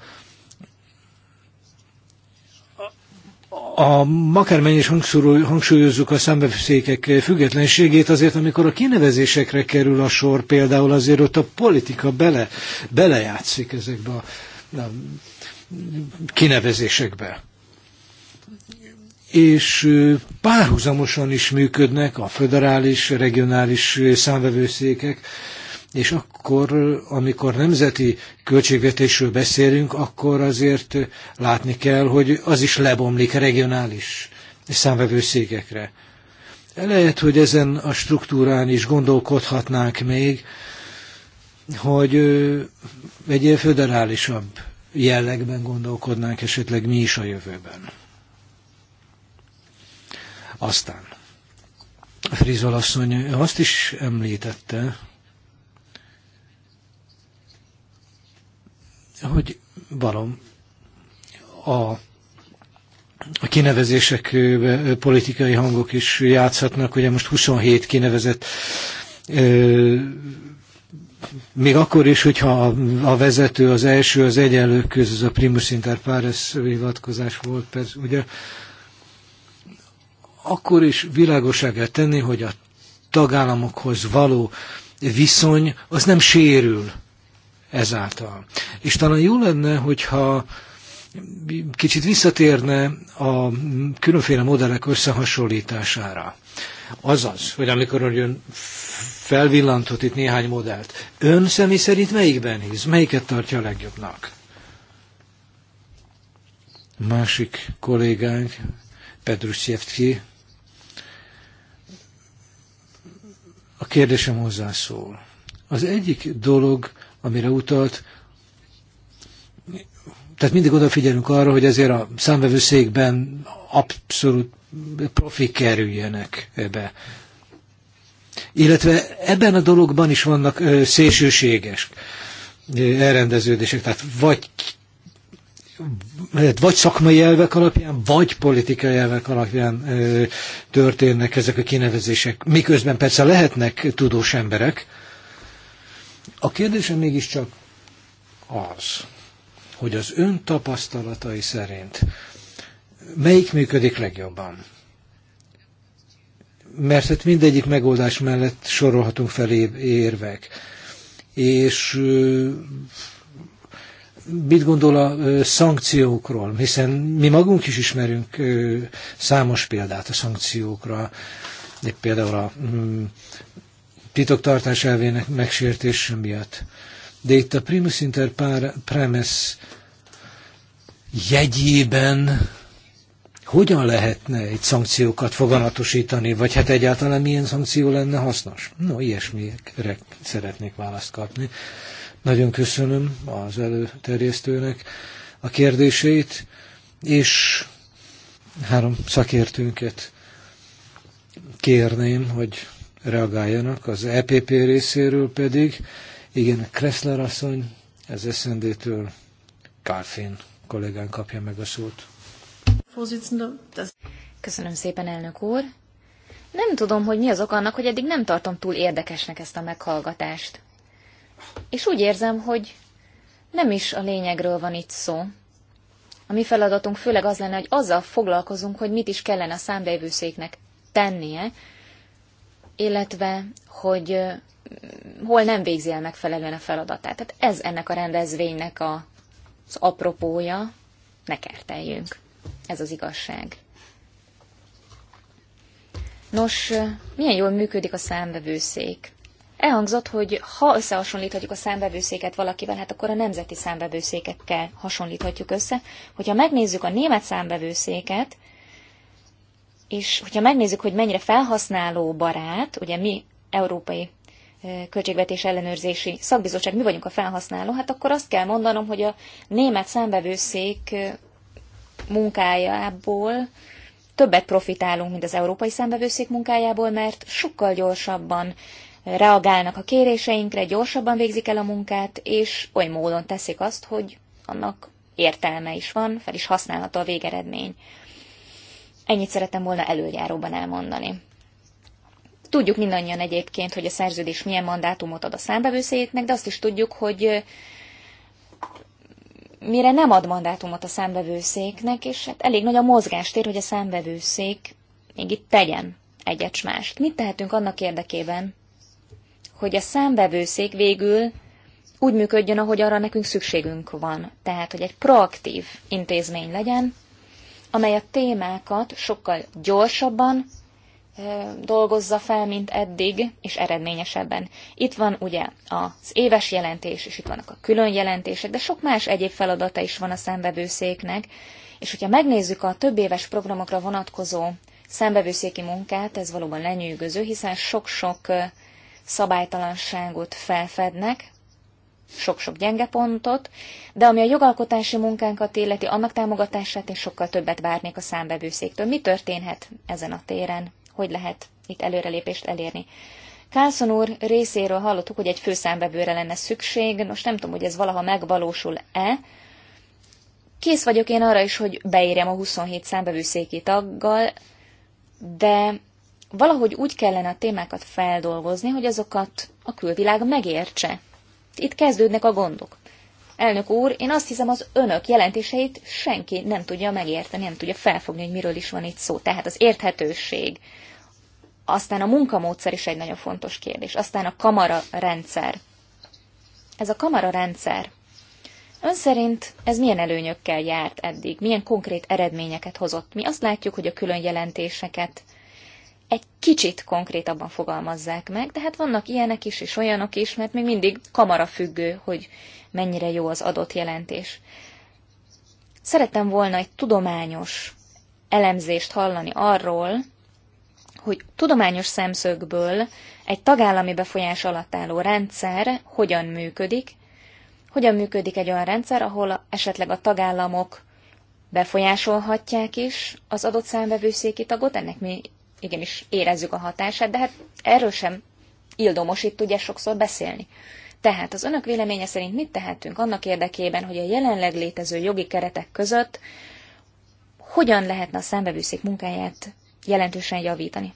a akármennyire is hangsúlyozzuk a számbevőszékek függetlenségét, azért amikor a kinevezésekre kerül a sor, például azért ott a politika bele, belejátszik ezekbe a, a kinevezésekbe. És párhuzamosan is működnek a föderális, regionális számvevőszékek, és akkor, amikor nemzeti költségvetésről beszélünk, akkor azért látni kell, hogy az is lebomlik regionális számvevőszégekre. Lehet, hogy ezen a struktúrán is gondolkodhatnánk még, hogy egyél föderálisabb jellegben gondolkodnánk esetleg mi is a jövőben. Aztán Frizol asszony azt is említette, hogy valom a a kinevezések politikai hangok is játszhatnak. Ugye most 27 kinevezett még akkor is, hogyha a vezető, az első, az egyenlő köz, az a primus inter pares hivatkozás volt, persze, ugye, akkor is világosá kell tenni, hogy a tagállamokhoz való viszony, az nem sérül ezáltal. És talán jó lenne, hogyha kicsit visszatérne a különféle modellek összehasonlítására. Azaz, hogy amikor ön felvillantott itt néhány modellt, ön személy szerint melyikben hisz? Melyiket tartja a legjobbnak? Másik kollégánk, Pedruszjevki, a kérdésem szól. Az egyik dolog amire utalt. Tehát mindig odafigyelünk arra, hogy ezért a számvevőszékben abszolút profi kerüljenek ebbe. Illetve ebben a dologban is vannak szélsőséges elrendeződések, tehát vagy vagy szakmai elvek alapján, vagy politikai elvek alapján történnek ezek a kinevezések. Miközben persze lehetnek tudós emberek, a kérdésem mégiscsak az, hogy az ön tapasztalatai szerint melyik működik legjobban? Mert hát mindegyik megoldás mellett sorolhatunk fel érvek. És mit gondol a szankciókról? Hiszen mi magunk is ismerünk számos példát a szankciókra, például a mm, titoktartás elvének megsértése miatt. De itt a primus inter premes jegyében hogyan lehetne egy szankciókat foganatosítani, vagy hát egyáltalán milyen szankció lenne hasznos? No, ilyesmire szeretnék választ kapni. Nagyon köszönöm az előterjesztőnek a kérdéseit, és három szakértőnket kérném, hogy reagáljanak. Az EPP részéről pedig, igen, Kressler asszony, az SND-től Kálfin kollégán kapja meg a szót. Köszönöm szépen, elnök úr. Nem tudom, hogy mi az ok annak, hogy eddig nem tartom túl érdekesnek ezt a meghallgatást. És úgy érzem, hogy nem is a lényegről van itt szó. A mi feladatunk főleg az lenne, hogy azzal foglalkozunk, hogy mit is kellene a számbevőszéknek tennie, illetve hogy hol nem végzi el megfelelően a feladatát. Tehát ez ennek a rendezvénynek a, az apropója, ne kerteljünk. Ez az igazság. Nos, milyen jól működik a számvevőszék? Elhangzott, hogy ha összehasonlíthatjuk a számvevőszéket valakivel, hát akkor a nemzeti számvevőszékekkel hasonlíthatjuk össze. Hogyha megnézzük a német számvevőszéket, és hogyha megnézzük, hogy mennyire felhasználó barát, ugye mi európai költségvetés ellenőrzési szakbizottság, mi vagyunk a felhasználó, hát akkor azt kell mondanom, hogy a német számbevőszék munkájából többet profitálunk, mint az európai számbevőszék munkájából, mert sokkal gyorsabban reagálnak a kéréseinkre, gyorsabban végzik el a munkát, és oly módon teszik azt, hogy annak értelme is van, fel is használható a végeredmény. Ennyit szerettem volna előjáróban elmondani. Tudjuk mindannyian egyébként, hogy a szerződés milyen mandátumot ad a számbevőszéknek, de azt is tudjuk, hogy mire nem ad mandátumot a számbevőszéknek, és hát elég nagy a mozgástér, hogy a számbevőszék még itt tegyen egyet mást. Mit tehetünk annak érdekében, hogy a számbevőszék végül úgy működjön, ahogy arra nekünk szükségünk van. Tehát, hogy egy proaktív intézmény legyen, amely a témákat sokkal gyorsabban dolgozza fel, mint eddig, és eredményesebben. Itt van ugye az éves jelentés, és itt vannak a külön jelentések, de sok más egyéb feladata is van a szembevőszéknek, és hogyha megnézzük a több éves programokra vonatkozó szembevőszéki munkát, ez valóban lenyűgöző, hiszen sok-sok szabálytalanságot felfednek, sok-sok gyenge pontot, de ami a jogalkotási munkánkat illeti, annak támogatását én sokkal többet várnék a számbevőszéktől. Mi történhet ezen a téren? Hogy lehet itt előrelépést elérni? Kálszon úr részéről hallottuk, hogy egy főszámbevőre lenne szükség. Most nem tudom, hogy ez valaha megvalósul-e. Kész vagyok én arra is, hogy beírjam a 27 számbevőszéki taggal, de valahogy úgy kellene a témákat feldolgozni, hogy azokat a külvilág megértse itt, kezdődnek a gondok. Elnök úr, én azt hiszem az önök jelentéseit senki nem tudja megérteni, nem tudja felfogni, hogy miről is van itt szó. Tehát az érthetőség, aztán a munkamódszer is egy nagyon fontos kérdés, aztán a kamara rendszer. Ez a kamara rendszer, ön szerint ez milyen előnyökkel járt eddig, milyen konkrét eredményeket hozott? Mi azt látjuk, hogy a külön jelentéseket egy kicsit konkrétabban fogalmazzák meg, de hát vannak ilyenek is, és olyanok is, mert még mindig kamara függő, hogy mennyire jó az adott jelentés. Szerettem volna egy tudományos elemzést hallani arról, hogy tudományos szemszögből egy tagállami befolyás alatt álló rendszer hogyan működik, hogyan működik egy olyan rendszer, ahol esetleg a tagállamok befolyásolhatják is az adott számvevőszéki tagot, ennek mi igenis érezzük a hatását, de hát erről sem ildomos itt ugye sokszor beszélni. Tehát az önök véleménye szerint mit tehetünk annak érdekében, hogy a jelenleg létező jogi keretek között hogyan lehetne a számbevőszék munkáját jelentősen javítani?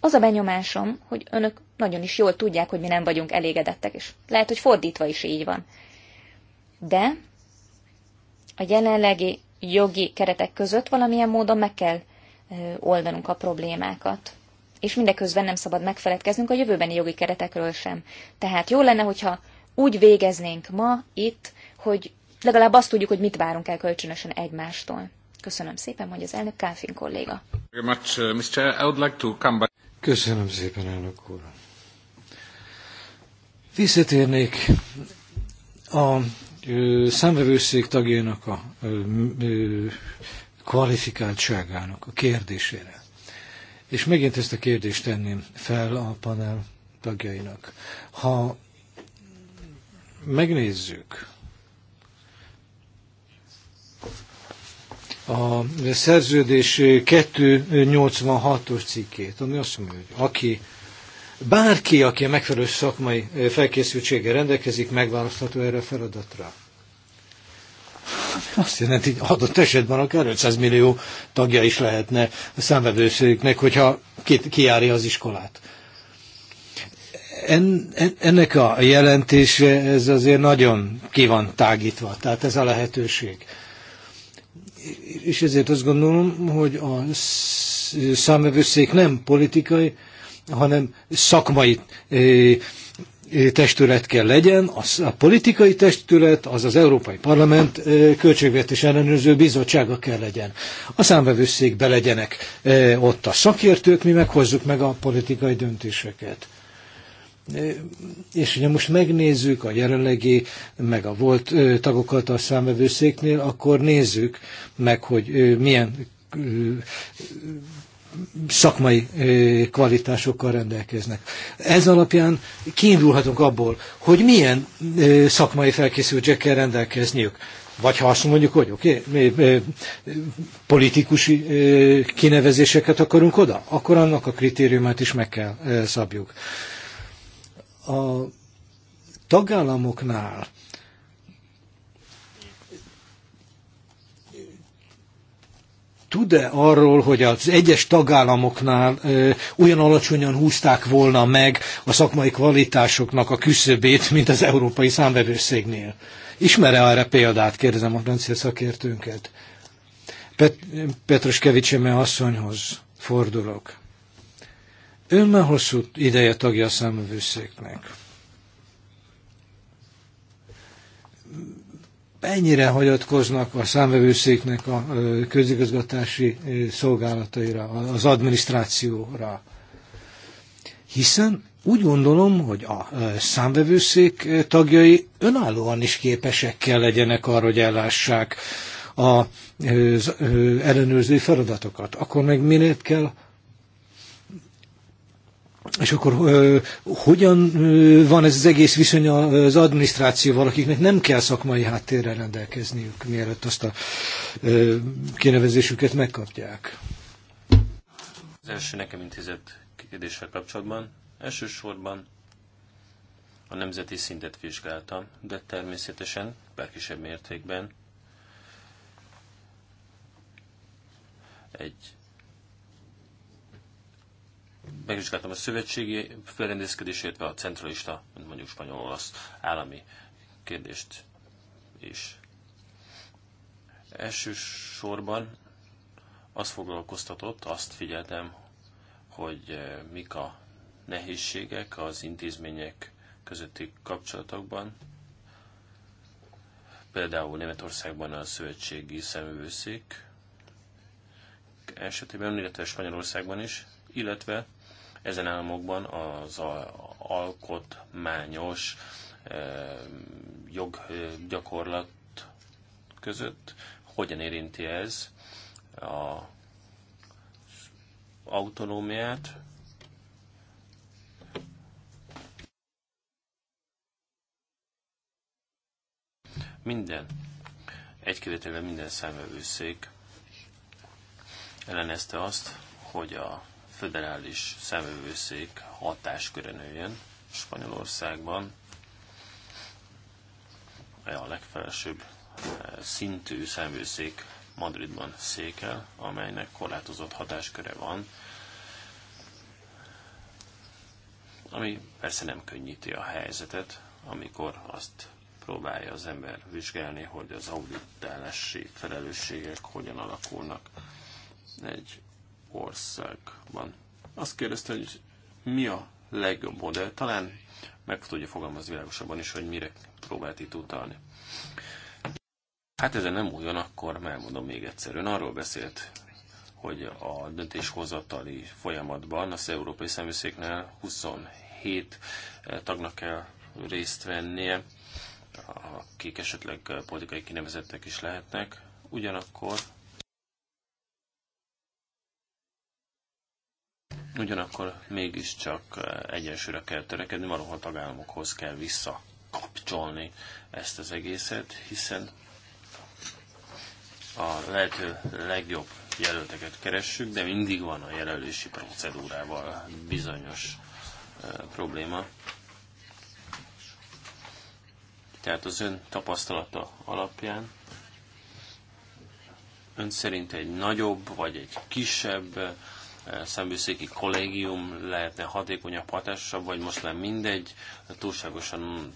Az a benyomásom, hogy önök nagyon is jól tudják, hogy mi nem vagyunk elégedettek, és lehet, hogy fordítva is így van. De a jelenlegi jogi keretek között valamilyen módon meg kell oldanunk a problémákat. És mindeközben nem szabad megfeledkeznünk a jövőbeni jogi keretekről sem. Tehát jó lenne, hogyha úgy végeznénk ma itt, hogy legalább azt tudjuk, hogy mit várunk el kölcsönösen egymástól. Köszönöm szépen, hogy az elnök Káfin kolléga. Uh, Köszönöm szépen, elnök úr. Visszatérnék a számvevőszék tagjának a kvalifikáltságának a kérdésére. És megint ezt a kérdést tenném fel a panel tagjainak. Ha megnézzük a szerződés 286-os cikkét, ami azt mondja, hogy aki bárki, aki a megfelelő szakmai felkészültséggel rendelkezik, megválasztható erre a feladatra. Azt jelenti, hogy adott esetben akár 500 millió tagja is lehetne a számvevőszéknek, hogyha kiárja az iskolát. En, ennek a jelentése ez azért nagyon ki van tágítva, tehát ez a lehetőség. És ezért azt gondolom, hogy a számvevőszék nem politikai, hanem szakmai eh, testület kell legyen, az a politikai testület, az az Európai Parlament költségvetés ellenőrző bizottsága kell legyen. A számvevőszékbe legyenek ott a szakértők, mi meghozzuk meg a politikai döntéseket. És ugye most megnézzük a jelenlegi, meg a volt tagokat a számvevőszéknél, akkor nézzük meg, hogy milyen szakmai kvalitásokkal rendelkeznek. Ez alapján kiindulhatunk abból, hogy milyen szakmai felkészültségekkel kell rendelkezniük. Vagy ha azt mondjuk, hogy oké, okay, politikusi kinevezéseket akarunk oda, akkor annak a kritériumát is meg kell szabjuk. A tagállamoknál tud-e arról, hogy az egyes tagállamoknál ö, olyan alacsonyan húzták volna meg a szakmai kvalitásoknak a küszöbét, mint az európai számvevőszégnél? Ismer-e erre példát, kérdezem a francia szakértőnket. Pet- Petros Kevicseme asszonyhoz fordulok. Ön már hosszú ideje tagja a számvevőszéknek. mennyire hagyatkoznak a számvevőszéknek a közigazgatási szolgálataira, az adminisztrációra. Hiszen úgy gondolom, hogy a számvevőszék tagjai önállóan is képesek kell legyenek arra, hogy ellássák az ellenőrző feladatokat. Akkor meg minél kell és akkor ö, hogyan ö, van ez az egész viszony az adminisztrációval, akiknek nem kell szakmai háttérrel rendelkezniük, mielőtt azt a ö, kinevezésüket megkapják? Az első nekem intézett kérdéssel kapcsolatban elsősorban a nemzeti szintet vizsgáltam, de természetesen, bár kisebb mértékben, egy megvizsgáltam a szövetségi felrendezkedését, illetve a centralista, mondjuk spanyol-olasz állami kérdést is. Elsősorban azt foglalkoztatott, azt figyeltem, hogy eh, mik a nehézségek az intézmények közötti kapcsolatokban. Például Németországban a szövetségi szemüvőszék esetében, illetve Spanyolországban is, illetve ezen államokban az alkotmányos e, joggyakorlat e, között. Hogyan érinti ez a autonómiát, minden, egy kivételben minden számvevőszék ellenezte azt, hogy a föderális szemövőszék hatásköre nőjön Spanyolországban. A legfelsőbb eh, szintű szemvőszék Madridban székel, amelynek korlátozott hatásköre van, ami persze nem könnyíti a helyzetet, amikor azt próbálja az ember vizsgálni, hogy az auditálási felelősségek hogyan alakulnak. Egy országban. Azt kérdezte, hogy mi a legjobb modell. Talán meg tudja fogalmazni világosabban is, hogy mire próbált itt utalni. Hát ezen nem újon, akkor elmondom még egyszer. Ön arról beszélt, hogy a döntéshozatali folyamatban az Európai Szemüszéknél 27 eh, tagnak kell részt vennie, akik esetleg politikai kinevezettek is lehetnek. Ugyanakkor Ugyanakkor mégiscsak eh, egyensúlyra kell törekedni, valahol tagállamokhoz kell visszakapcsolni ezt az egészet, hiszen a lehető legjobb jelölteket keressük, de mindig van a jelölési procedúrával bizonyos eh, probléma. Tehát az ön tapasztalata alapján ön szerint egy nagyobb vagy egy kisebb eh, szemvőszéki kollégium lehetne hatékonyabb, hatásosabb, vagy most már mindegy, túlságosan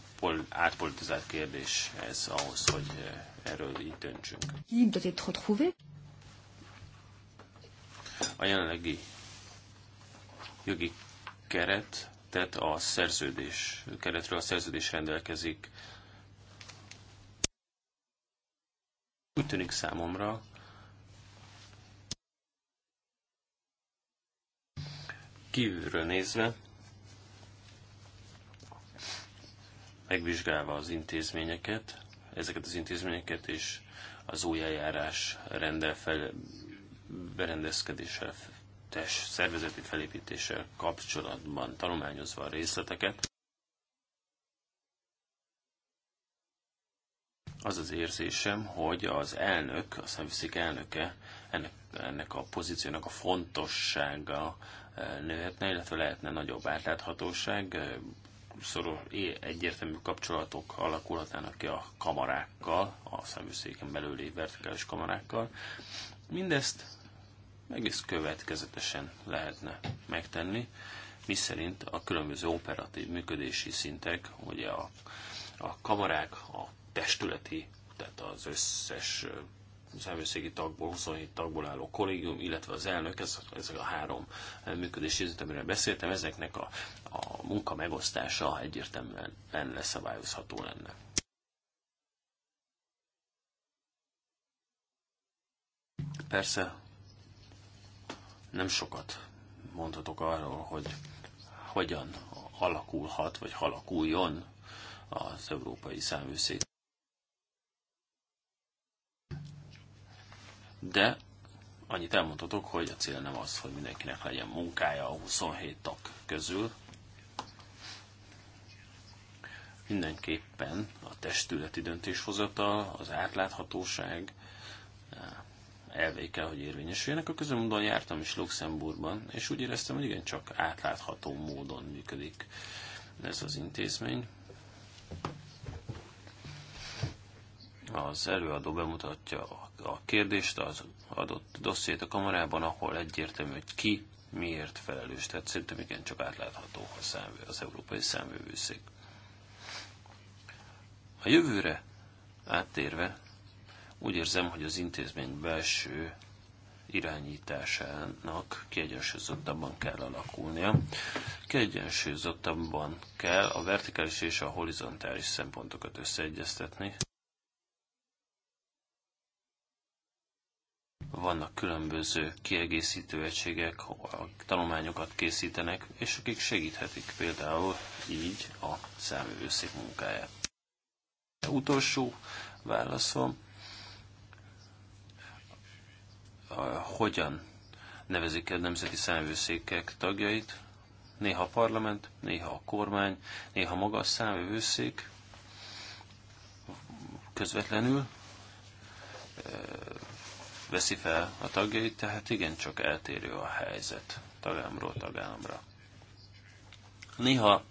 átpolitizált kérdés ez ahhoz, hogy eh, erről így döntsünk. A jelenlegi jogi keret, tehát a szerződés keretről a szerződés rendelkezik. Úgy tűnik számomra, kívülről nézve, megvizsgálva az intézményeket, ezeket az intézményeket és az új eljárás rendel fel, berendezkedéssel, test, szervezeti felépítéssel kapcsolatban tanulmányozva a részleteket, az az érzésem, hogy az elnök, a szemviszik elnöke, ennek, ennek a pozíciónak a fontossága nőhetne, illetve lehetne nagyobb átláthatóság, szoros egyértelmű kapcsolatok alakulhatnának ki a kamarákkal, a szemüszéken belüli vertikális kamarákkal. Mindezt egész következetesen lehetne megtenni, miszerint a különböző operatív működési szintek, ugye a, a kamarák, a testületi, tehát az összes szervezségi tagból, 27 tagból álló kollégium, illetve az elnök, ez, ezek a három működési intézet, amiről beszéltem, ezeknek a, a munka megosztása egyértelműen lenne szabályozható lenne. Persze nem sokat mondhatok arról, hogy hogyan alakulhat, vagy halakuljon az európai száműszék. de annyit elmondhatok, hogy a cél nem az, hogy mindenkinek legyen munkája a 27 tag közül. Mindenképpen a testületi döntéshozatal, az átláthatóság eh, elvékel, hogy érvényesüljenek. A közömondon jártam is Luxemburgban, és úgy éreztem, hogy igencsak átlátható módon működik ez az intézmény. Az előadó bemutatja a a kérdést, az adott dossziét a kamarában, ahol egyértelmű, hogy ki miért felelős. Tehát szerintem igen, csak átlátható a számvő, az európai számvőszék. A jövőre áttérve úgy érzem, hogy az intézmény belső irányításának kiegyensúlyozottabban kell alakulnia. Kiegyensúlyozottabban kell a vertikális és a horizontális szempontokat összeegyeztetni. vannak különböző kiegészítő egységek, tanulmányokat készítenek, és akik segíthetik például így a számvőszék munkáját. utolsó válaszom, hogyan nevezik el nemzeti számvőszékek tagjait, néha a parlament, néha a kormány, néha maga a számvőszék közvetlenül veszi fel a tagjait, tehát igencsak eltérő a helyzet tagámról tagámra. Néha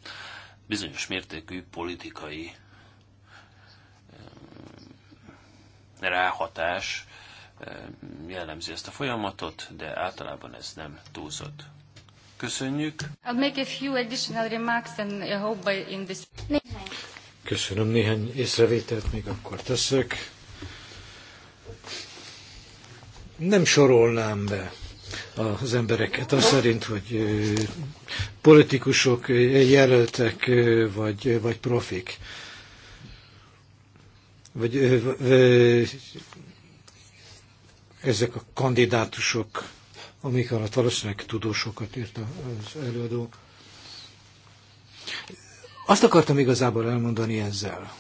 bizonyos mértékű politikai ráhatás jellemzi ezt a folyamatot, de általában ez nem túlzott. Köszönjük. I'll make a few additional remarks and I uh, hope by in this... Köszönöm, néhány észrevételt még akkor teszek nem sorolnám be az embereket, az szerint, hogy politikusok, jelöltek, vagy, vagy profik. Vagy ezek a kandidátusok, amik alatt valószínűleg tudósokat írt az előadó. Azt akartam igazából elmondani ezzel,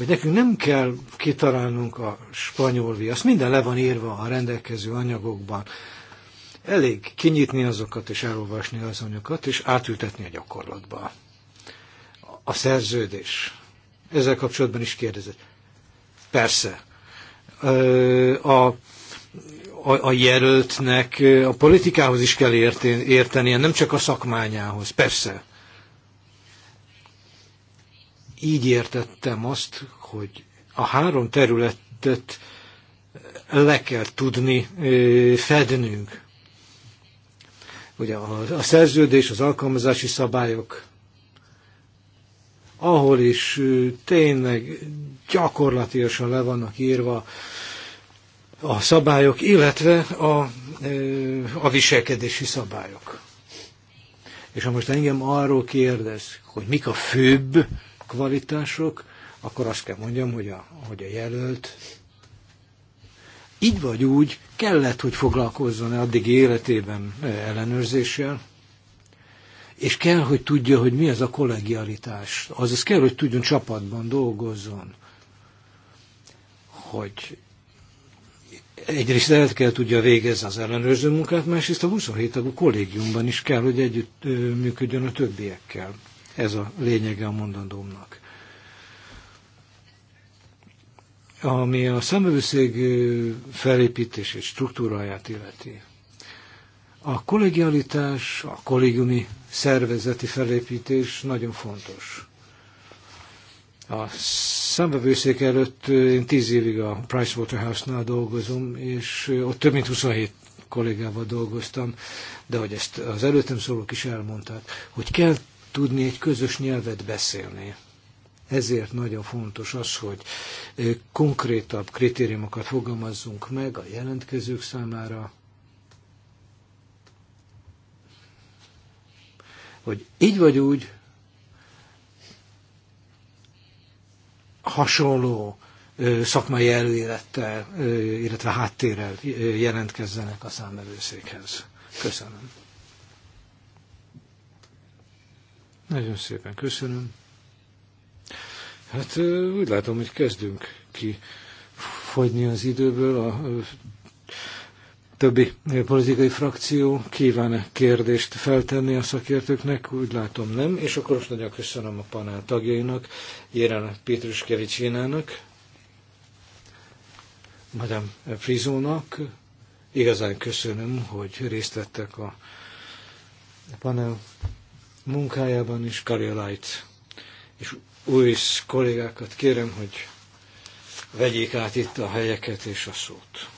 hogy nekünk nem kell kitalálnunk a spanyol viaszt, minden le van írva a rendelkező anyagokban. Elég kinyitni azokat és elolvasni az anyagokat, és átültetni a gyakorlatba. A szerződés. Ezzel kapcsolatban is kérdezett. Persze. A, a, a jelöltnek a politikához is kell értenie, nem csak a szakmányához. Persze így értettem azt, hogy a három területet le kell tudni fednünk. Ugye a szerződés, az alkalmazási szabályok, ahol is tényleg gyakorlatilag le vannak írva a szabályok, illetve a, a viselkedési szabályok. És ha most engem arról kérdez, hogy mik a főbb kvalitások, akkor azt kell mondjam, hogy a, hogy a jelölt így vagy úgy kellett, hogy foglalkozzon addig életében e, ellenőrzéssel, és kell, hogy tudja, hogy mi az a kollegialitás. Azaz kell, hogy tudjon csapatban dolgozzon, hogy egyrészt el kell tudja végezni az ellenőrző munkát, másrészt a 27 tagú kollégiumban is kell, hogy együtt működjön a többiekkel. Ez a lényege a mondandómnak. Ami a szemövőszég és struktúráját illeti. A kollegialitás, a kollégiumi szervezeti felépítés nagyon fontos. A számvevőszék előtt én tíz évig a Pricewaterhouse-nál dolgozom, és ott több mint 27 kollégával dolgoztam, de hogy ezt az előttem szólók is elmondták, hogy kell tudni egy közös nyelvet beszélni. Ezért nagyon fontos az, hogy konkrétabb kritériumokat fogalmazzunk meg a jelentkezők számára, hogy így vagy úgy hasonló szakmai előélettel, illetve háttérrel jelentkezzenek a számvevőszékhez. Köszönöm. Nagyon szépen köszönöm. Hát úgy látom, hogy kezdünk ki fogyni az időből. A többi politikai frakció kíván kérdést feltenni a szakértőknek? Úgy látom nem, és akkor most nagyon köszönöm a panel tagjainak, Jéren Pétrus Kericsénának, Madame Frizónak. Igazán köszönöm, hogy részt vettek a panel munkájában is Karjolajt és új kollégákat kérem, hogy vegyék át itt a helyeket és a szót.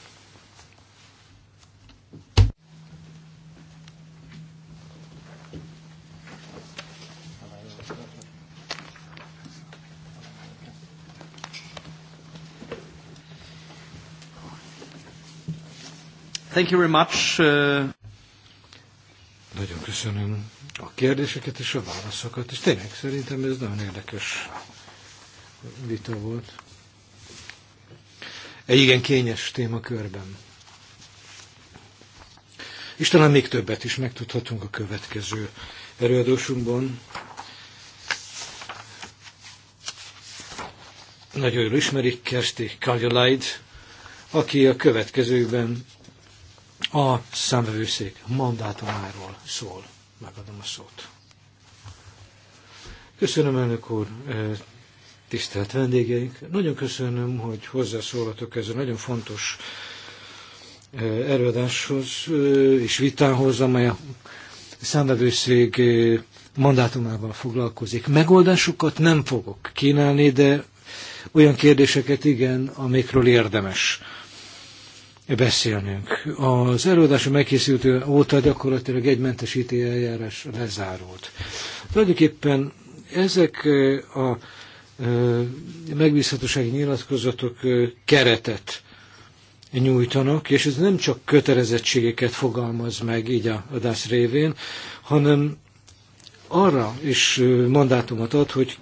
Thank you very much. Uh, Nagyon köszönöm a kérdéseket és a válaszokat. És tényleg szerintem ez nagyon érdekes vita volt. Egy igen kényes témakörben. És talán még többet is megtudhatunk a következő erőadósunkban. Nagyon jól ismerik Kersti Kaljolaid, aki a következőben a számvevőszék mandátumáról szól megadom a szót. Köszönöm, elnök úr, eh, tisztelt vendégeink. Nagyon köszönöm, hogy hozzászólatok ez a nagyon fontos erőadáshoz eh, eh, és vitához, amely a számvevőszék mandátumával foglalkozik. Megoldásokat nem fogok kínálni, de olyan kérdéseket igen, amikről érdemes beszélnünk. Az előadása megkészült óta gyakorlatilag egy mentesíti eljárás lezárult. Tulajdonképpen ezek a megbízhatósági nyilatkozatok keretet nyújtanak, és ez nem csak kötelezettségeket fogalmaz meg így a adás révén, hanem arra is mandátumot ad, hogy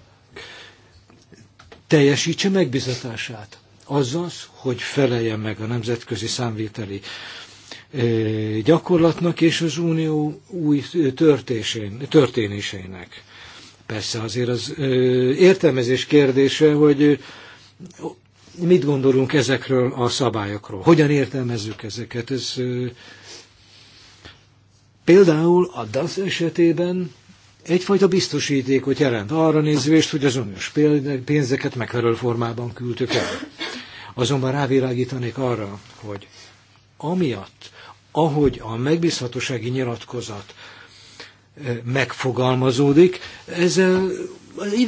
teljesítse megbizatását azaz, hogy felelje meg a nemzetközi számviteli gyakorlatnak és az unió új történésén, történéseinek. Persze azért az értelmezés kérdése, hogy mit gondolunk ezekről a szabályokról, hogyan értelmezzük ezeket. Ez, például a DASZ esetében egyfajta biztosítékot jelent arra nézvést, hogy az uniós pénzeket megfelelő formában küldtük el. Azonban rávilágítanék arra, hogy amiatt, ahogy a megbízhatósági nyilatkozat eh, megfogalmazódik, ezzel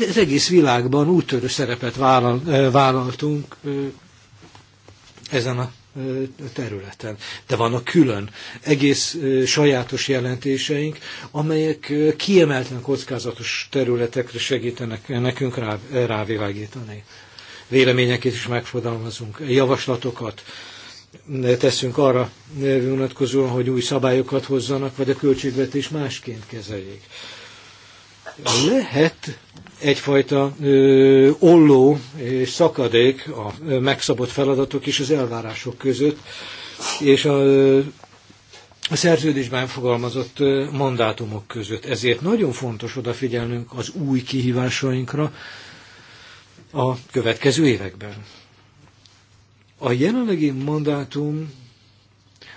az egész világban úttörő szerepet vállal, eh, vállaltunk eh, ezen a területen. De vannak külön egész sajátos jelentéseink, amelyek kiemelten kockázatos területekre segítenek nekünk rávilágítani véleményeket is megfogalmazunk, javaslatokat teszünk arra vonatkozóan, hogy új szabályokat hozzanak, vagy a költségvetés másként kezeljék. Lehet egyfajta ö, olló és szakadék a megszabott feladatok és az elvárások között, és a, a szerződésben fogalmazott mandátumok között. Ezért nagyon fontos odafigyelnünk az új kihívásainkra, a következő években. A jelenlegi mandátum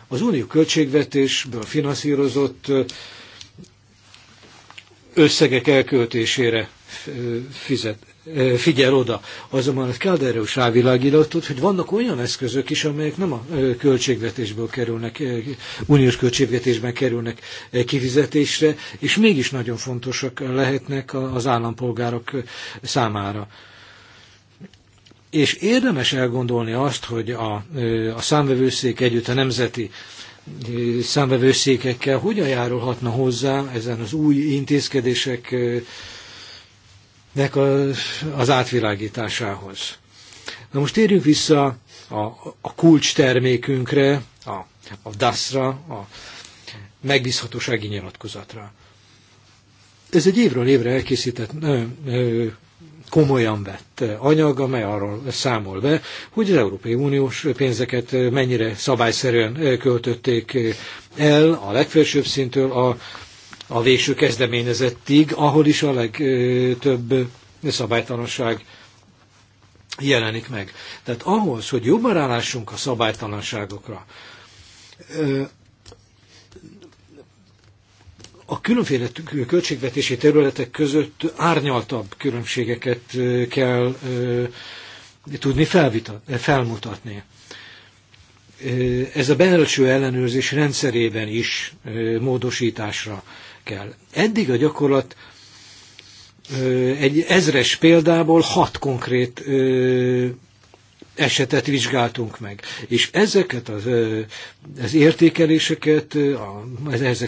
az unió költségvetésből finanszírozott összegek elköltésére fizet, figyel oda. Azonban a Kádár is rávilágított, hogy vannak olyan eszközök is, amelyek nem a költségvetésből kerülnek, uniós költségvetésben kerülnek kifizetésre, és mégis nagyon fontosak lehetnek az állampolgárok számára. És érdemes elgondolni azt, hogy a, a számvevőszék együtt a nemzeti számvevőszékekkel hogyan járulhatna hozzá ezen az új intézkedéseknek az átvilágításához. Na most térjünk vissza a, a kulcs termékünkre, a, a DAS-ra, a megbízhatósági nyilatkozatra. Ez egy évről évre elkészített ö, ö, komolyan vett eh, anyag, amely arról számol be, hogy az Európai Uniós pénzeket eh, mennyire szabályszerűen eh, költötték el a legfelsőbb szintől a, a végső kezdeményezettig, ahol is a legtöbb szabálytalanság jelenik meg. Tehát ahhoz, hogy jobban rálássunk a szabálytalanságokra, a különféle költségvetési területek között árnyaltabb különbségeket kell tudni felvita, felmutatni. Ez a belső ellenőrzés rendszerében is módosításra kell. Eddig a gyakorlat egy ezres példából hat konkrét esetet vizsgáltunk meg. És ezeket az, az értékeléseket, a,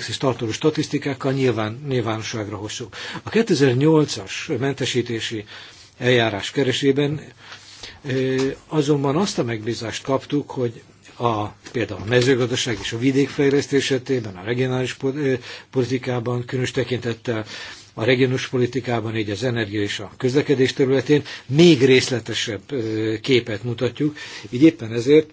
is tartozó statisztikákkal nyilván, nyilvánosságra hozzuk. A 2008-as mentesítési eljárás keresében azonban azt a megbízást kaptuk, hogy a, például a mezőgazdaság és a vidékfejlesztés esetében, a regionális politikában, különös tekintettel a regionus politikában, így az energia és a közlekedés területén még részletesebb képet mutatjuk, így éppen ezért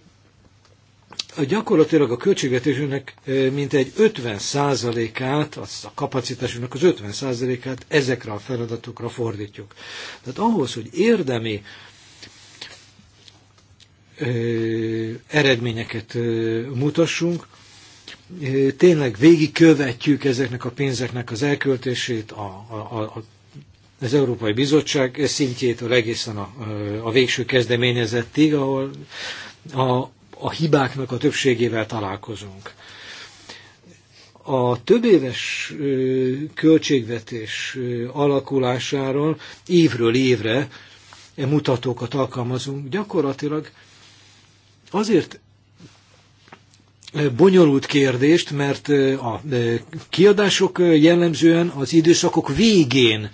a gyakorlatilag a költségvetésünknek mintegy 50%-át, az a kapacitásunknak az 50%-át ezekre a feladatokra fordítjuk. Tehát ahhoz, hogy érdemi eredményeket mutassunk, tényleg végigkövetjük ezeknek a pénzeknek az elköltését, a, a, a, az Európai Bizottság szintjétől egészen a, a végső kezdeményezettig, ahol a, a hibáknak a többségével találkozunk. A több éves költségvetés alakulásáról évről évre mutatókat alkalmazunk. Gyakorlatilag azért bonyolult kérdést, mert a kiadások jellemzően az időszakok végén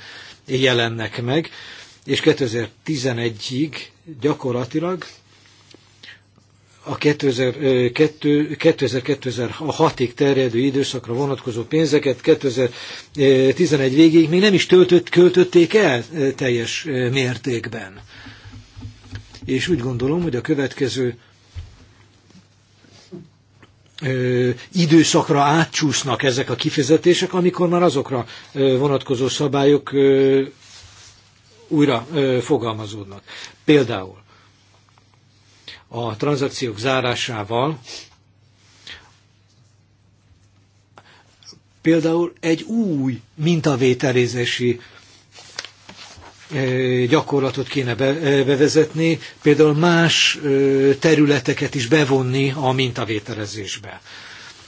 jelennek meg, és 2011-ig gyakorlatilag a 2006 ig terjedő időszakra vonatkozó pénzeket 2011 végéig még nem is töltött, költötték el teljes mértékben. És úgy gondolom, hogy a következő ö, időszakra átcsúsznak ezek a kifizetések, amikor már azokra ö, vonatkozó szabályok ö, újra ö, fogalmazódnak. Például a tranzakciók zárásával például egy új mintavételézési gyakorlatot kéne bevezetni, például más területeket is bevonni a mintavételezésbe.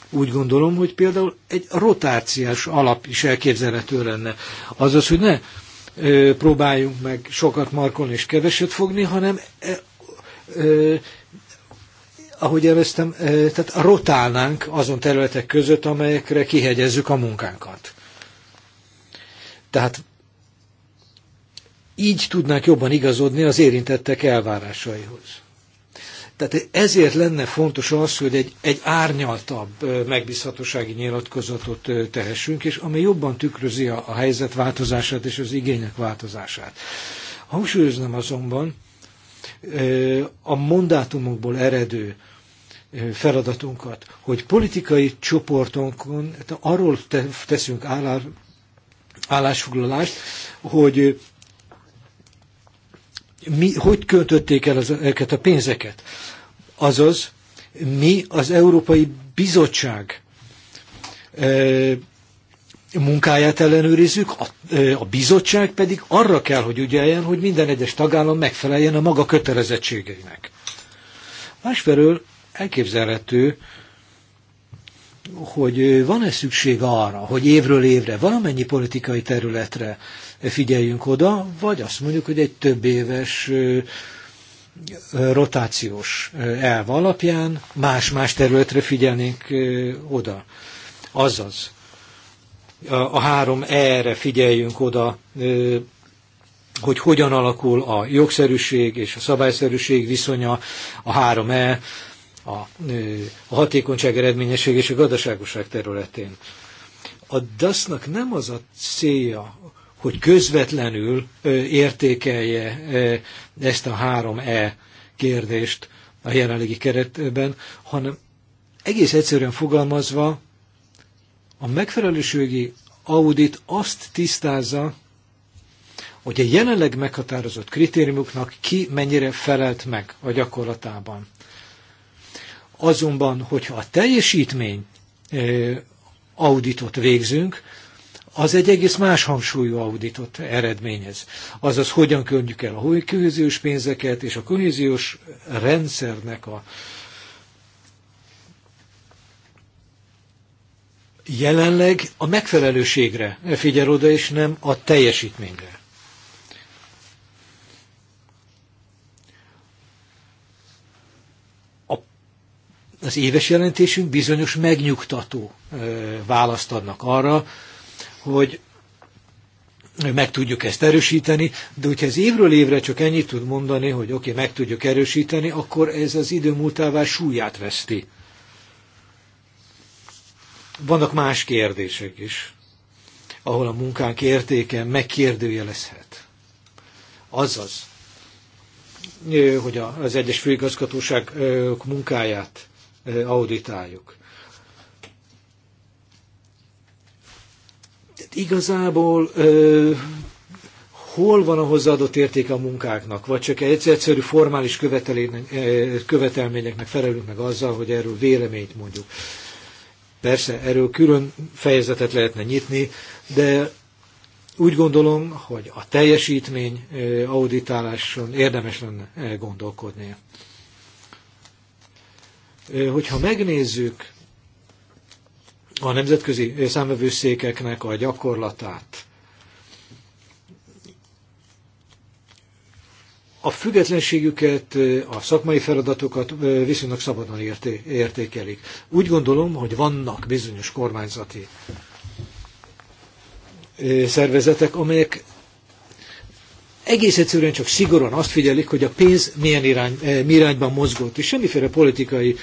Úgy gondolom, hogy például egy rotációs alap is elképzelhető lenne. Azaz, hogy ne próbáljunk meg sokat markolni és keveset fogni, hanem ahogy elvesztem, tehát rotálnánk azon területek között, amelyekre kihegyezzük a munkánkat. Tehát így tudnánk jobban igazodni az érintettek elvárásaihoz. Tehát ezért lenne fontos az, hogy egy, egy árnyaltabb megbízhatósági nyilatkozatot tehessünk, és ami jobban tükrözi a, a helyzet változását és az igények változását. Hangsúlyoznám azonban a mandátumokból eredő feladatunkat, hogy politikai csoportonkon arról teszünk állásfoglalást, hogy mi, hogy költötték el ezeket a pénzeket. Azaz, mi az Európai Bizottság e, munkáját ellenőrizzük, a, e, a bizottság pedig arra kell, hogy ügyeljen, hogy minden egyes tagállam megfeleljen a maga kötelezettségeinek. Másfelől elképzelhető, hogy van-e szükség arra, hogy évről évre valamennyi politikai területre figyeljünk oda, vagy azt mondjuk, hogy egy több éves rotációs elv alapján más-más területre figyelnénk oda. Azaz, a három erre figyeljünk oda, hogy hogyan alakul a jogszerűség és a szabályszerűség viszonya, a három e a, hatékonyság, eredményesség és a gazdaságoság területén. A dasz nem az a célja, hogy közvetlenül értékelje ezt a 3E kérdést a jelenlegi keretben, hanem egész egyszerűen fogalmazva a megfelelőségi audit azt tisztázza, hogy a jelenleg meghatározott kritériumoknak ki mennyire felelt meg a gyakorlatában. Azonban, hogyha a teljesítmény auditot végzünk, az egy egész más hangsúlyú auditot eredményez. Azaz, hogyan köndjük el a kohéziós pénzeket és a kohéziós rendszernek a jelenleg a megfelelőségre figyel oda, és nem a teljesítményre. az éves jelentésünk bizonyos megnyugtató választ adnak arra, hogy meg tudjuk ezt erősíteni, de hogyha ez évről évre csak ennyit tud mondani, hogy oké, okay, meg tudjuk erősíteni, akkor ez az idő múltává súlyát veszti. Vannak más kérdések is, ahol a munkánk értéke megkérdőjelezhet. Azaz, hogy az egyes főigazgatóság munkáját auditáljuk. Itt igazából ö, hol van a hozzáadott értéke a munkáknak, vagy csak egy egyszerű formális követelményeknek felelünk meg azzal, hogy erről véleményt mondjuk. Persze, erről külön fejezetet lehetne nyitni, de úgy gondolom, hogy a teljesítmény auditáláson érdemes lenne gondolkodni. Hogyha megnézzük a nemzetközi számvevőszékeknek a gyakorlatát. A függetlenségüket, a szakmai feladatokat viszonylag szabadon értékelik. Úgy gondolom, hogy vannak bizonyos kormányzati szervezetek, amelyek egész egyszerűen csak szigorúan azt figyelik, hogy a pénz milyen irány, mi irányban mozgott, és semmiféle politikai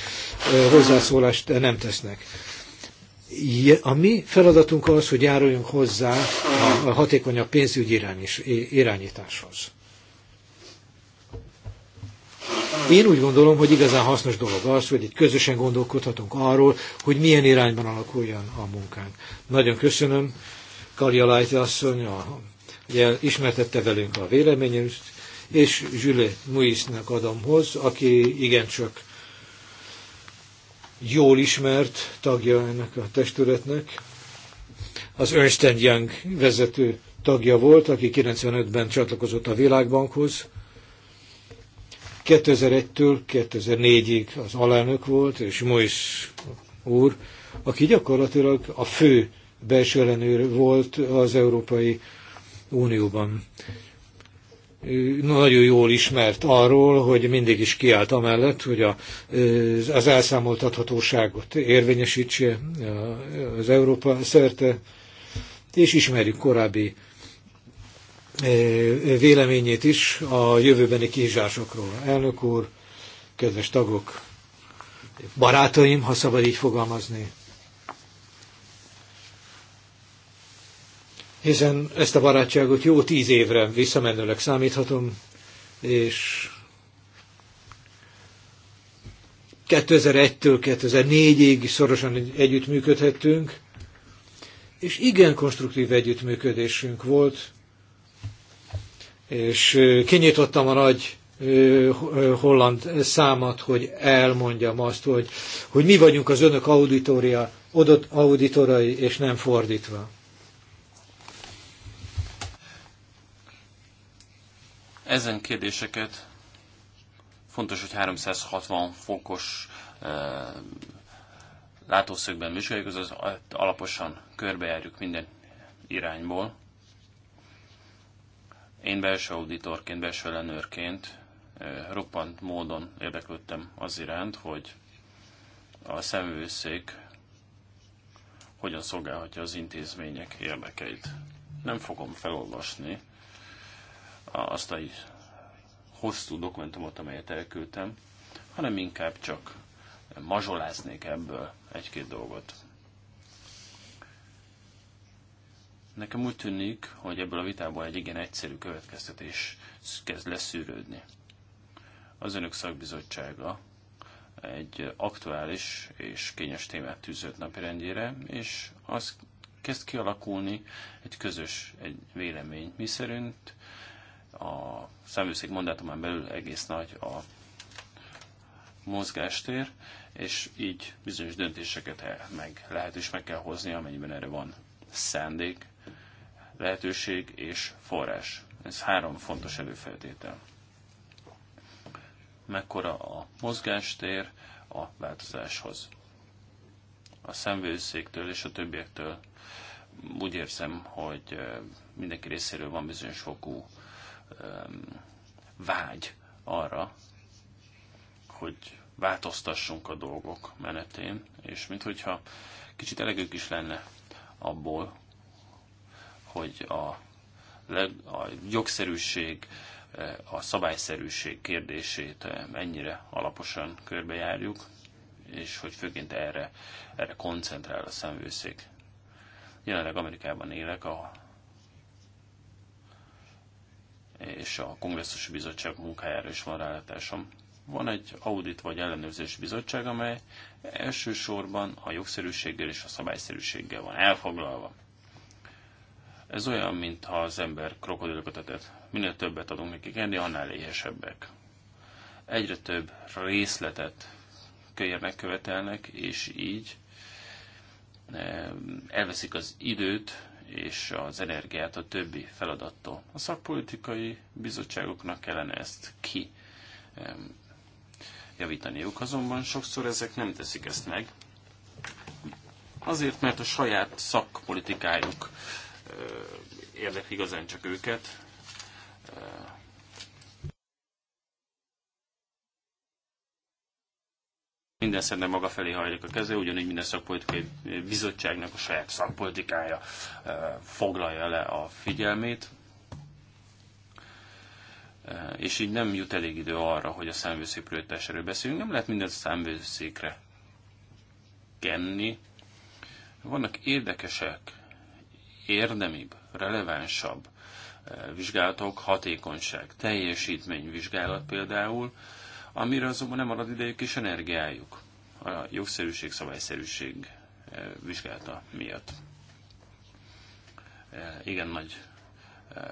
hozzászólást nem tesznek. A mi feladatunk az, hogy járuljunk hozzá a hatékonyabb pénzügyi irányításhoz. Én úgy gondolom, hogy igazán hasznos dolog az, hogy itt közösen gondolkodhatunk arról, hogy milyen irányban alakuljon a munkánk. Nagyon köszönöm Karja Lajti asszony, a, ugye ismertette velünk a véleményét, és Zsüle Muisznak adom hoz, aki igencsak jól ismert tagja ennek a testületnek. Az Ernst Young vezető tagja volt, aki 95-ben csatlakozott a Világbankhoz. 2001-től 2004-ig az alelnök volt, és Mois úr, aki gyakorlatilag a fő belső ellenőr volt az Európai Unióban nagyon jól ismert arról, hogy mindig is kiállt amellett, hogy a, az elszámoltathatóságot érvényesítse az Európa szerte, és ismerjük korábbi véleményét is a jövőbeni kihívásokról. Elnök úr, kedves tagok, barátaim, ha szabad így fogalmazni, hiszen ezt a barátságot jó tíz évre visszamenőleg számíthatom, és 2001-től 2004-ig szorosan együttműködhettünk, és igen konstruktív együttműködésünk volt, és kinyitottam a nagy holland számat, hogy elmondjam azt, hogy, hogy mi vagyunk az önök auditoria, odott auditorai, és nem fordítva. Ezen kérdéseket fontos, hogy 360 fokos eh, látószögben vizsgáljuk, azaz eh, alaposan körbejárjuk minden irányból. Én belső auditorként, belső ellenőrként eh, roppant módon érdeklődtem az iránt, hogy a szemvőszék hogyan szolgálhatja az intézmények érdekeit. Nem fogom felolvasni azt a hosszú dokumentumot, amelyet elküldtem, hanem inkább csak mazsoláznék ebből egy-két dolgot. Nekem úgy tűnik, hogy ebből a vitából egy igen egyszerű következtetés kezd leszűrődni. Az önök szakbizottsága egy aktuális és kényes témát tűzött napirendjére, és az kezd kialakulni egy közös egy vélemény, miszerint a szemüszék mandátumán belül egész nagy a mozgástér, és így bizonyos döntéseket meg lehet is meg kell hozni, amennyiben erre van szándék, lehetőség és forrás. Ez három fontos előfeltétel. Mekkora a mozgástér a változáshoz. A szemvőszéktől és a többiektől úgy érzem, hogy eh, mindenki részéről van bizonyos fokú vágy arra, hogy változtassunk a dolgok menetén, és minthogyha kicsit elegük is lenne abból, hogy a, leg, a jogszerűség, a szabályszerűség kérdését ennyire alaposan körbejárjuk, és hogy főként erre, erre koncentrál a szemvőszék. Jelenleg Amerikában élek, a és a kongresszusi bizottság munkájára is van rálátásom. Van egy audit vagy ellenőrzés bizottság, amely elsősorban a jogszerűséggel és a szabályszerűséggel van elfoglalva. Ez olyan, mintha az ember krokodilokat etett. Minél többet adunk nekik enni, annál éhesebbek. Egyre több részletet kérnek, követelnek, és így eh, elveszik az időt, és az energiát a többi feladattól. A szakpolitikai bizottságoknak kellene ezt ki javítaniuk, azonban sokszor ezek nem teszik ezt meg. Azért, mert a saját szakpolitikájuk érdekli igazán csak őket, Minden szerintem maga felé hajlik a keze, ugyanígy minden szakpolitikai bizottságnak a saját szakpolitikája foglalja le a figyelmét, és így nem jut elég idő arra, hogy a számvőszék prioritásáról beszéljünk. Nem lehet mindent a számvőszékre kenni. Vannak érdekesek, érdemibb, relevánsabb vizsgálatok, hatékonyság, teljesítményvizsgálat például, amire azonban nem marad idejük és energiájuk a jogszerűség, szabályszerűség eh, vizsgálata miatt. Eh, igen nagy eh,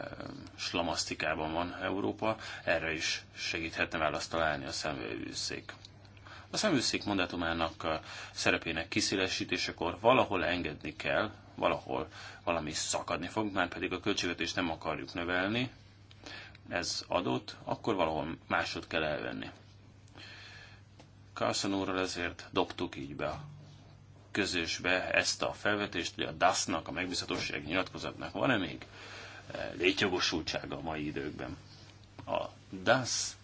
slamasztikában van Európa, erre is segíthetne választ találni a szemvőszék. A szemvőszék mandátumának szerepének kiszélesítésekor valahol engedni kell, valahol valami szakadni fog, már pedig a költségvetést nem akarjuk növelni, ez adott, akkor valahol másod kell elvenni. Carson úrral ezért dobtuk így be a közösbe ezt a felvetést, hogy a DASZ-nak, a megbízhatósági nyilatkozatnak van-e még eh, létjogosultsága a mai időkben. A DASZ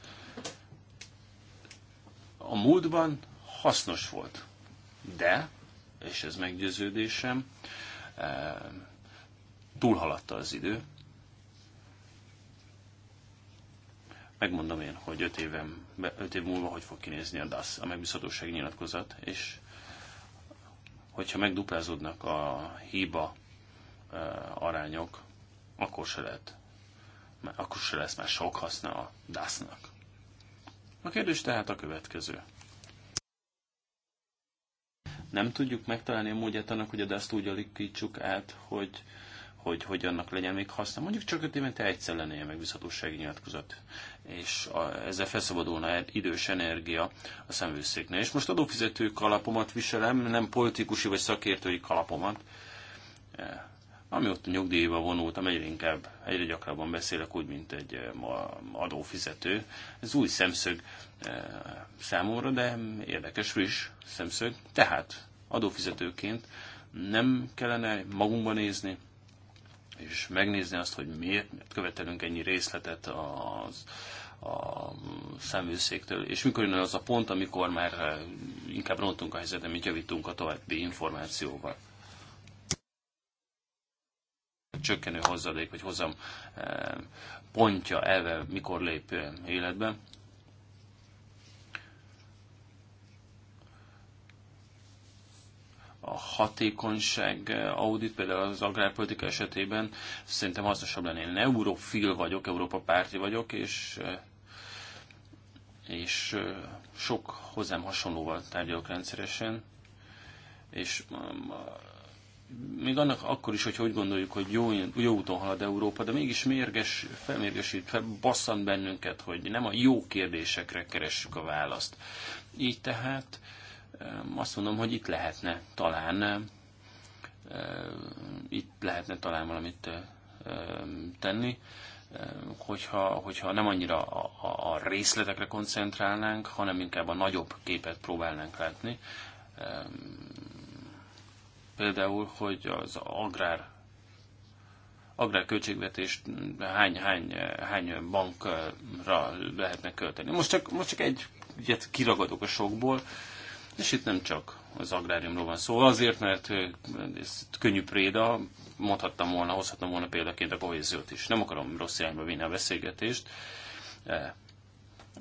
a múltban hasznos volt, de, és ez meggyőződésem, eh, túlhaladta az idő, Megmondom én, hogy öt, éven, öt év múlva hogy fog kinézni a DASZ, a megbízhatósági nyilatkozat, és hogyha megduplázódnak a hiba arányok, akkor se lehet, akkor se lesz már sok haszna a DASZ-nak. A kérdés tehát a következő. Nem tudjuk megtalálni a módját annak, hogy a DASZ-t úgy alakítsuk át, hogy hogy, hogy annak legyen még haszna. Mondjuk csak öt évente egyszer lenne ilyen megbízhatósági nyilatkozat, és a, ezzel felszabadulna idős energia a szemvőszéknél. És most adófizető kalapomat viselem, nem politikusi vagy szakértői kalapomat. E, ami ott nyugdíjba vonultam, egyre inkább, egyre gyakrabban beszélek úgy, mint egy e, adófizető. Ez új szemszög e, számomra, de érdekes, friss szemszög. Tehát adófizetőként nem kellene magunkba nézni, és megnézni azt, hogy miért követelünk ennyi részletet az a szemvőszéktől, és mikor jön az a pont, amikor már eh, inkább rontunk a helyzetet, mint javítunk a további információval. Csökkenő hozzadék, vagy hozam eh, pontja elve mikor lép életbe, a hatékonyság audit, például az agrárpolitika esetében szerintem hasznosabb lenne. Én eurofil vagyok, Európa párti vagyok, és és sok hozzám hasonlóval tárgyalok rendszeresen, és még annak akkor is, hogy úgy gondoljuk, hogy jó, jó úton halad Európa, de mégis mérges, felmérgesít, fel, basszant bennünket, hogy nem a jó kérdésekre keressük a választ. Így tehát azt mondom, hogy itt lehetne talán itt lehetne talán valamit tenni, hogyha, hogyha nem annyira a, a részletekre koncentrálnánk, hanem inkább a nagyobb képet próbálnánk látni. Például, hogy az agrár agrár költségvetést hány, hány, hány bankra lehetne költeni. Most csak, most csak egy ilyet kiragadok a sokból, és itt nem csak az agráriumról van szó, azért, mert ez könnyű préda, mondhattam volna, hozhattam volna példaként a kohéziót is. Nem akarom rossz irányba vinni a beszélgetést,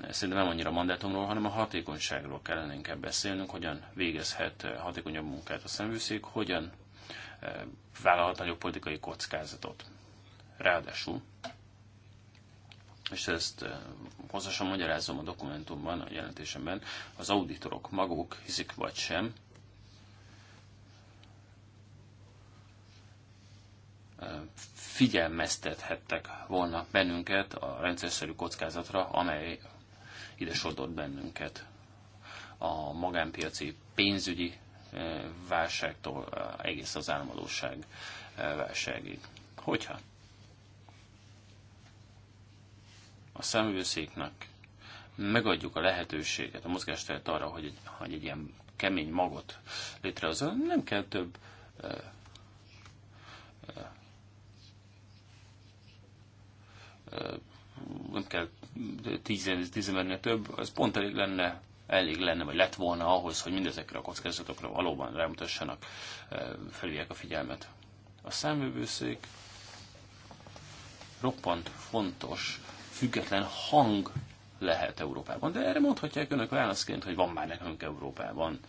szerintem nem annyira a mandátumról, hanem a hatékonyságról kellene inkább beszélnünk, hogyan végezhet hatékonyabb munkát a szemvűszék, hogyan vállalhat nagyobb politikai kockázatot. Ráadásul és ezt eh, hosszasan magyarázom a dokumentumban, a jelentésemben, az auditorok maguk hiszik vagy sem, eh, figyelmeztethettek volna bennünket a rendszerszerű kockázatra, amely ide sodott bennünket a magánpiaci pénzügyi eh, válságtól egész az álmodóság válságig. Hogyha a szemüvőszéknek megadjuk a lehetőséget, a mozgásteret arra, hogy egy, hogy egy ilyen kemény magot létrehozzon, nem kell több ö, ö, nem kell tíz, embernél több, az pont elég lenne, elég lenne, vagy lett volna ahhoz, hogy mindezekre a kockázatokra valóban rámutassanak, felüljek a figyelmet. A számvevőszék roppant fontos független hang lehet Európában. De erre mondhatják önök válaszként, hogy van már nekünk Európában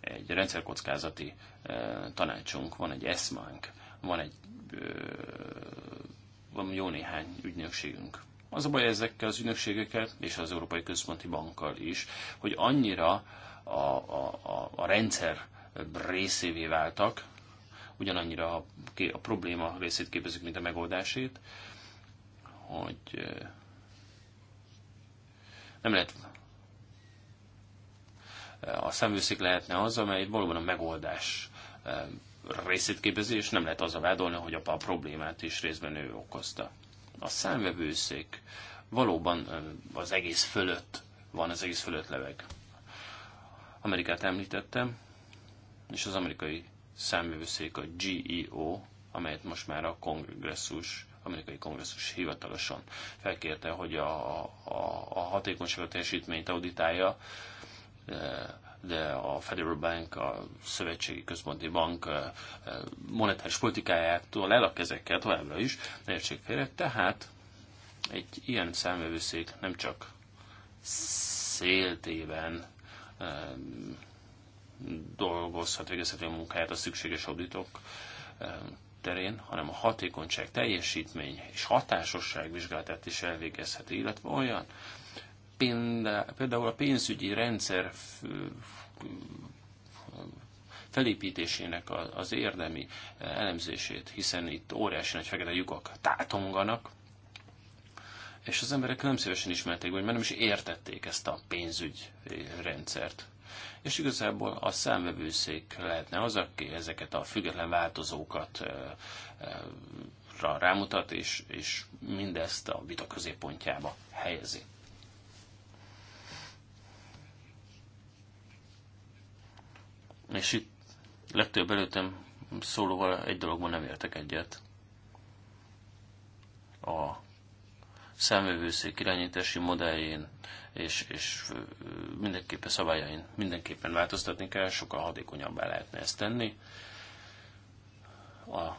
egy rendszerkockázati eh, tanácsunk, van egy eszmánk, van egy eh, van jó néhány ügynökségünk. Az a baj ezekkel az ügynökségekkel és az Európai Központi Bankkal is, hogy annyira a, a, a, a rendszer részévé váltak, ugyanannyira a, a probléma részét képezik, mint a megoldásét, hogy nem lehet a szemvőszék lehetne az, amely valóban a megoldás részét képezi, és nem lehet azzal vádolni, hogy apa a problémát is részben ő okozta. A szemvevőszék valóban az egész fölött van, az egész fölött leveg. Amerikát említettem, és az amerikai szemvevőszék a GEO, amelyet most már a kongresszus amerikai kongresszus hivatalosan felkérte, hogy a, a, a hatékonyság teljesítményt auditálja, e, de a Federal Bank, a Szövetségi Központi Bank e, e, monetáris politikájától el a kezekkel továbbra is, ne félre. Tehát egy ilyen számövőszék nem csak széltében dolgozhat, végezheti a munkáját a szükséges auditok terén, hanem a hatékonyság, teljesítmény és hatásosság vizsgálatát is elvégezheti, illetve olyan például a pénzügyi rendszer felépítésének az érdemi elemzését, hiszen itt óriási nagy fekete lyukak tátonganak, és az emberek nem szívesen ismerték, vagy mert nem is értették ezt a pénzügy rendszert és igazából a számvevőszék lehetne az, aki ezeket a független változókat rámutat, és, és mindezt a vita középpontjába helyezi. És itt legtöbb előttem szólóval egy dologban nem értek egyet. A számövőszék irányítási modelljén és, és mindenképpen szabályain mindenképpen változtatni kell, sokkal hatékonyabbá lehetne ezt tenni. A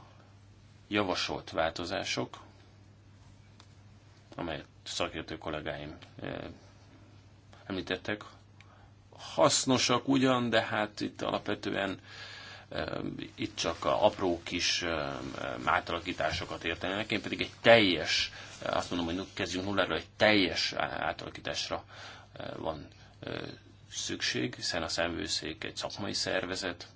javasolt változások, amelyet szakértő kollégáim említettek, hasznosak ugyan, de hát itt alapvetően itt csak a apró kis átalakításokat értenek, én pedig egy teljes, eh, azt mondom, hogy kezdjünk nulláról, egy teljes átalakításra eh, van eh, szükség, hiszen a szemvőszék egy szakmai szervezet,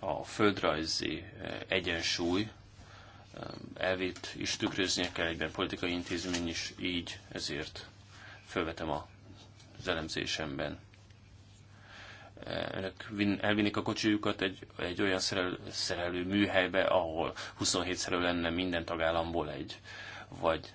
a földrajzi egyensúly elvét is tükröznie kell egyben politikai intézmény is, így ezért felvetem az elemzésemben önök elvinnék a kocsijukat egy, egy olyan szerelő, szerelő műhelybe, ahol 27 szerelő lenne minden tagállamból egy, vagy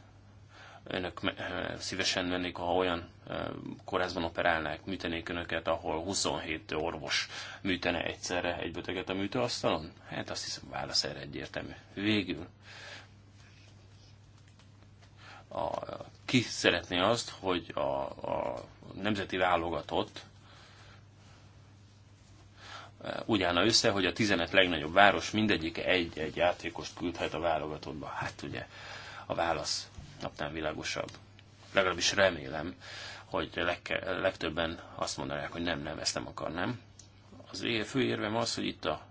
önök eh, szívesen mennék, ha olyan eh, kórházban operálnák, műtenék önöket, ahol 27 orvos műtene egyszerre egy beteget a műtőasztalon? Hát azt hiszem, válasz erre egyértelmű. Végül a, ki szeretné azt, hogy a, a nemzeti válogatott úgy állna össze, hogy a 15 legnagyobb város mindegyike egy-egy játékost küldhet a válogatottba. Hát ugye a válasz napnál világosabb. Legalábbis remélem, hogy legke, legtöbben azt mondanák, hogy nem, nem, ezt nem akarnám. Az fő érvem az, hogy itt a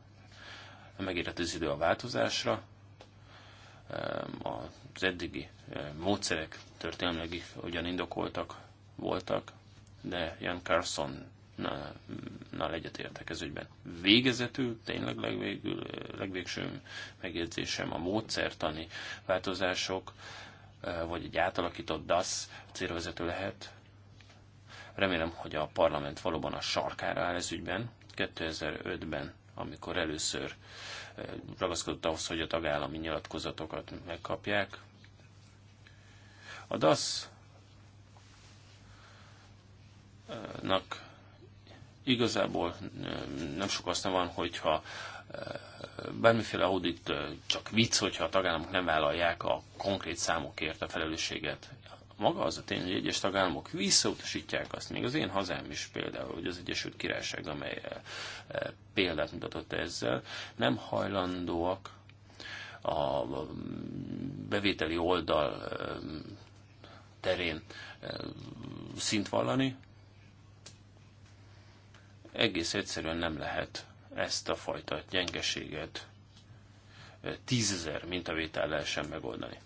megérett az idő a változásra, az eddigi eh, módszerek történelmileg ugyan indokoltak voltak, de Jan Carson na legyet értek ez ügyben. Végezetül, tényleg legvégül, legvégső megjegyzésem a módszertani változások, eh, vagy egy átalakított DASZ célvezető lehet. Remélem, hogy a parlament valóban a sarkára áll ez ügyben. 2005-ben, amikor először eh, ragaszkodott ahhoz, hogy a tagállami nyilatkozatokat megkapják. A DASZ nak Igazából nem sok nem van, hogyha bármiféle audit csak vicc, hogyha a tagállamok nem vállalják a konkrét számokért a felelősséget. Maga az a tény, hogy egyes tagállamok visszautasítják azt, még az én hazám is például, hogy az Egyesült Királyság, amely példát mutatott ezzel, nem hajlandóak a bevételi oldal terén szint vallani, egész egyszerűen nem lehet ezt a fajta gyengeséget tízezer mintavétellel sem megoldani.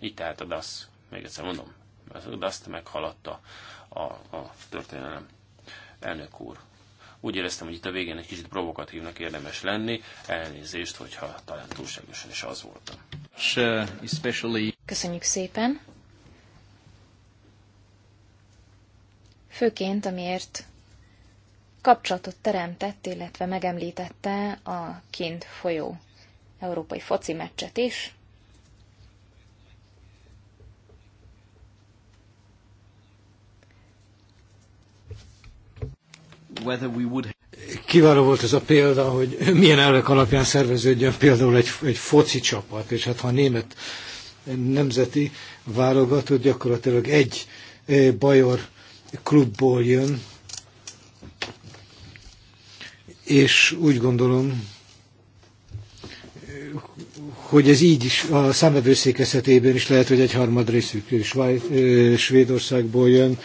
Így tehát a DASZ, még egyszer mondom, a DASZ-t meghaladta a, a történelem. Elnök úr, úgy éreztem, hogy itt a végén egy kicsit provokatívnak érdemes lenni, elnézést, hogyha talán túlságosan is az voltam. Köszönjük szépen! Főként, amiért kapcsolatot teremtett, illetve megemlítette a kint folyó európai foci meccset is. Kiváló volt ez a példa, hogy milyen elvek alapján szerveződjön például egy, egy foci csapat, és hát ha a német nemzeti válogatott gyakorlatilag egy eh, bajor klubból jön, és úgy gondolom, hogy ez így is a számvevőszék esetében is lehet, hogy egy harmad részük is Svédországból jön,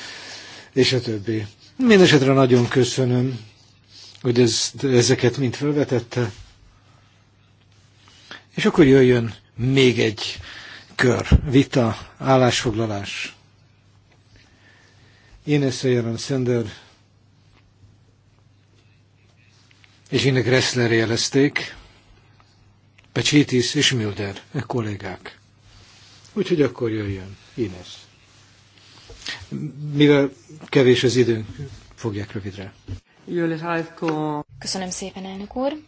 és a többi. Mindenesetre nagyon köszönöm, hogy ez, ezeket mind felvetette. És akkor jöjjön még egy kör, vita, állásfoglalás. Én ezt Jaran Szender és innen Gressler jelezték, Pecsitis és Müller e kollégák. Úgyhogy akkor jöjjön Ines. Mivel kevés az időnk, fogják rövidre. Köszönöm szépen, elnök úr.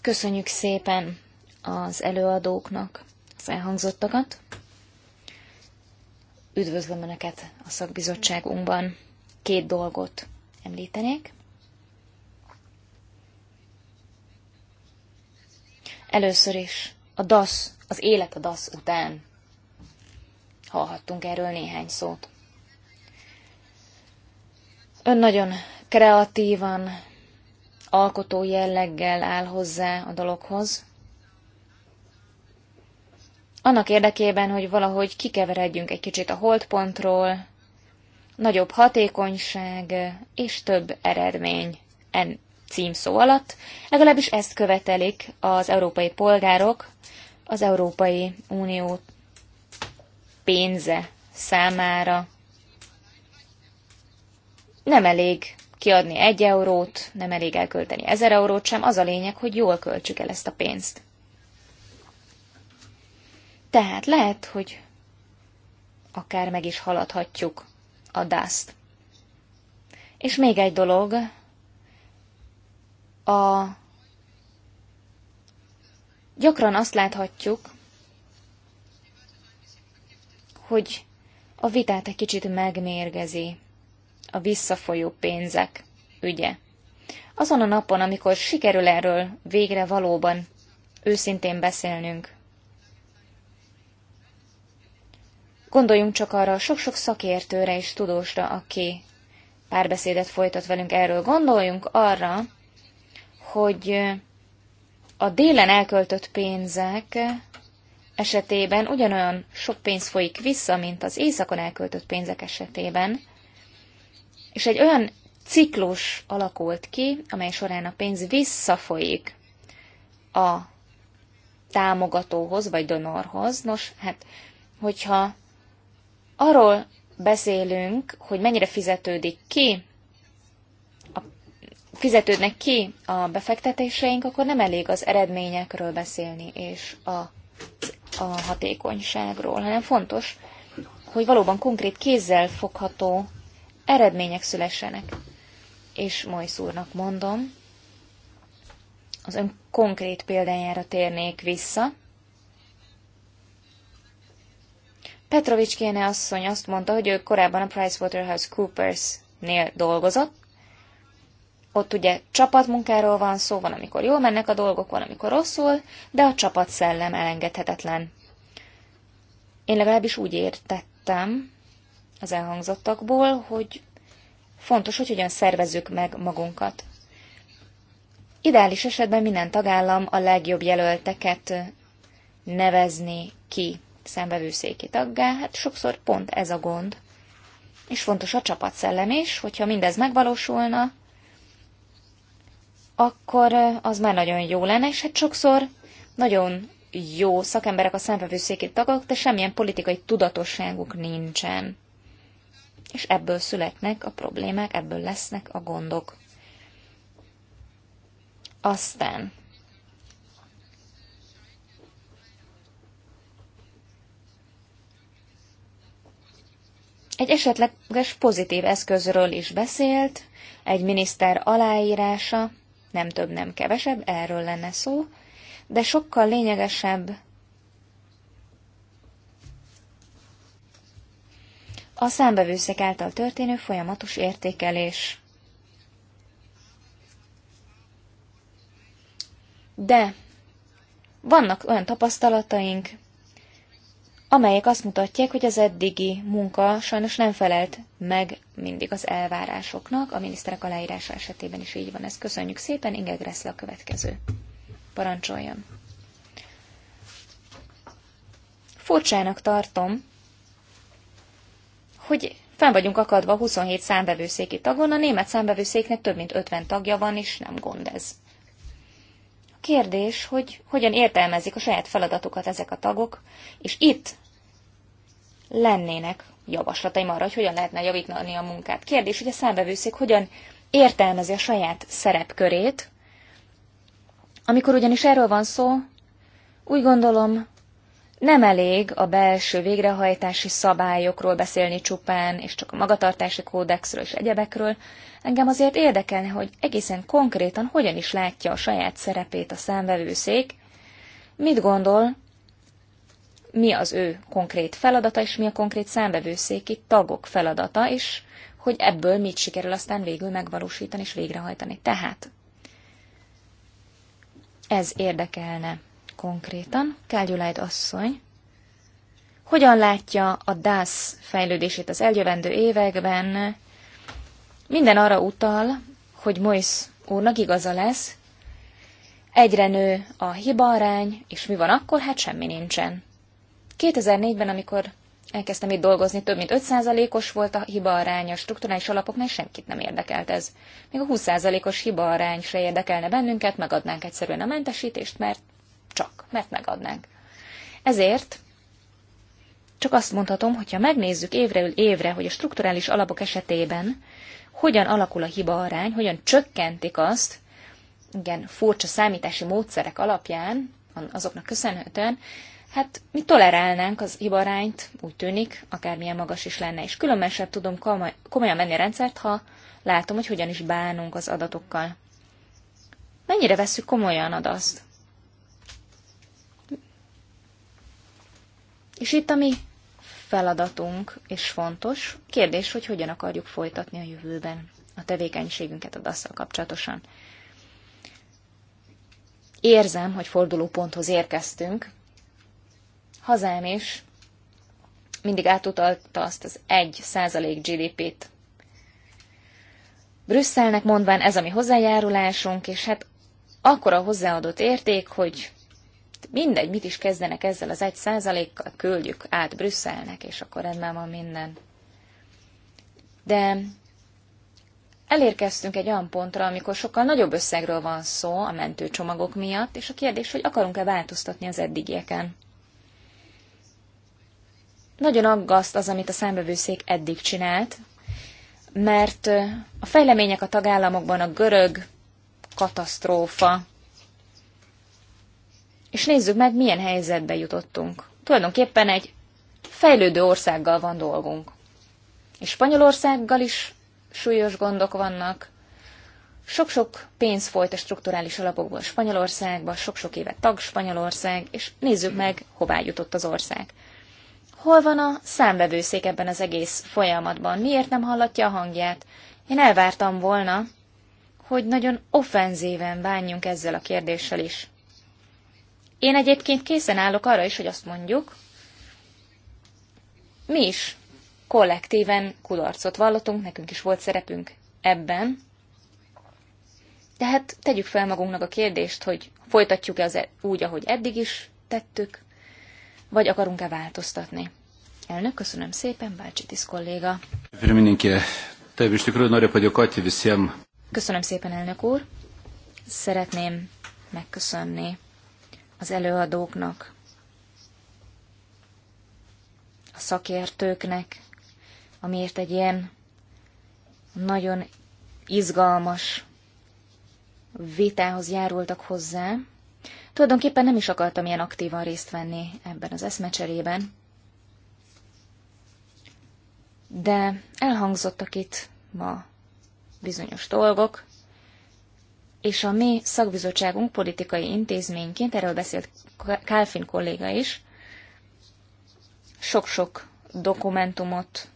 Köszönjük szépen az előadóknak az elhangzottakat. Üdvözlöm Önöket a szakbizottságunkban. Két dolgot említenék. Először is a DASZ, az élet a DASZ után. Hallhattunk erről néhány szót. Ön nagyon kreatívan, alkotó jelleggel áll hozzá a dologhoz. Annak érdekében, hogy valahogy kikeveredjünk egy kicsit a holdpontról, nagyobb hatékonyság és több eredmény címszó alatt, legalábbis ezt követelik az európai polgárok az Európai Unió pénze számára. Nem elég kiadni egy eurót, nem elég elkölteni ezer eurót sem, az a lényeg, hogy jól költsük el ezt a pénzt. Tehát lehet, hogy akár meg is haladhatjuk a dászt. És még egy dolog, a gyakran azt láthatjuk, hogy a vitát egy kicsit megmérgezi a visszafolyó pénzek ügye. Azon a napon, amikor sikerül erről végre valóban őszintén beszélnünk, Gondoljunk csak arra sok-sok szakértőre és tudósra, aki párbeszédet folytat velünk erről. Gondoljunk arra, hogy a délen elköltött pénzek esetében ugyanolyan sok pénz folyik vissza, mint az éjszakon elköltött pénzek esetében, és egy olyan ciklus alakult ki, amely során a pénz visszafolyik a támogatóhoz vagy donorhoz. Nos, hát, hogyha arról beszélünk, hogy mennyire fizetődik ki fizetődnek ki a befektetéseink, akkor nem elég az eredményekről beszélni és a, a hatékonyságról, hanem fontos, hogy valóban konkrét kézzel fogható eredmények szülessenek. És majd úrnak mondom, az ön konkrét példájára térnék vissza. Petrovics kéne asszony azt mondta, hogy ő korábban a PricewaterhouseCoopers-nél dolgozott, ott ugye csapatmunkáról van szó, van, amikor jól mennek a dolgok, van, amikor rosszul, de a csapatszellem elengedhetetlen. Én legalábbis úgy értettem az elhangzottakból, hogy fontos, hogy hogyan szervezzük meg magunkat. Ideális esetben minden tagállam a legjobb jelölteket nevezni ki szembevőszéki taggá, hát sokszor pont ez a gond. És fontos a csapatszellem is, hogyha mindez megvalósulna, akkor az már nagyon jó lenne, és hát sokszor nagyon jó szakemberek a szemfevőszékét tagok, de semmilyen politikai tudatosságuk nincsen. És ebből születnek a problémák, ebből lesznek a gondok. Aztán Egy esetleges pozitív eszközről is beszélt, egy miniszter aláírása, nem több, nem kevesebb, erről lenne szó, de sokkal lényegesebb a számbevőszék által történő folyamatos értékelés. De vannak olyan tapasztalataink, amelyek azt mutatják, hogy az eddigi munka sajnos nem felelt meg mindig az elvárásoknak, a miniszterek aláírása esetében is így van. ez. köszönjük szépen, Inge Gressle a következő. Parancsoljon. Furcsának tartom, hogy fenn vagyunk akadva 27 számbevőszéki tagon, a német számbevőszéknek több mint 50 tagja van, és nem gond ez. Kérdés, hogy hogyan értelmezik a saját feladatukat ezek a tagok, és itt lennének javaslataim arra, hogy hogyan lehetne javítani a munkát. Kérdés, hogy a számbevőszék hogyan értelmezi a saját szerepkörét. Amikor ugyanis erről van szó, úgy gondolom, nem elég a belső végrehajtási szabályokról beszélni csupán, és csak a magatartási kódexről és egyebekről. Engem azért érdekelne, hogy egészen konkrétan hogyan is látja a saját szerepét a számvevőszék, mit gondol, mi az ő konkrét feladata, és mi a konkrét számvevőszéki tagok feladata, és hogy ebből mit sikerül aztán végül megvalósítani és végrehajtani. Tehát ez érdekelne konkrétan. Kálgyulájd asszony, hogyan látja a DAS fejlődését az eljövendő években? Minden arra utal, hogy Moisz úrnak igaza lesz, egyre nő a arány, és mi van akkor? Hát semmi nincsen. 2004-ben, amikor elkezdtem itt dolgozni, több mint 5%-os volt a arány a strukturális alapoknál senkit nem érdekelt ez. Még a 20%-os arány se érdekelne bennünket, megadnánk egyszerűen a mentesítést, mert csak, mert megadnánk. Ezért csak azt mondhatom, hogy ha megnézzük évről évre, hogy a strukturális alapok esetében hogyan alakul a hiba arány, hogyan csökkentik azt, igen, furcsa számítási módszerek alapján, azoknak köszönhetően, hát mi tolerálnánk az hibarányt, úgy tűnik, akármilyen magas is lenne, és különben sem tudom komolyan menni a rendszert, ha látom, hogy hogyan is bánunk az adatokkal. Mennyire vesszük komolyan ad azt? És itt ami feladatunk és fontos, kérdés, hogy hogyan akarjuk folytatni a jövőben a tevékenységünket a dasz kapcsolatosan. Érzem, hogy fordulóponthoz érkeztünk. Hazám is mindig átutalta azt az 1 százalék GDP-t Brüsszelnek mondván ez a mi hozzájárulásunk, és hát akkora hozzáadott érték, hogy mindegy, mit is kezdenek ezzel az egy százalékkal, küldjük át Brüsszelnek, és akkor rendben van minden. De elérkeztünk egy olyan pontra, amikor sokkal nagyobb összegről van szó a mentőcsomagok miatt, és a kérdés, hogy akarunk-e változtatni az eddigieken. Nagyon aggaszt az, amit a számbevőszék eddig csinált, mert a fejlemények a tagállamokban a görög katasztrófa és nézzük meg, milyen helyzetbe jutottunk. Tulajdonképpen egy fejlődő országgal van dolgunk. És Spanyolországgal is súlyos gondok vannak. Sok-sok pénz folyt a strukturális alapokból Spanyolországba, sok-sok éve tag Spanyolország, és nézzük meg, hová jutott az ország. Hol van a számbevőszék ebben az egész folyamatban? Miért nem hallatja a hangját? Én elvártam volna, hogy nagyon offenzíven bánjunk ezzel a kérdéssel is. Én egyébként készen állok arra is, hogy azt mondjuk, mi is kollektíven kudarcot vallottunk, nekünk is volt szerepünk ebben. Tehát tegyük fel magunknak a kérdést, hogy folytatjuk-e az e- úgy, ahogy eddig is tettük, vagy akarunk-e változtatni. Elnök, köszönöm szépen, Bácsi Tisz kolléga. Köszönöm szépen, elnök úr. Szeretném megköszönni az előadóknak, a szakértőknek, amiért egy ilyen nagyon izgalmas vitához járultak hozzá. Tulajdonképpen nem is akartam ilyen aktívan részt venni ebben az eszmecserében, de elhangzottak itt ma bizonyos dolgok, és a mi szakbizottságunk politikai intézményként, erről beszélt Kálfin kolléga is, sok-sok dokumentumot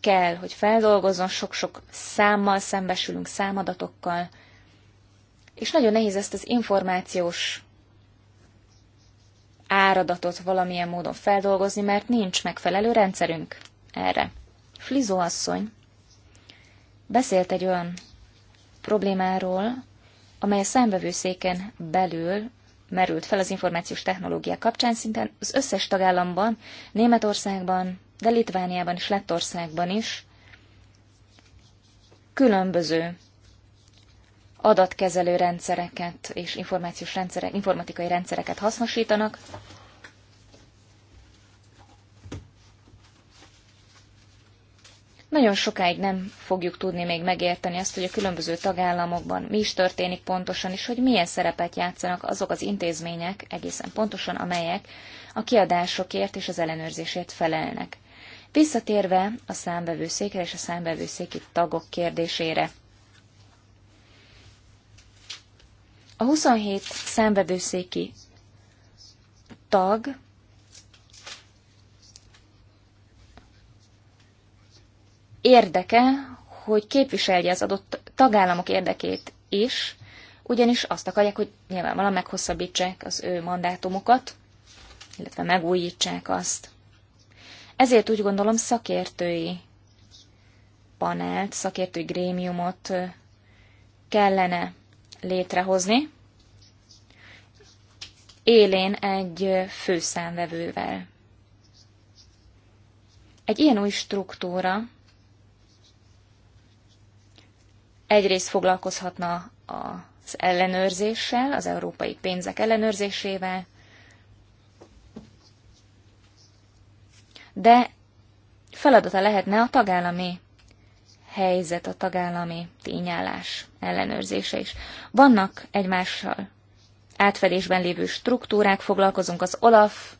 kell, hogy feldolgozzon, sok-sok számmal szembesülünk, számadatokkal, és nagyon nehéz ezt az információs áradatot valamilyen módon feldolgozni, mert nincs megfelelő rendszerünk erre. Flizó asszony beszélt egy olyan problémáról, amely a számbevőszéken belül merült fel az információs technológiák kapcsán szinten az összes tagállamban, Németországban, de Litvániában és Lettországban is különböző adatkezelő rendszereket és információs rendszerek, informatikai rendszereket hasznosítanak, Nagyon sokáig nem fogjuk tudni még megérteni azt, hogy a különböző tagállamokban mi is történik pontosan, és hogy milyen szerepet játszanak azok az intézmények egészen pontosan, amelyek a kiadásokért és az ellenőrzésért felelnek. Visszatérve a számbevőszékre és a számbevőszéki tagok kérdésére. A 27 számbevőszéki tag érdeke, hogy képviselje az adott tagállamok érdekét is, ugyanis azt akarják, hogy nyilvánvalóan meghosszabbítsák az ő mandátumokat, illetve megújítsák azt. Ezért úgy gondolom szakértői panelt, szakértői grémiumot kellene létrehozni, élén egy főszámvevővel. Egy ilyen új struktúra Egyrészt foglalkozhatna az ellenőrzéssel, az európai pénzek ellenőrzésével, de feladata lehetne a tagállami helyzet, a tagállami tényállás ellenőrzése is. Vannak egymással átfedésben lévő struktúrák, foglalkozunk az OLAF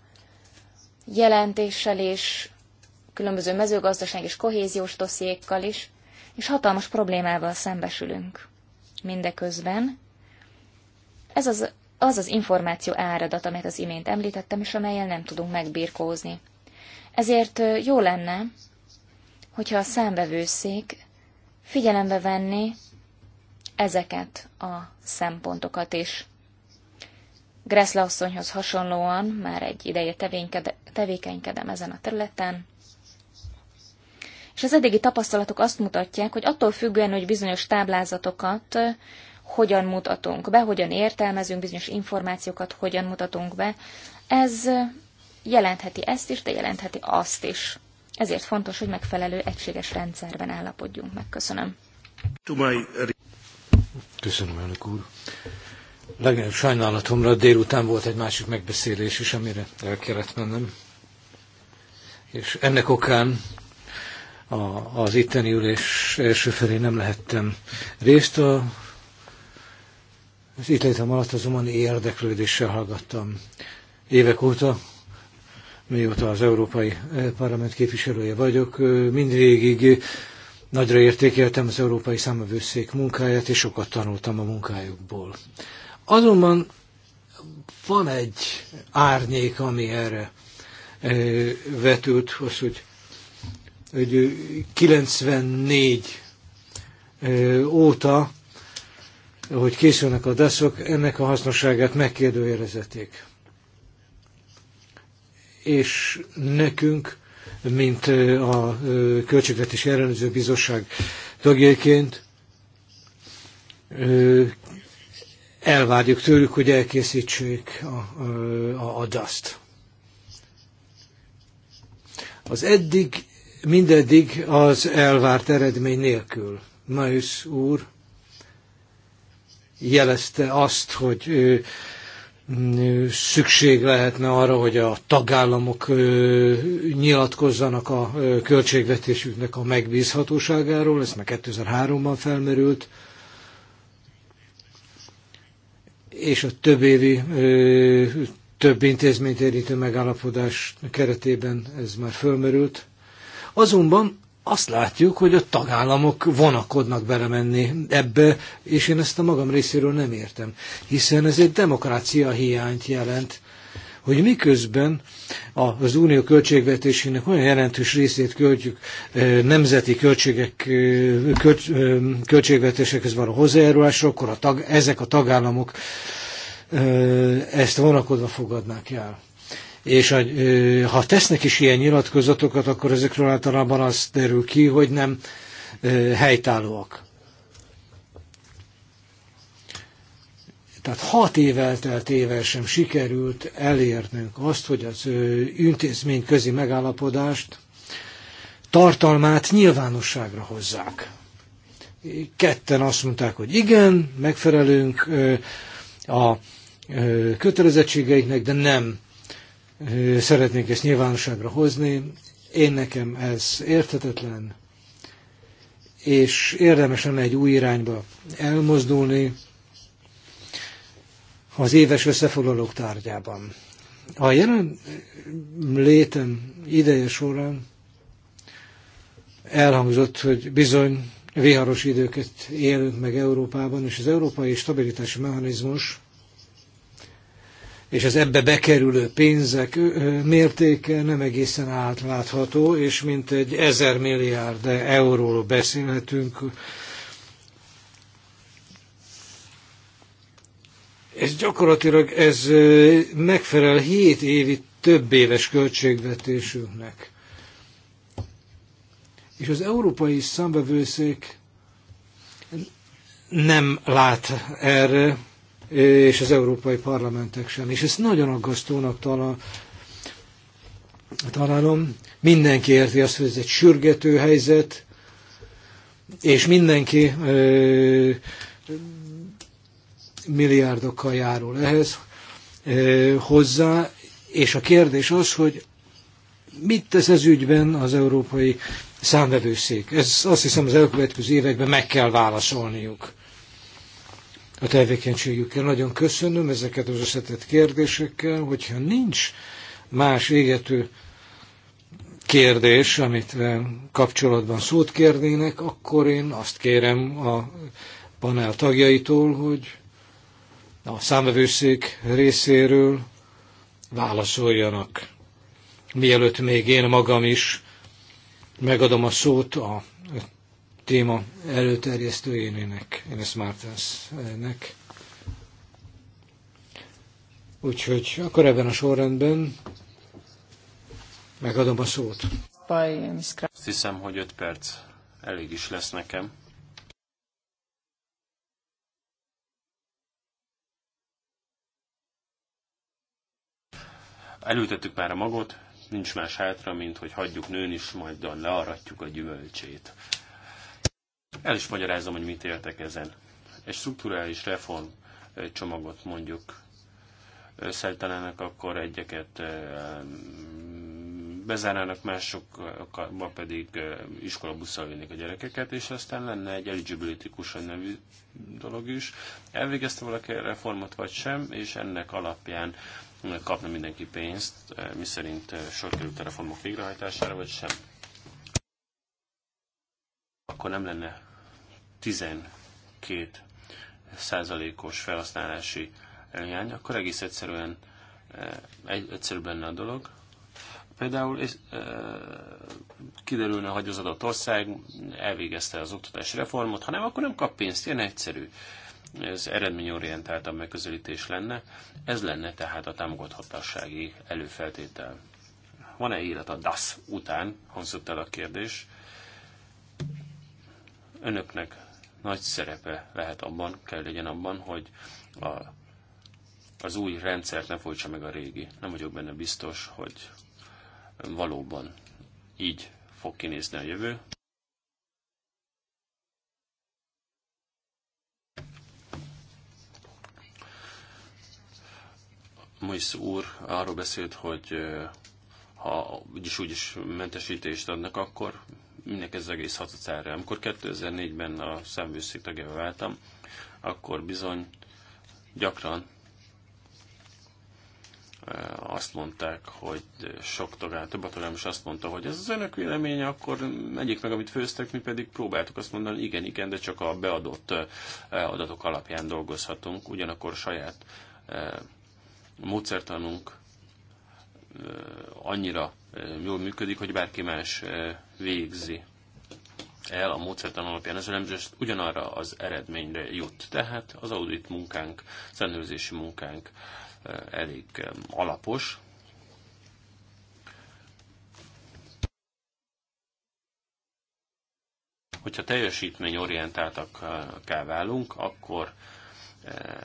jelentéssel és különböző mezőgazdaság és kohéziós dossziékkal is és hatalmas problémával szembesülünk. Mindeközben ez az az, az információ áradat, amit az imént említettem, és amelyel nem tudunk megbirkózni. Ezért jó lenne, hogyha a számbevőszék figyelembe venni ezeket a szempontokat is. Gressle asszonyhoz hasonlóan már egy ideje tevékenykedem ezen a területen, és az eddigi tapasztalatok azt mutatják, hogy attól függően, hogy bizonyos táblázatokat hogyan mutatunk be, hogyan értelmezünk bizonyos információkat, hogyan mutatunk be, ez jelentheti ezt is, de jelentheti azt is. Ezért fontos, hogy megfelelő egységes rendszerben állapodjunk meg. Köszönöm. Köszönöm, elnök úr. Legnagyobb sajnálatomra délután volt egy másik megbeszélés is, amire el kellett mennem. És ennek okán a, az itteni ülés első felé nem lehettem részt. A, az itt létem alatt azonban érdeklődéssel hallgattam évek óta, mióta az Európai eh, Parlament képviselője vagyok, eh, mindvégig nagyra értékeltem az Európai Számövőszék munkáját, és sokat tanultam a munkájukból. Azonban van egy árnyék, ami erre eh, vetült, az, hogy hogy 94 óta, hogy készülnek a deszok, ennek a hasznosságát megkérdőjelezették. És nekünk, mint a Költségvetési Ellenőrző Bizottság tagjaiként, elvárjuk tőlük, hogy elkészítsék a, a, a DAST. Az eddig mindeddig az elvárt eredmény nélkül. Maus úr jelezte azt, hogy ő, szükség lehetne arra, hogy a tagállamok nyilatkozzanak a költségvetésüknek a megbízhatóságáról, ez már 2003-ban felmerült, és a több évi, több intézményt érintő megállapodás keretében ez már felmerült. Azonban azt látjuk, hogy a tagállamok vonakodnak belemenni ebbe, és én ezt a magam részéről nem értem, hiszen ez egy demokrácia hiányt jelent, hogy miközben az unió költségvetésének olyan jelentős részét költjük eh, nemzeti költségek, eh, költ, eh, költségvetésekhez való hozzájárulásra, akkor a tag, ezek a tagállamok ezt vonakodva fogadnák el és a, ha tesznek is ilyen nyilatkozatokat, akkor ezekről általában az derül ki, hogy nem helytállóak. Tehát hat év elteltével sem sikerült elérnünk azt, hogy az közi megállapodást tartalmát nyilvánosságra hozzák. Ketten azt mondták, hogy igen, megfelelünk a kötelezettségeiknek, de nem szeretnék ezt nyilvánosságra hozni. Én nekem ez érthetetlen, és érdemes lenne egy új irányba elmozdulni az éves összefoglalók tárgyában. A jelen létem ideje során elhangzott, hogy bizony viharos időket élünk meg Európában, és az európai stabilitási mechanizmus és az ebbe bekerülő pénzek mértéke nem egészen átlátható, és mint egy ezer milliárd euróról beszélhetünk. Ez gyakorlatilag ez megfelel 7 évi több éves költségvetésünknek. És az európai számbevőszék nem lát erre, és az európai parlamentek sem. És ezt nagyon aggasztónak találom. Mindenki érti azt, hogy ez egy sürgető helyzet, és mindenki ö, milliárdokkal járul ehhez ö, hozzá, és a kérdés az, hogy mit tesz ez ügyben az európai számvevőszék? Ez azt hiszem az elkövetkező években meg kell válaszolniuk a tevékenységükkel. Nagyon köszönöm ezeket az összetett kérdésekkel, hogyha nincs más égető kérdés, amit kapcsolatban szót kérnének, akkor én azt kérem a panel tagjaitól, hogy a számvevőszék részéről válaszoljanak. Mielőtt még én magam is megadom a szót a téma előterjesztőjének, Ines Martensnek. Úgyhogy akkor ebben a sorrendben megadom a szót. Azt hiszem, hogy 5 perc elég is lesz nekem. Elültettük már a magot, nincs más hátra, mint hogy hagyjuk nőni, és majd leharatjuk a gyümölcsét. El is magyarázom, hogy mit éltek ezen. Egy strukturális reform eh, csomagot mondjuk összeltelenek, eh, akkor egyeket eh, bezárnának, másokba pedig iskolabusszal vinnék a gyerekeket, és aztán lenne egy eligibility cushion nevű dolog is. Elvégezte valaki a reformot, vagy sem, és ennek alapján kapna mindenki pénzt, miszerint sor került a reformok végrehajtására, vagy sem akkor nem lenne 12 százalékos felhasználási hiány, akkor egész egyszerűen eh, egy, egyszerűbb lenne a dolog. Például eh, kiderülne, hogy az adott ország elvégezte az oktatási reformot, hanem akkor nem kap pénzt, ilyen egyszerű. Ez eredményorientáltabb megközelítés lenne. Ez lenne tehát a támogathatósági előfeltétel. Van-e élet a DASZ után? Hangzott el a kérdés önöknek nagy szerepe lehet abban, kell legyen abban, hogy a, az új rendszert ne folytsa meg a régi. Nem vagyok benne biztos, hogy valóban így fog kinézni a jövő. Moisz úr arról beszélt, hogy ha úgyis úgyis mentesítést adnak, akkor Mindnek ez egész hatatára. Amikor 2004-ben a szemvőszék tagjává váltam, akkor bizony gyakran e, azt mondták, hogy sok tagán, több a tagán is azt mondta, hogy ez az önök véleménye, akkor megyék meg, amit főztek, mi pedig próbáltuk azt mondani, igen, igen, de csak a beadott e, adatok alapján dolgozhatunk, ugyanakkor saját e, módszertanunk annyira jól működik, hogy bárki más végzi el a módszertan alapján az elemzés ugyanarra az eredményre jut. Tehát az audit munkánk, szennőzési munkánk elég alapos, hogyha teljesítményorientáltak kell válunk, akkor E,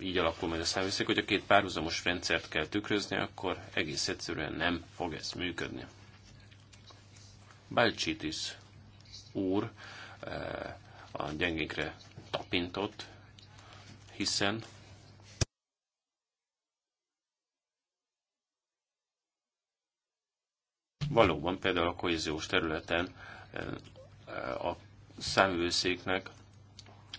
így alakul majd a számviszék, hogy a két párhuzamos rendszert kell tükrözni, akkor egész egyszerűen nem fog ez működni. Balcsitis úr e, a gyengékre tapintott, hiszen valóban például a kohéziós területen e, a számvőszéknek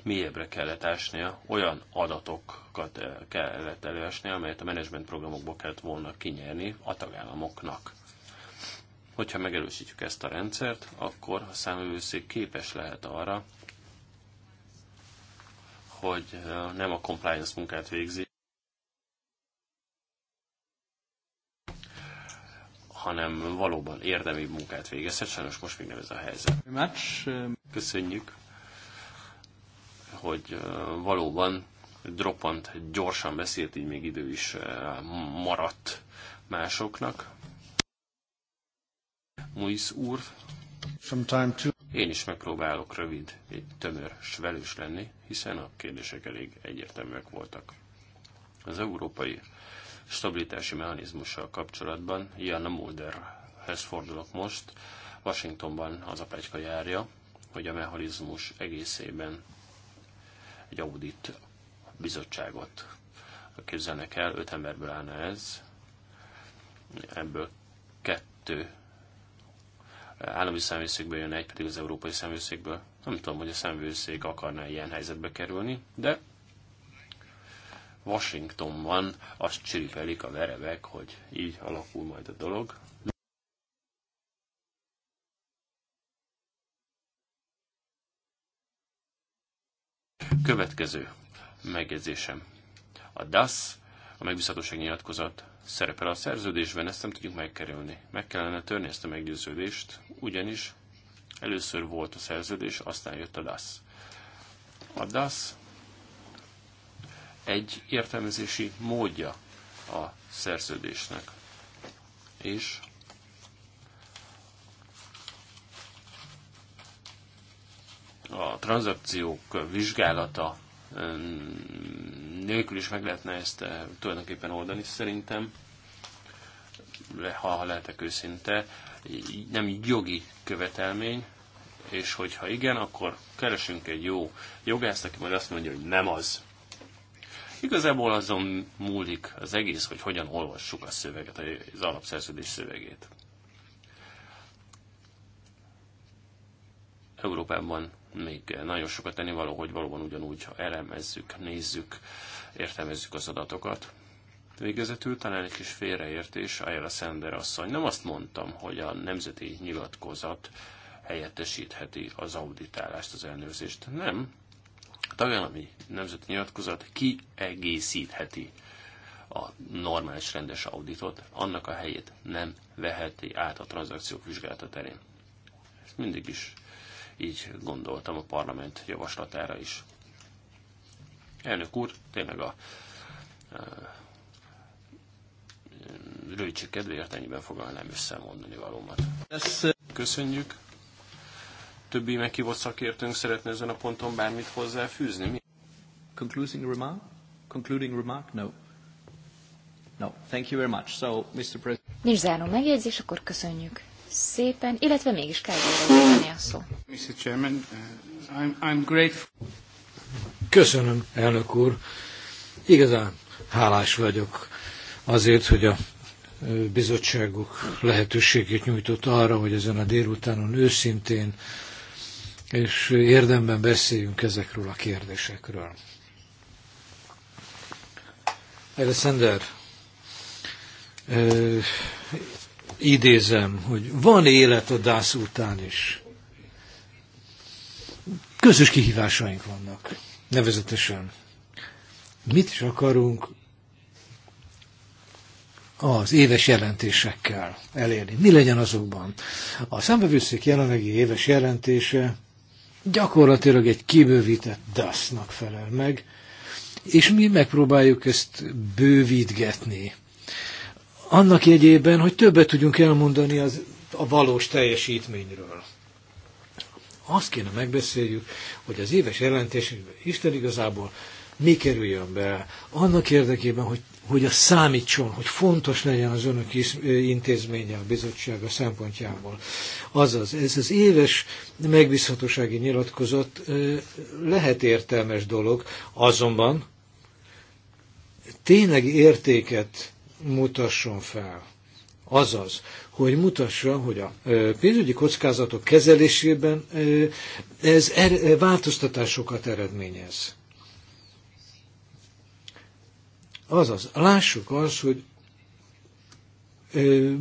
mélyebbre kellett ásnia, olyan adatokat eh, kellett előásni, amelyet a menedzsment programokból kellett volna kinyerni a tagállamoknak. Hogyha megerősítjük ezt a rendszert, akkor a számövőszék képes lehet arra, hogy eh, nem a compliance munkát végzi, hanem valóban érdemi munkát végezhet. Sajnos most még nem ez a helyzet. Um, Köszönjük hogy valóban droppant gyorsan beszélt, így még idő is maradt másoknak. Muiz úr, én is megpróbálok rövid, egy tömör, svelős lenni, hiszen a kérdések elég egyértelműek voltak. Az európai stabilitási mechanizmussal kapcsolatban Jan Mulderhez fordulok most. Washingtonban az a járja, hogy a mechanizmus egészében egy audit bizottságot képzelnek el, öt emberből állna ez, ebből kettő állami szemvőszékből jön egy, pedig az európai szemvőszékből. Nem tudom, hogy a szemvőszék akarna ilyen helyzetbe kerülni, de Washingtonban azt csiripelik a verebek, hogy így alakul majd a dolog. Következő megjegyzésem. A DAS, a megbízhatóság nyilatkozat szerepel a szerződésben, ezt nem tudjuk megkerülni. Meg kellene törni ezt a meggyőződést, ugyanis először volt a szerződés, aztán jött a DAS. A DAS egy értelmezési módja a szerződésnek. És a tranzakciók vizsgálata nélkül is meg lehetne ezt eh, tulajdonképpen oldani szerintem, ha lehetek őszinte, nem jogi követelmény, és hogyha igen, akkor keresünk egy jó jogászt, aki majd azt mondja, hogy nem az. Igazából azon múlik az egész, hogy hogyan olvassuk a szöveget, az alapszerződés szövegét. Európában még nagyon sokat tenni való, hogy valóban ugyanúgy elemezzük, nézzük, értelmezzük az adatokat. Végezetül talán egy kis félreértés, Ayala Sender asszony. Nem azt mondtam, hogy a nemzeti nyilatkozat helyettesítheti az auditálást, az ellenőrzést. Nem. A tagállami nemzeti nyilatkozat kiegészítheti a normális rendes auditot, annak a helyét nem veheti át a tranzakciók vizsgálata terén. Ezt mindig is így gondoltam a parlament javaslatára is. Elnök úr, tényleg a eh, rövidség kedvéért ennyiben foglalnám össze mondani valómat. Köszönjük. Többi meghívott szakértőnk szeretne ezen a ponton bármit hozzáfűzni? Mi? Concluding remark? Concluding remark? No. No. Thank you very much. So, Mr. President. Nincs záró megjegyzés, akkor köszönjük szépen, illetve mégis kell jönni a szó. Uh, Köszönöm, elnök úr. Igazán hálás vagyok azért, hogy a bizottságok lehetőségét nyújtott arra, hogy ezen a délutánon őszintén és érdemben beszéljünk ezekről a kérdésekről. Alexander, idézem, hogy van élet a dász után is. Közös kihívásaink vannak, nevezetesen. Mit is akarunk az éves jelentésekkel elérni? Mi legyen azokban? A számbevőszék jelenlegi éves jelentése gyakorlatilag egy kibővített DASZ-nak felel meg, és mi megpróbáljuk ezt bővítgetni annak jegyében, hogy többet tudjunk elmondani az, a valós teljesítményről. Azt kéne megbeszéljük, hogy az éves jelentésünkben Isten igazából mi kerüljön be, annak érdekében, hogy, hogy a számítson, hogy fontos legyen az önök intézménye a bizottsága szempontjából. Azaz, ez az éves megbízhatósági nyilatkozat lehet értelmes dolog, azonban tényleg értéket mutasson fel. Azaz, hogy mutassa, hogy a pénzügyi kockázatok kezelésében ez er, változtatásokat eredményez. Azaz, lássuk azt, hogy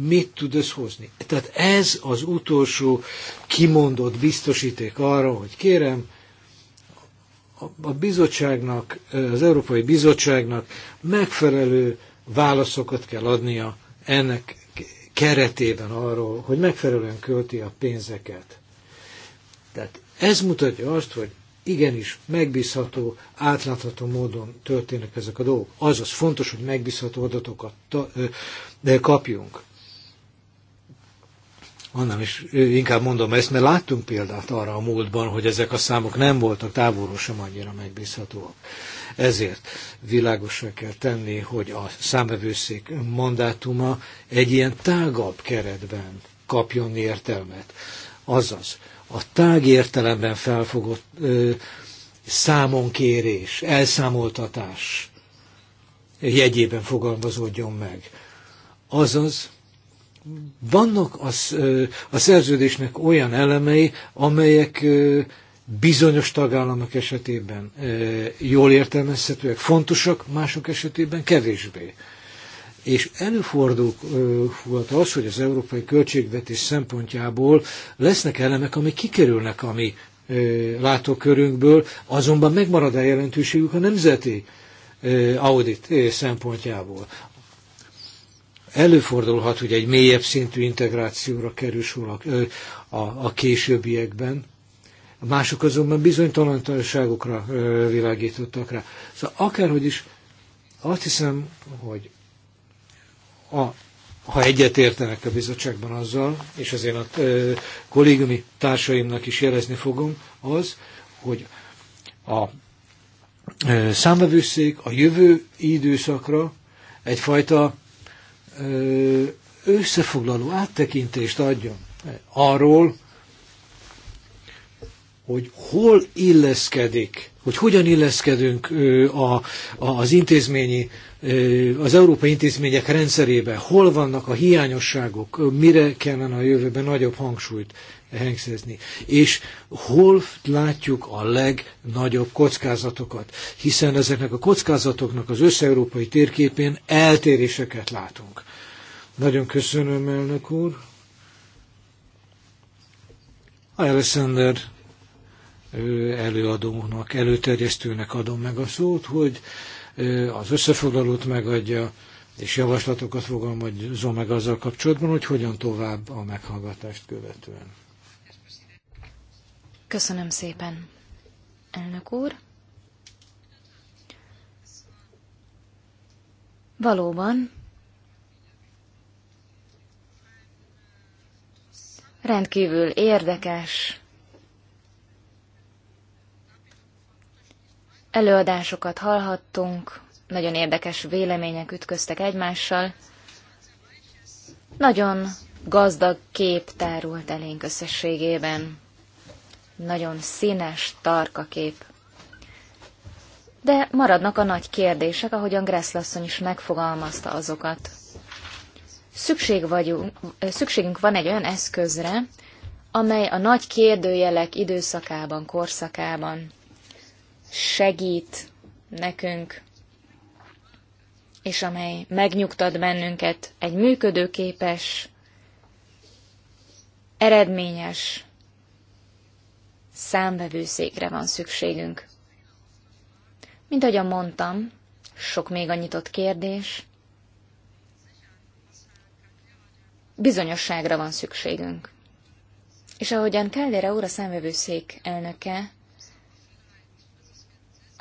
mit tud ez hozni. Tehát ez az utolsó kimondott biztosíték arra, hogy kérem, a bizottságnak, az Európai Bizottságnak megfelelő válaszokat kell adnia ennek keretében arról, hogy megfelelően költi a pénzeket. Tehát ez mutatja azt, hogy igenis megbízható, átlátható módon történnek ezek a dolgok. Azaz fontos, hogy megbízható adatokat kapjunk. Annál is inkább mondom ezt, mert láttunk példát arra a múltban, hogy ezek a számok nem voltak távolról sem annyira megbízhatóak. Ezért világosra kell tenni, hogy a számvevőszék mandátuma egy ilyen tágabb keretben kapjon értelmet. Azaz, a tág értelemben felfogott ö, számonkérés, elszámoltatás jegyében fogalmazódjon meg. Azaz, vannak az, a szerződésnek olyan elemei, amelyek bizonyos tagállamok esetében e, jól értelmezhetőek, fontosak, mások esetében kevésbé. És előfordulhat e, az, hogy az európai költségvetés szempontjából lesznek elemek, amik kikerülnek a mi e, látókörünkből, azonban megmarad a jelentőségük a nemzeti audit szempontjából. Előfordulhat, hogy egy mélyebb szintű integrációra kerül sor a, a, a későbbiekben, a mások azonban bizonytalanságokra világítottak rá. Szóval akárhogy is, azt hiszem, hogy a, ha egyet értenek a bizottságban azzal, és én a ö, kollégiumi társaimnak is jelezni fogom, az, hogy a ö, számvevőszék a jövő időszakra egyfajta ö, összefoglaló áttekintést adjon arról, hogy hol illeszkedik, hogy hogyan illeszkedünk a, a, az intézményi, az európai intézmények rendszerébe, hol vannak a hiányosságok, mire kellene a jövőben nagyobb hangsúlyt hengszezni, és hol látjuk a legnagyobb kockázatokat, hiszen ezeknek a kockázatoknak az összeurópai térképén eltéréseket látunk. Nagyon köszönöm, elnök úr. Alexander előadónak, előterjesztőnek adom meg a szót, hogy az összefoglalót megadja, és javaslatokat fogalmazom meg azzal kapcsolatban, hogy hogyan tovább a meghallgatást követően. Köszönöm szépen, elnök úr. Valóban, rendkívül érdekes Előadásokat hallhattunk, nagyon érdekes vélemények ütköztek egymással. Nagyon gazdag kép tárult elénk összességében. Nagyon színes, tarka kép. De maradnak a nagy kérdések, ahogyan Gresszlasszony is megfogalmazta azokat. Szükség vagyunk, szükségünk van egy olyan eszközre, amely a nagy kérdőjelek időszakában, korszakában segít nekünk, és amely megnyugtat bennünket egy működőképes, eredményes számbevőszékre van szükségünk. Mint ahogyan mondtam, sok még a nyitott kérdés. Bizonyosságra van szükségünk. És ahogyan Kellére úr a számvevőszék elnöke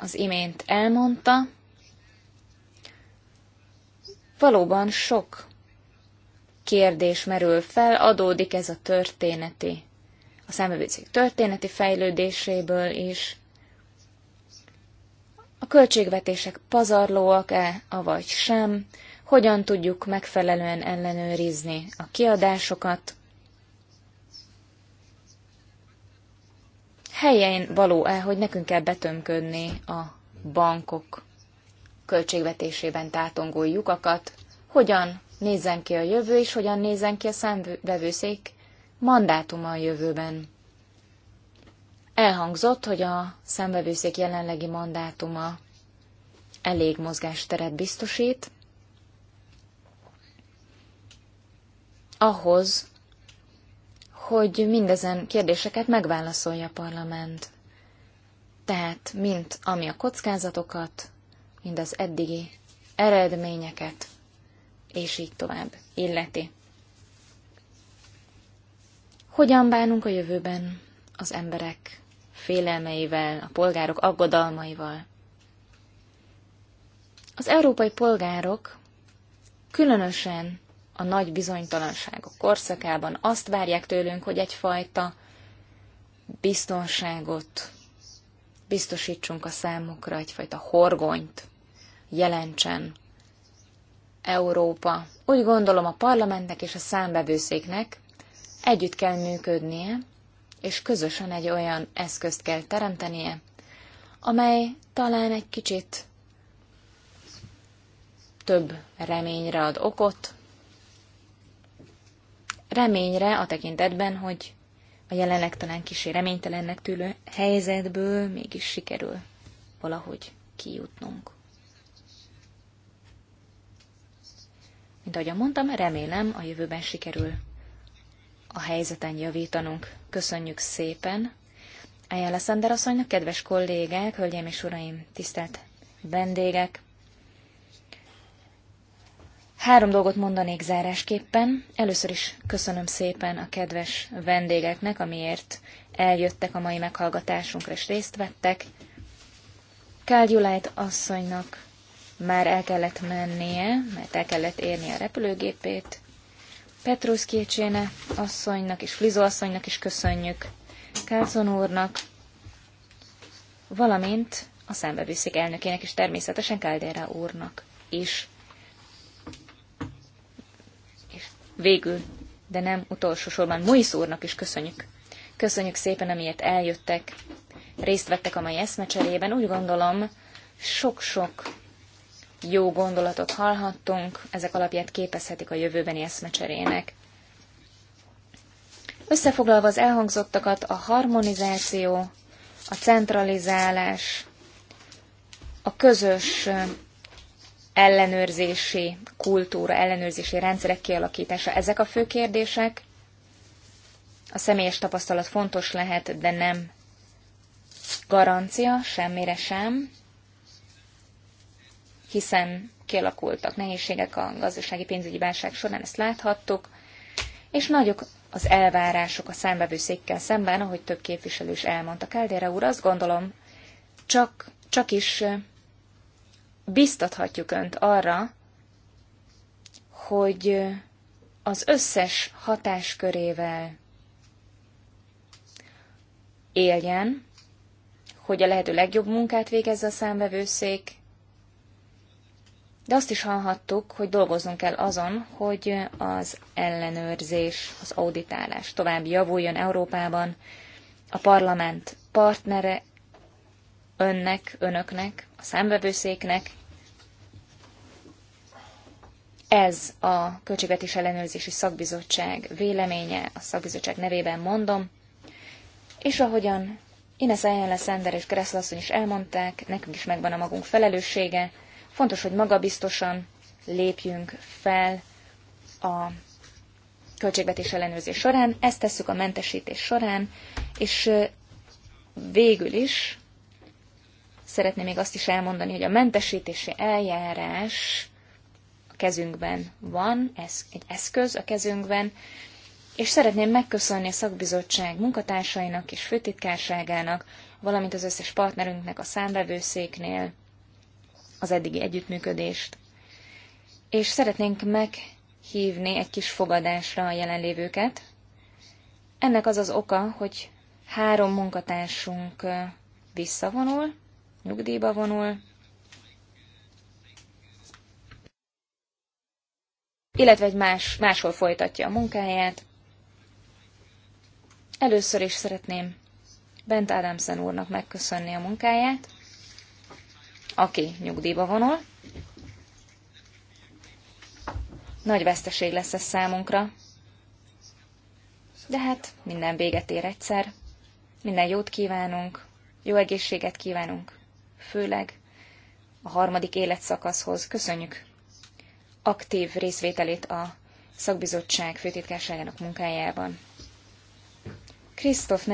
az imént elmondta, valóban sok kérdés merül fel, adódik ez a történeti, a számövőcég történeti fejlődéséből is. A költségvetések pazarlóak-e, avagy sem, hogyan tudjuk megfelelően ellenőrizni a kiadásokat, helyén való-e, hogy nekünk kell betömködni a bankok költségvetésében tátongó lyukakat, hogyan nézzen ki a jövő, és hogyan nézzen ki a számvevőszék mandátuma a jövőben. Elhangzott, hogy a számvevőszék jelenlegi mandátuma elég mozgásteret biztosít, ahhoz, hogy mindezen kérdéseket megválaszolja a parlament. Tehát, mint ami a kockázatokat, mind az eddigi eredményeket, és így tovább illeti. Hogyan bánunk a jövőben az emberek félelmeivel, a polgárok aggodalmaival? Az európai polgárok különösen a nagy bizonytalanságok korszakában azt várják tőlünk, hogy egyfajta biztonságot biztosítsunk a számukra, egyfajta horgonyt jelentsen Európa. Úgy gondolom a parlamentnek és a számbevőszéknek együtt kell működnie, és közösen egy olyan eszközt kell teremtenie, amely talán egy kicsit több reményre ad okot, reményre a tekintetben, hogy a jelenleg talán kisé reménytelennek tűlő helyzetből mégis sikerül valahogy kijutnunk. Mint ahogy mondtam, remélem a jövőben sikerül a helyzeten javítanunk. Köszönjük szépen! Ayala Szander asszonynak, kedves kollégák, hölgyeim és uraim, tisztelt vendégek! Három dolgot mondanék zárásképpen. Először is köszönöm szépen a kedves vendégeknek, amiért eljöttek a mai meghallgatásunkra és részt vettek. Kál Gyulájt asszonynak már el kellett mennie, mert el kellett érni a repülőgépét. Petrusz Kécséne asszonynak és Flizó asszonynak is köszönjük. Kálcon úrnak, valamint a számbevőszék elnökének és természetesen Káldéra úrnak is. Végül, de nem utolsó sorban Moisz úrnak is köszönjük. Köszönjük szépen, amiért eljöttek, részt vettek a mai eszmecserében. Úgy gondolom, sok-sok jó gondolatot hallhattunk, ezek alapját képezhetik a jövőbeni eszmecserének. Összefoglalva az elhangzottakat, a harmonizáció, a centralizálás, a közös ellenőrzési kultúra, ellenőrzési rendszerek kialakítása. Ezek a fő kérdések. A személyes tapasztalat fontos lehet, de nem garancia, semmire sem, hiszen kialakultak nehézségek a gazdasági pénzügyi válság során, ezt láthattuk, és nagyok az elvárások a számbevőszékkel szemben, ahogy több képviselő is elmondta. Káldére úr, azt gondolom, csak, csak is biztathatjuk Önt arra, hogy az összes hatáskörével éljen, hogy a lehető legjobb munkát végezze a számvevőszék, de azt is hallhattuk, hogy dolgoznunk kell azon, hogy az ellenőrzés, az auditálás tovább javuljon Európában. A parlament partnere önnek, önöknek, a számvevőszéknek, ez a Költségvetés Ellenőrzési Szakbizottság véleménye, a szakbizottság nevében mondom, és ahogyan Ines Ejjele Szender és Kresszel asszony is elmondták, nekünk is megvan a magunk felelőssége, fontos, hogy magabiztosan lépjünk fel a költségvetés ellenőrzés során, ezt tesszük a mentesítés során, és végül is szeretném még azt is elmondani, hogy a mentesítési eljárás kezünkben van, ez egy eszköz a kezünkben, és szeretném megköszönni a szakbizottság munkatársainak és főtitkárságának, valamint az összes partnerünknek a számvevőszéknél az eddigi együttműködést. És szeretnénk meghívni egy kis fogadásra a jelenlévőket. Ennek az az oka, hogy három munkatársunk visszavonul, nyugdíjba vonul, illetve egy más, máshol folytatja a munkáját. Először is szeretném Bent Adamsen úrnak megköszönni a munkáját, aki nyugdíjba vonul. Nagy veszteség lesz ez számunkra, de hát minden véget ér egyszer. Minden jót kívánunk, jó egészséget kívánunk, főleg a harmadik életszakaszhoz. Köszönjük aktív részvételét a szakbizottság főtitkárságának munkájában. Krisztof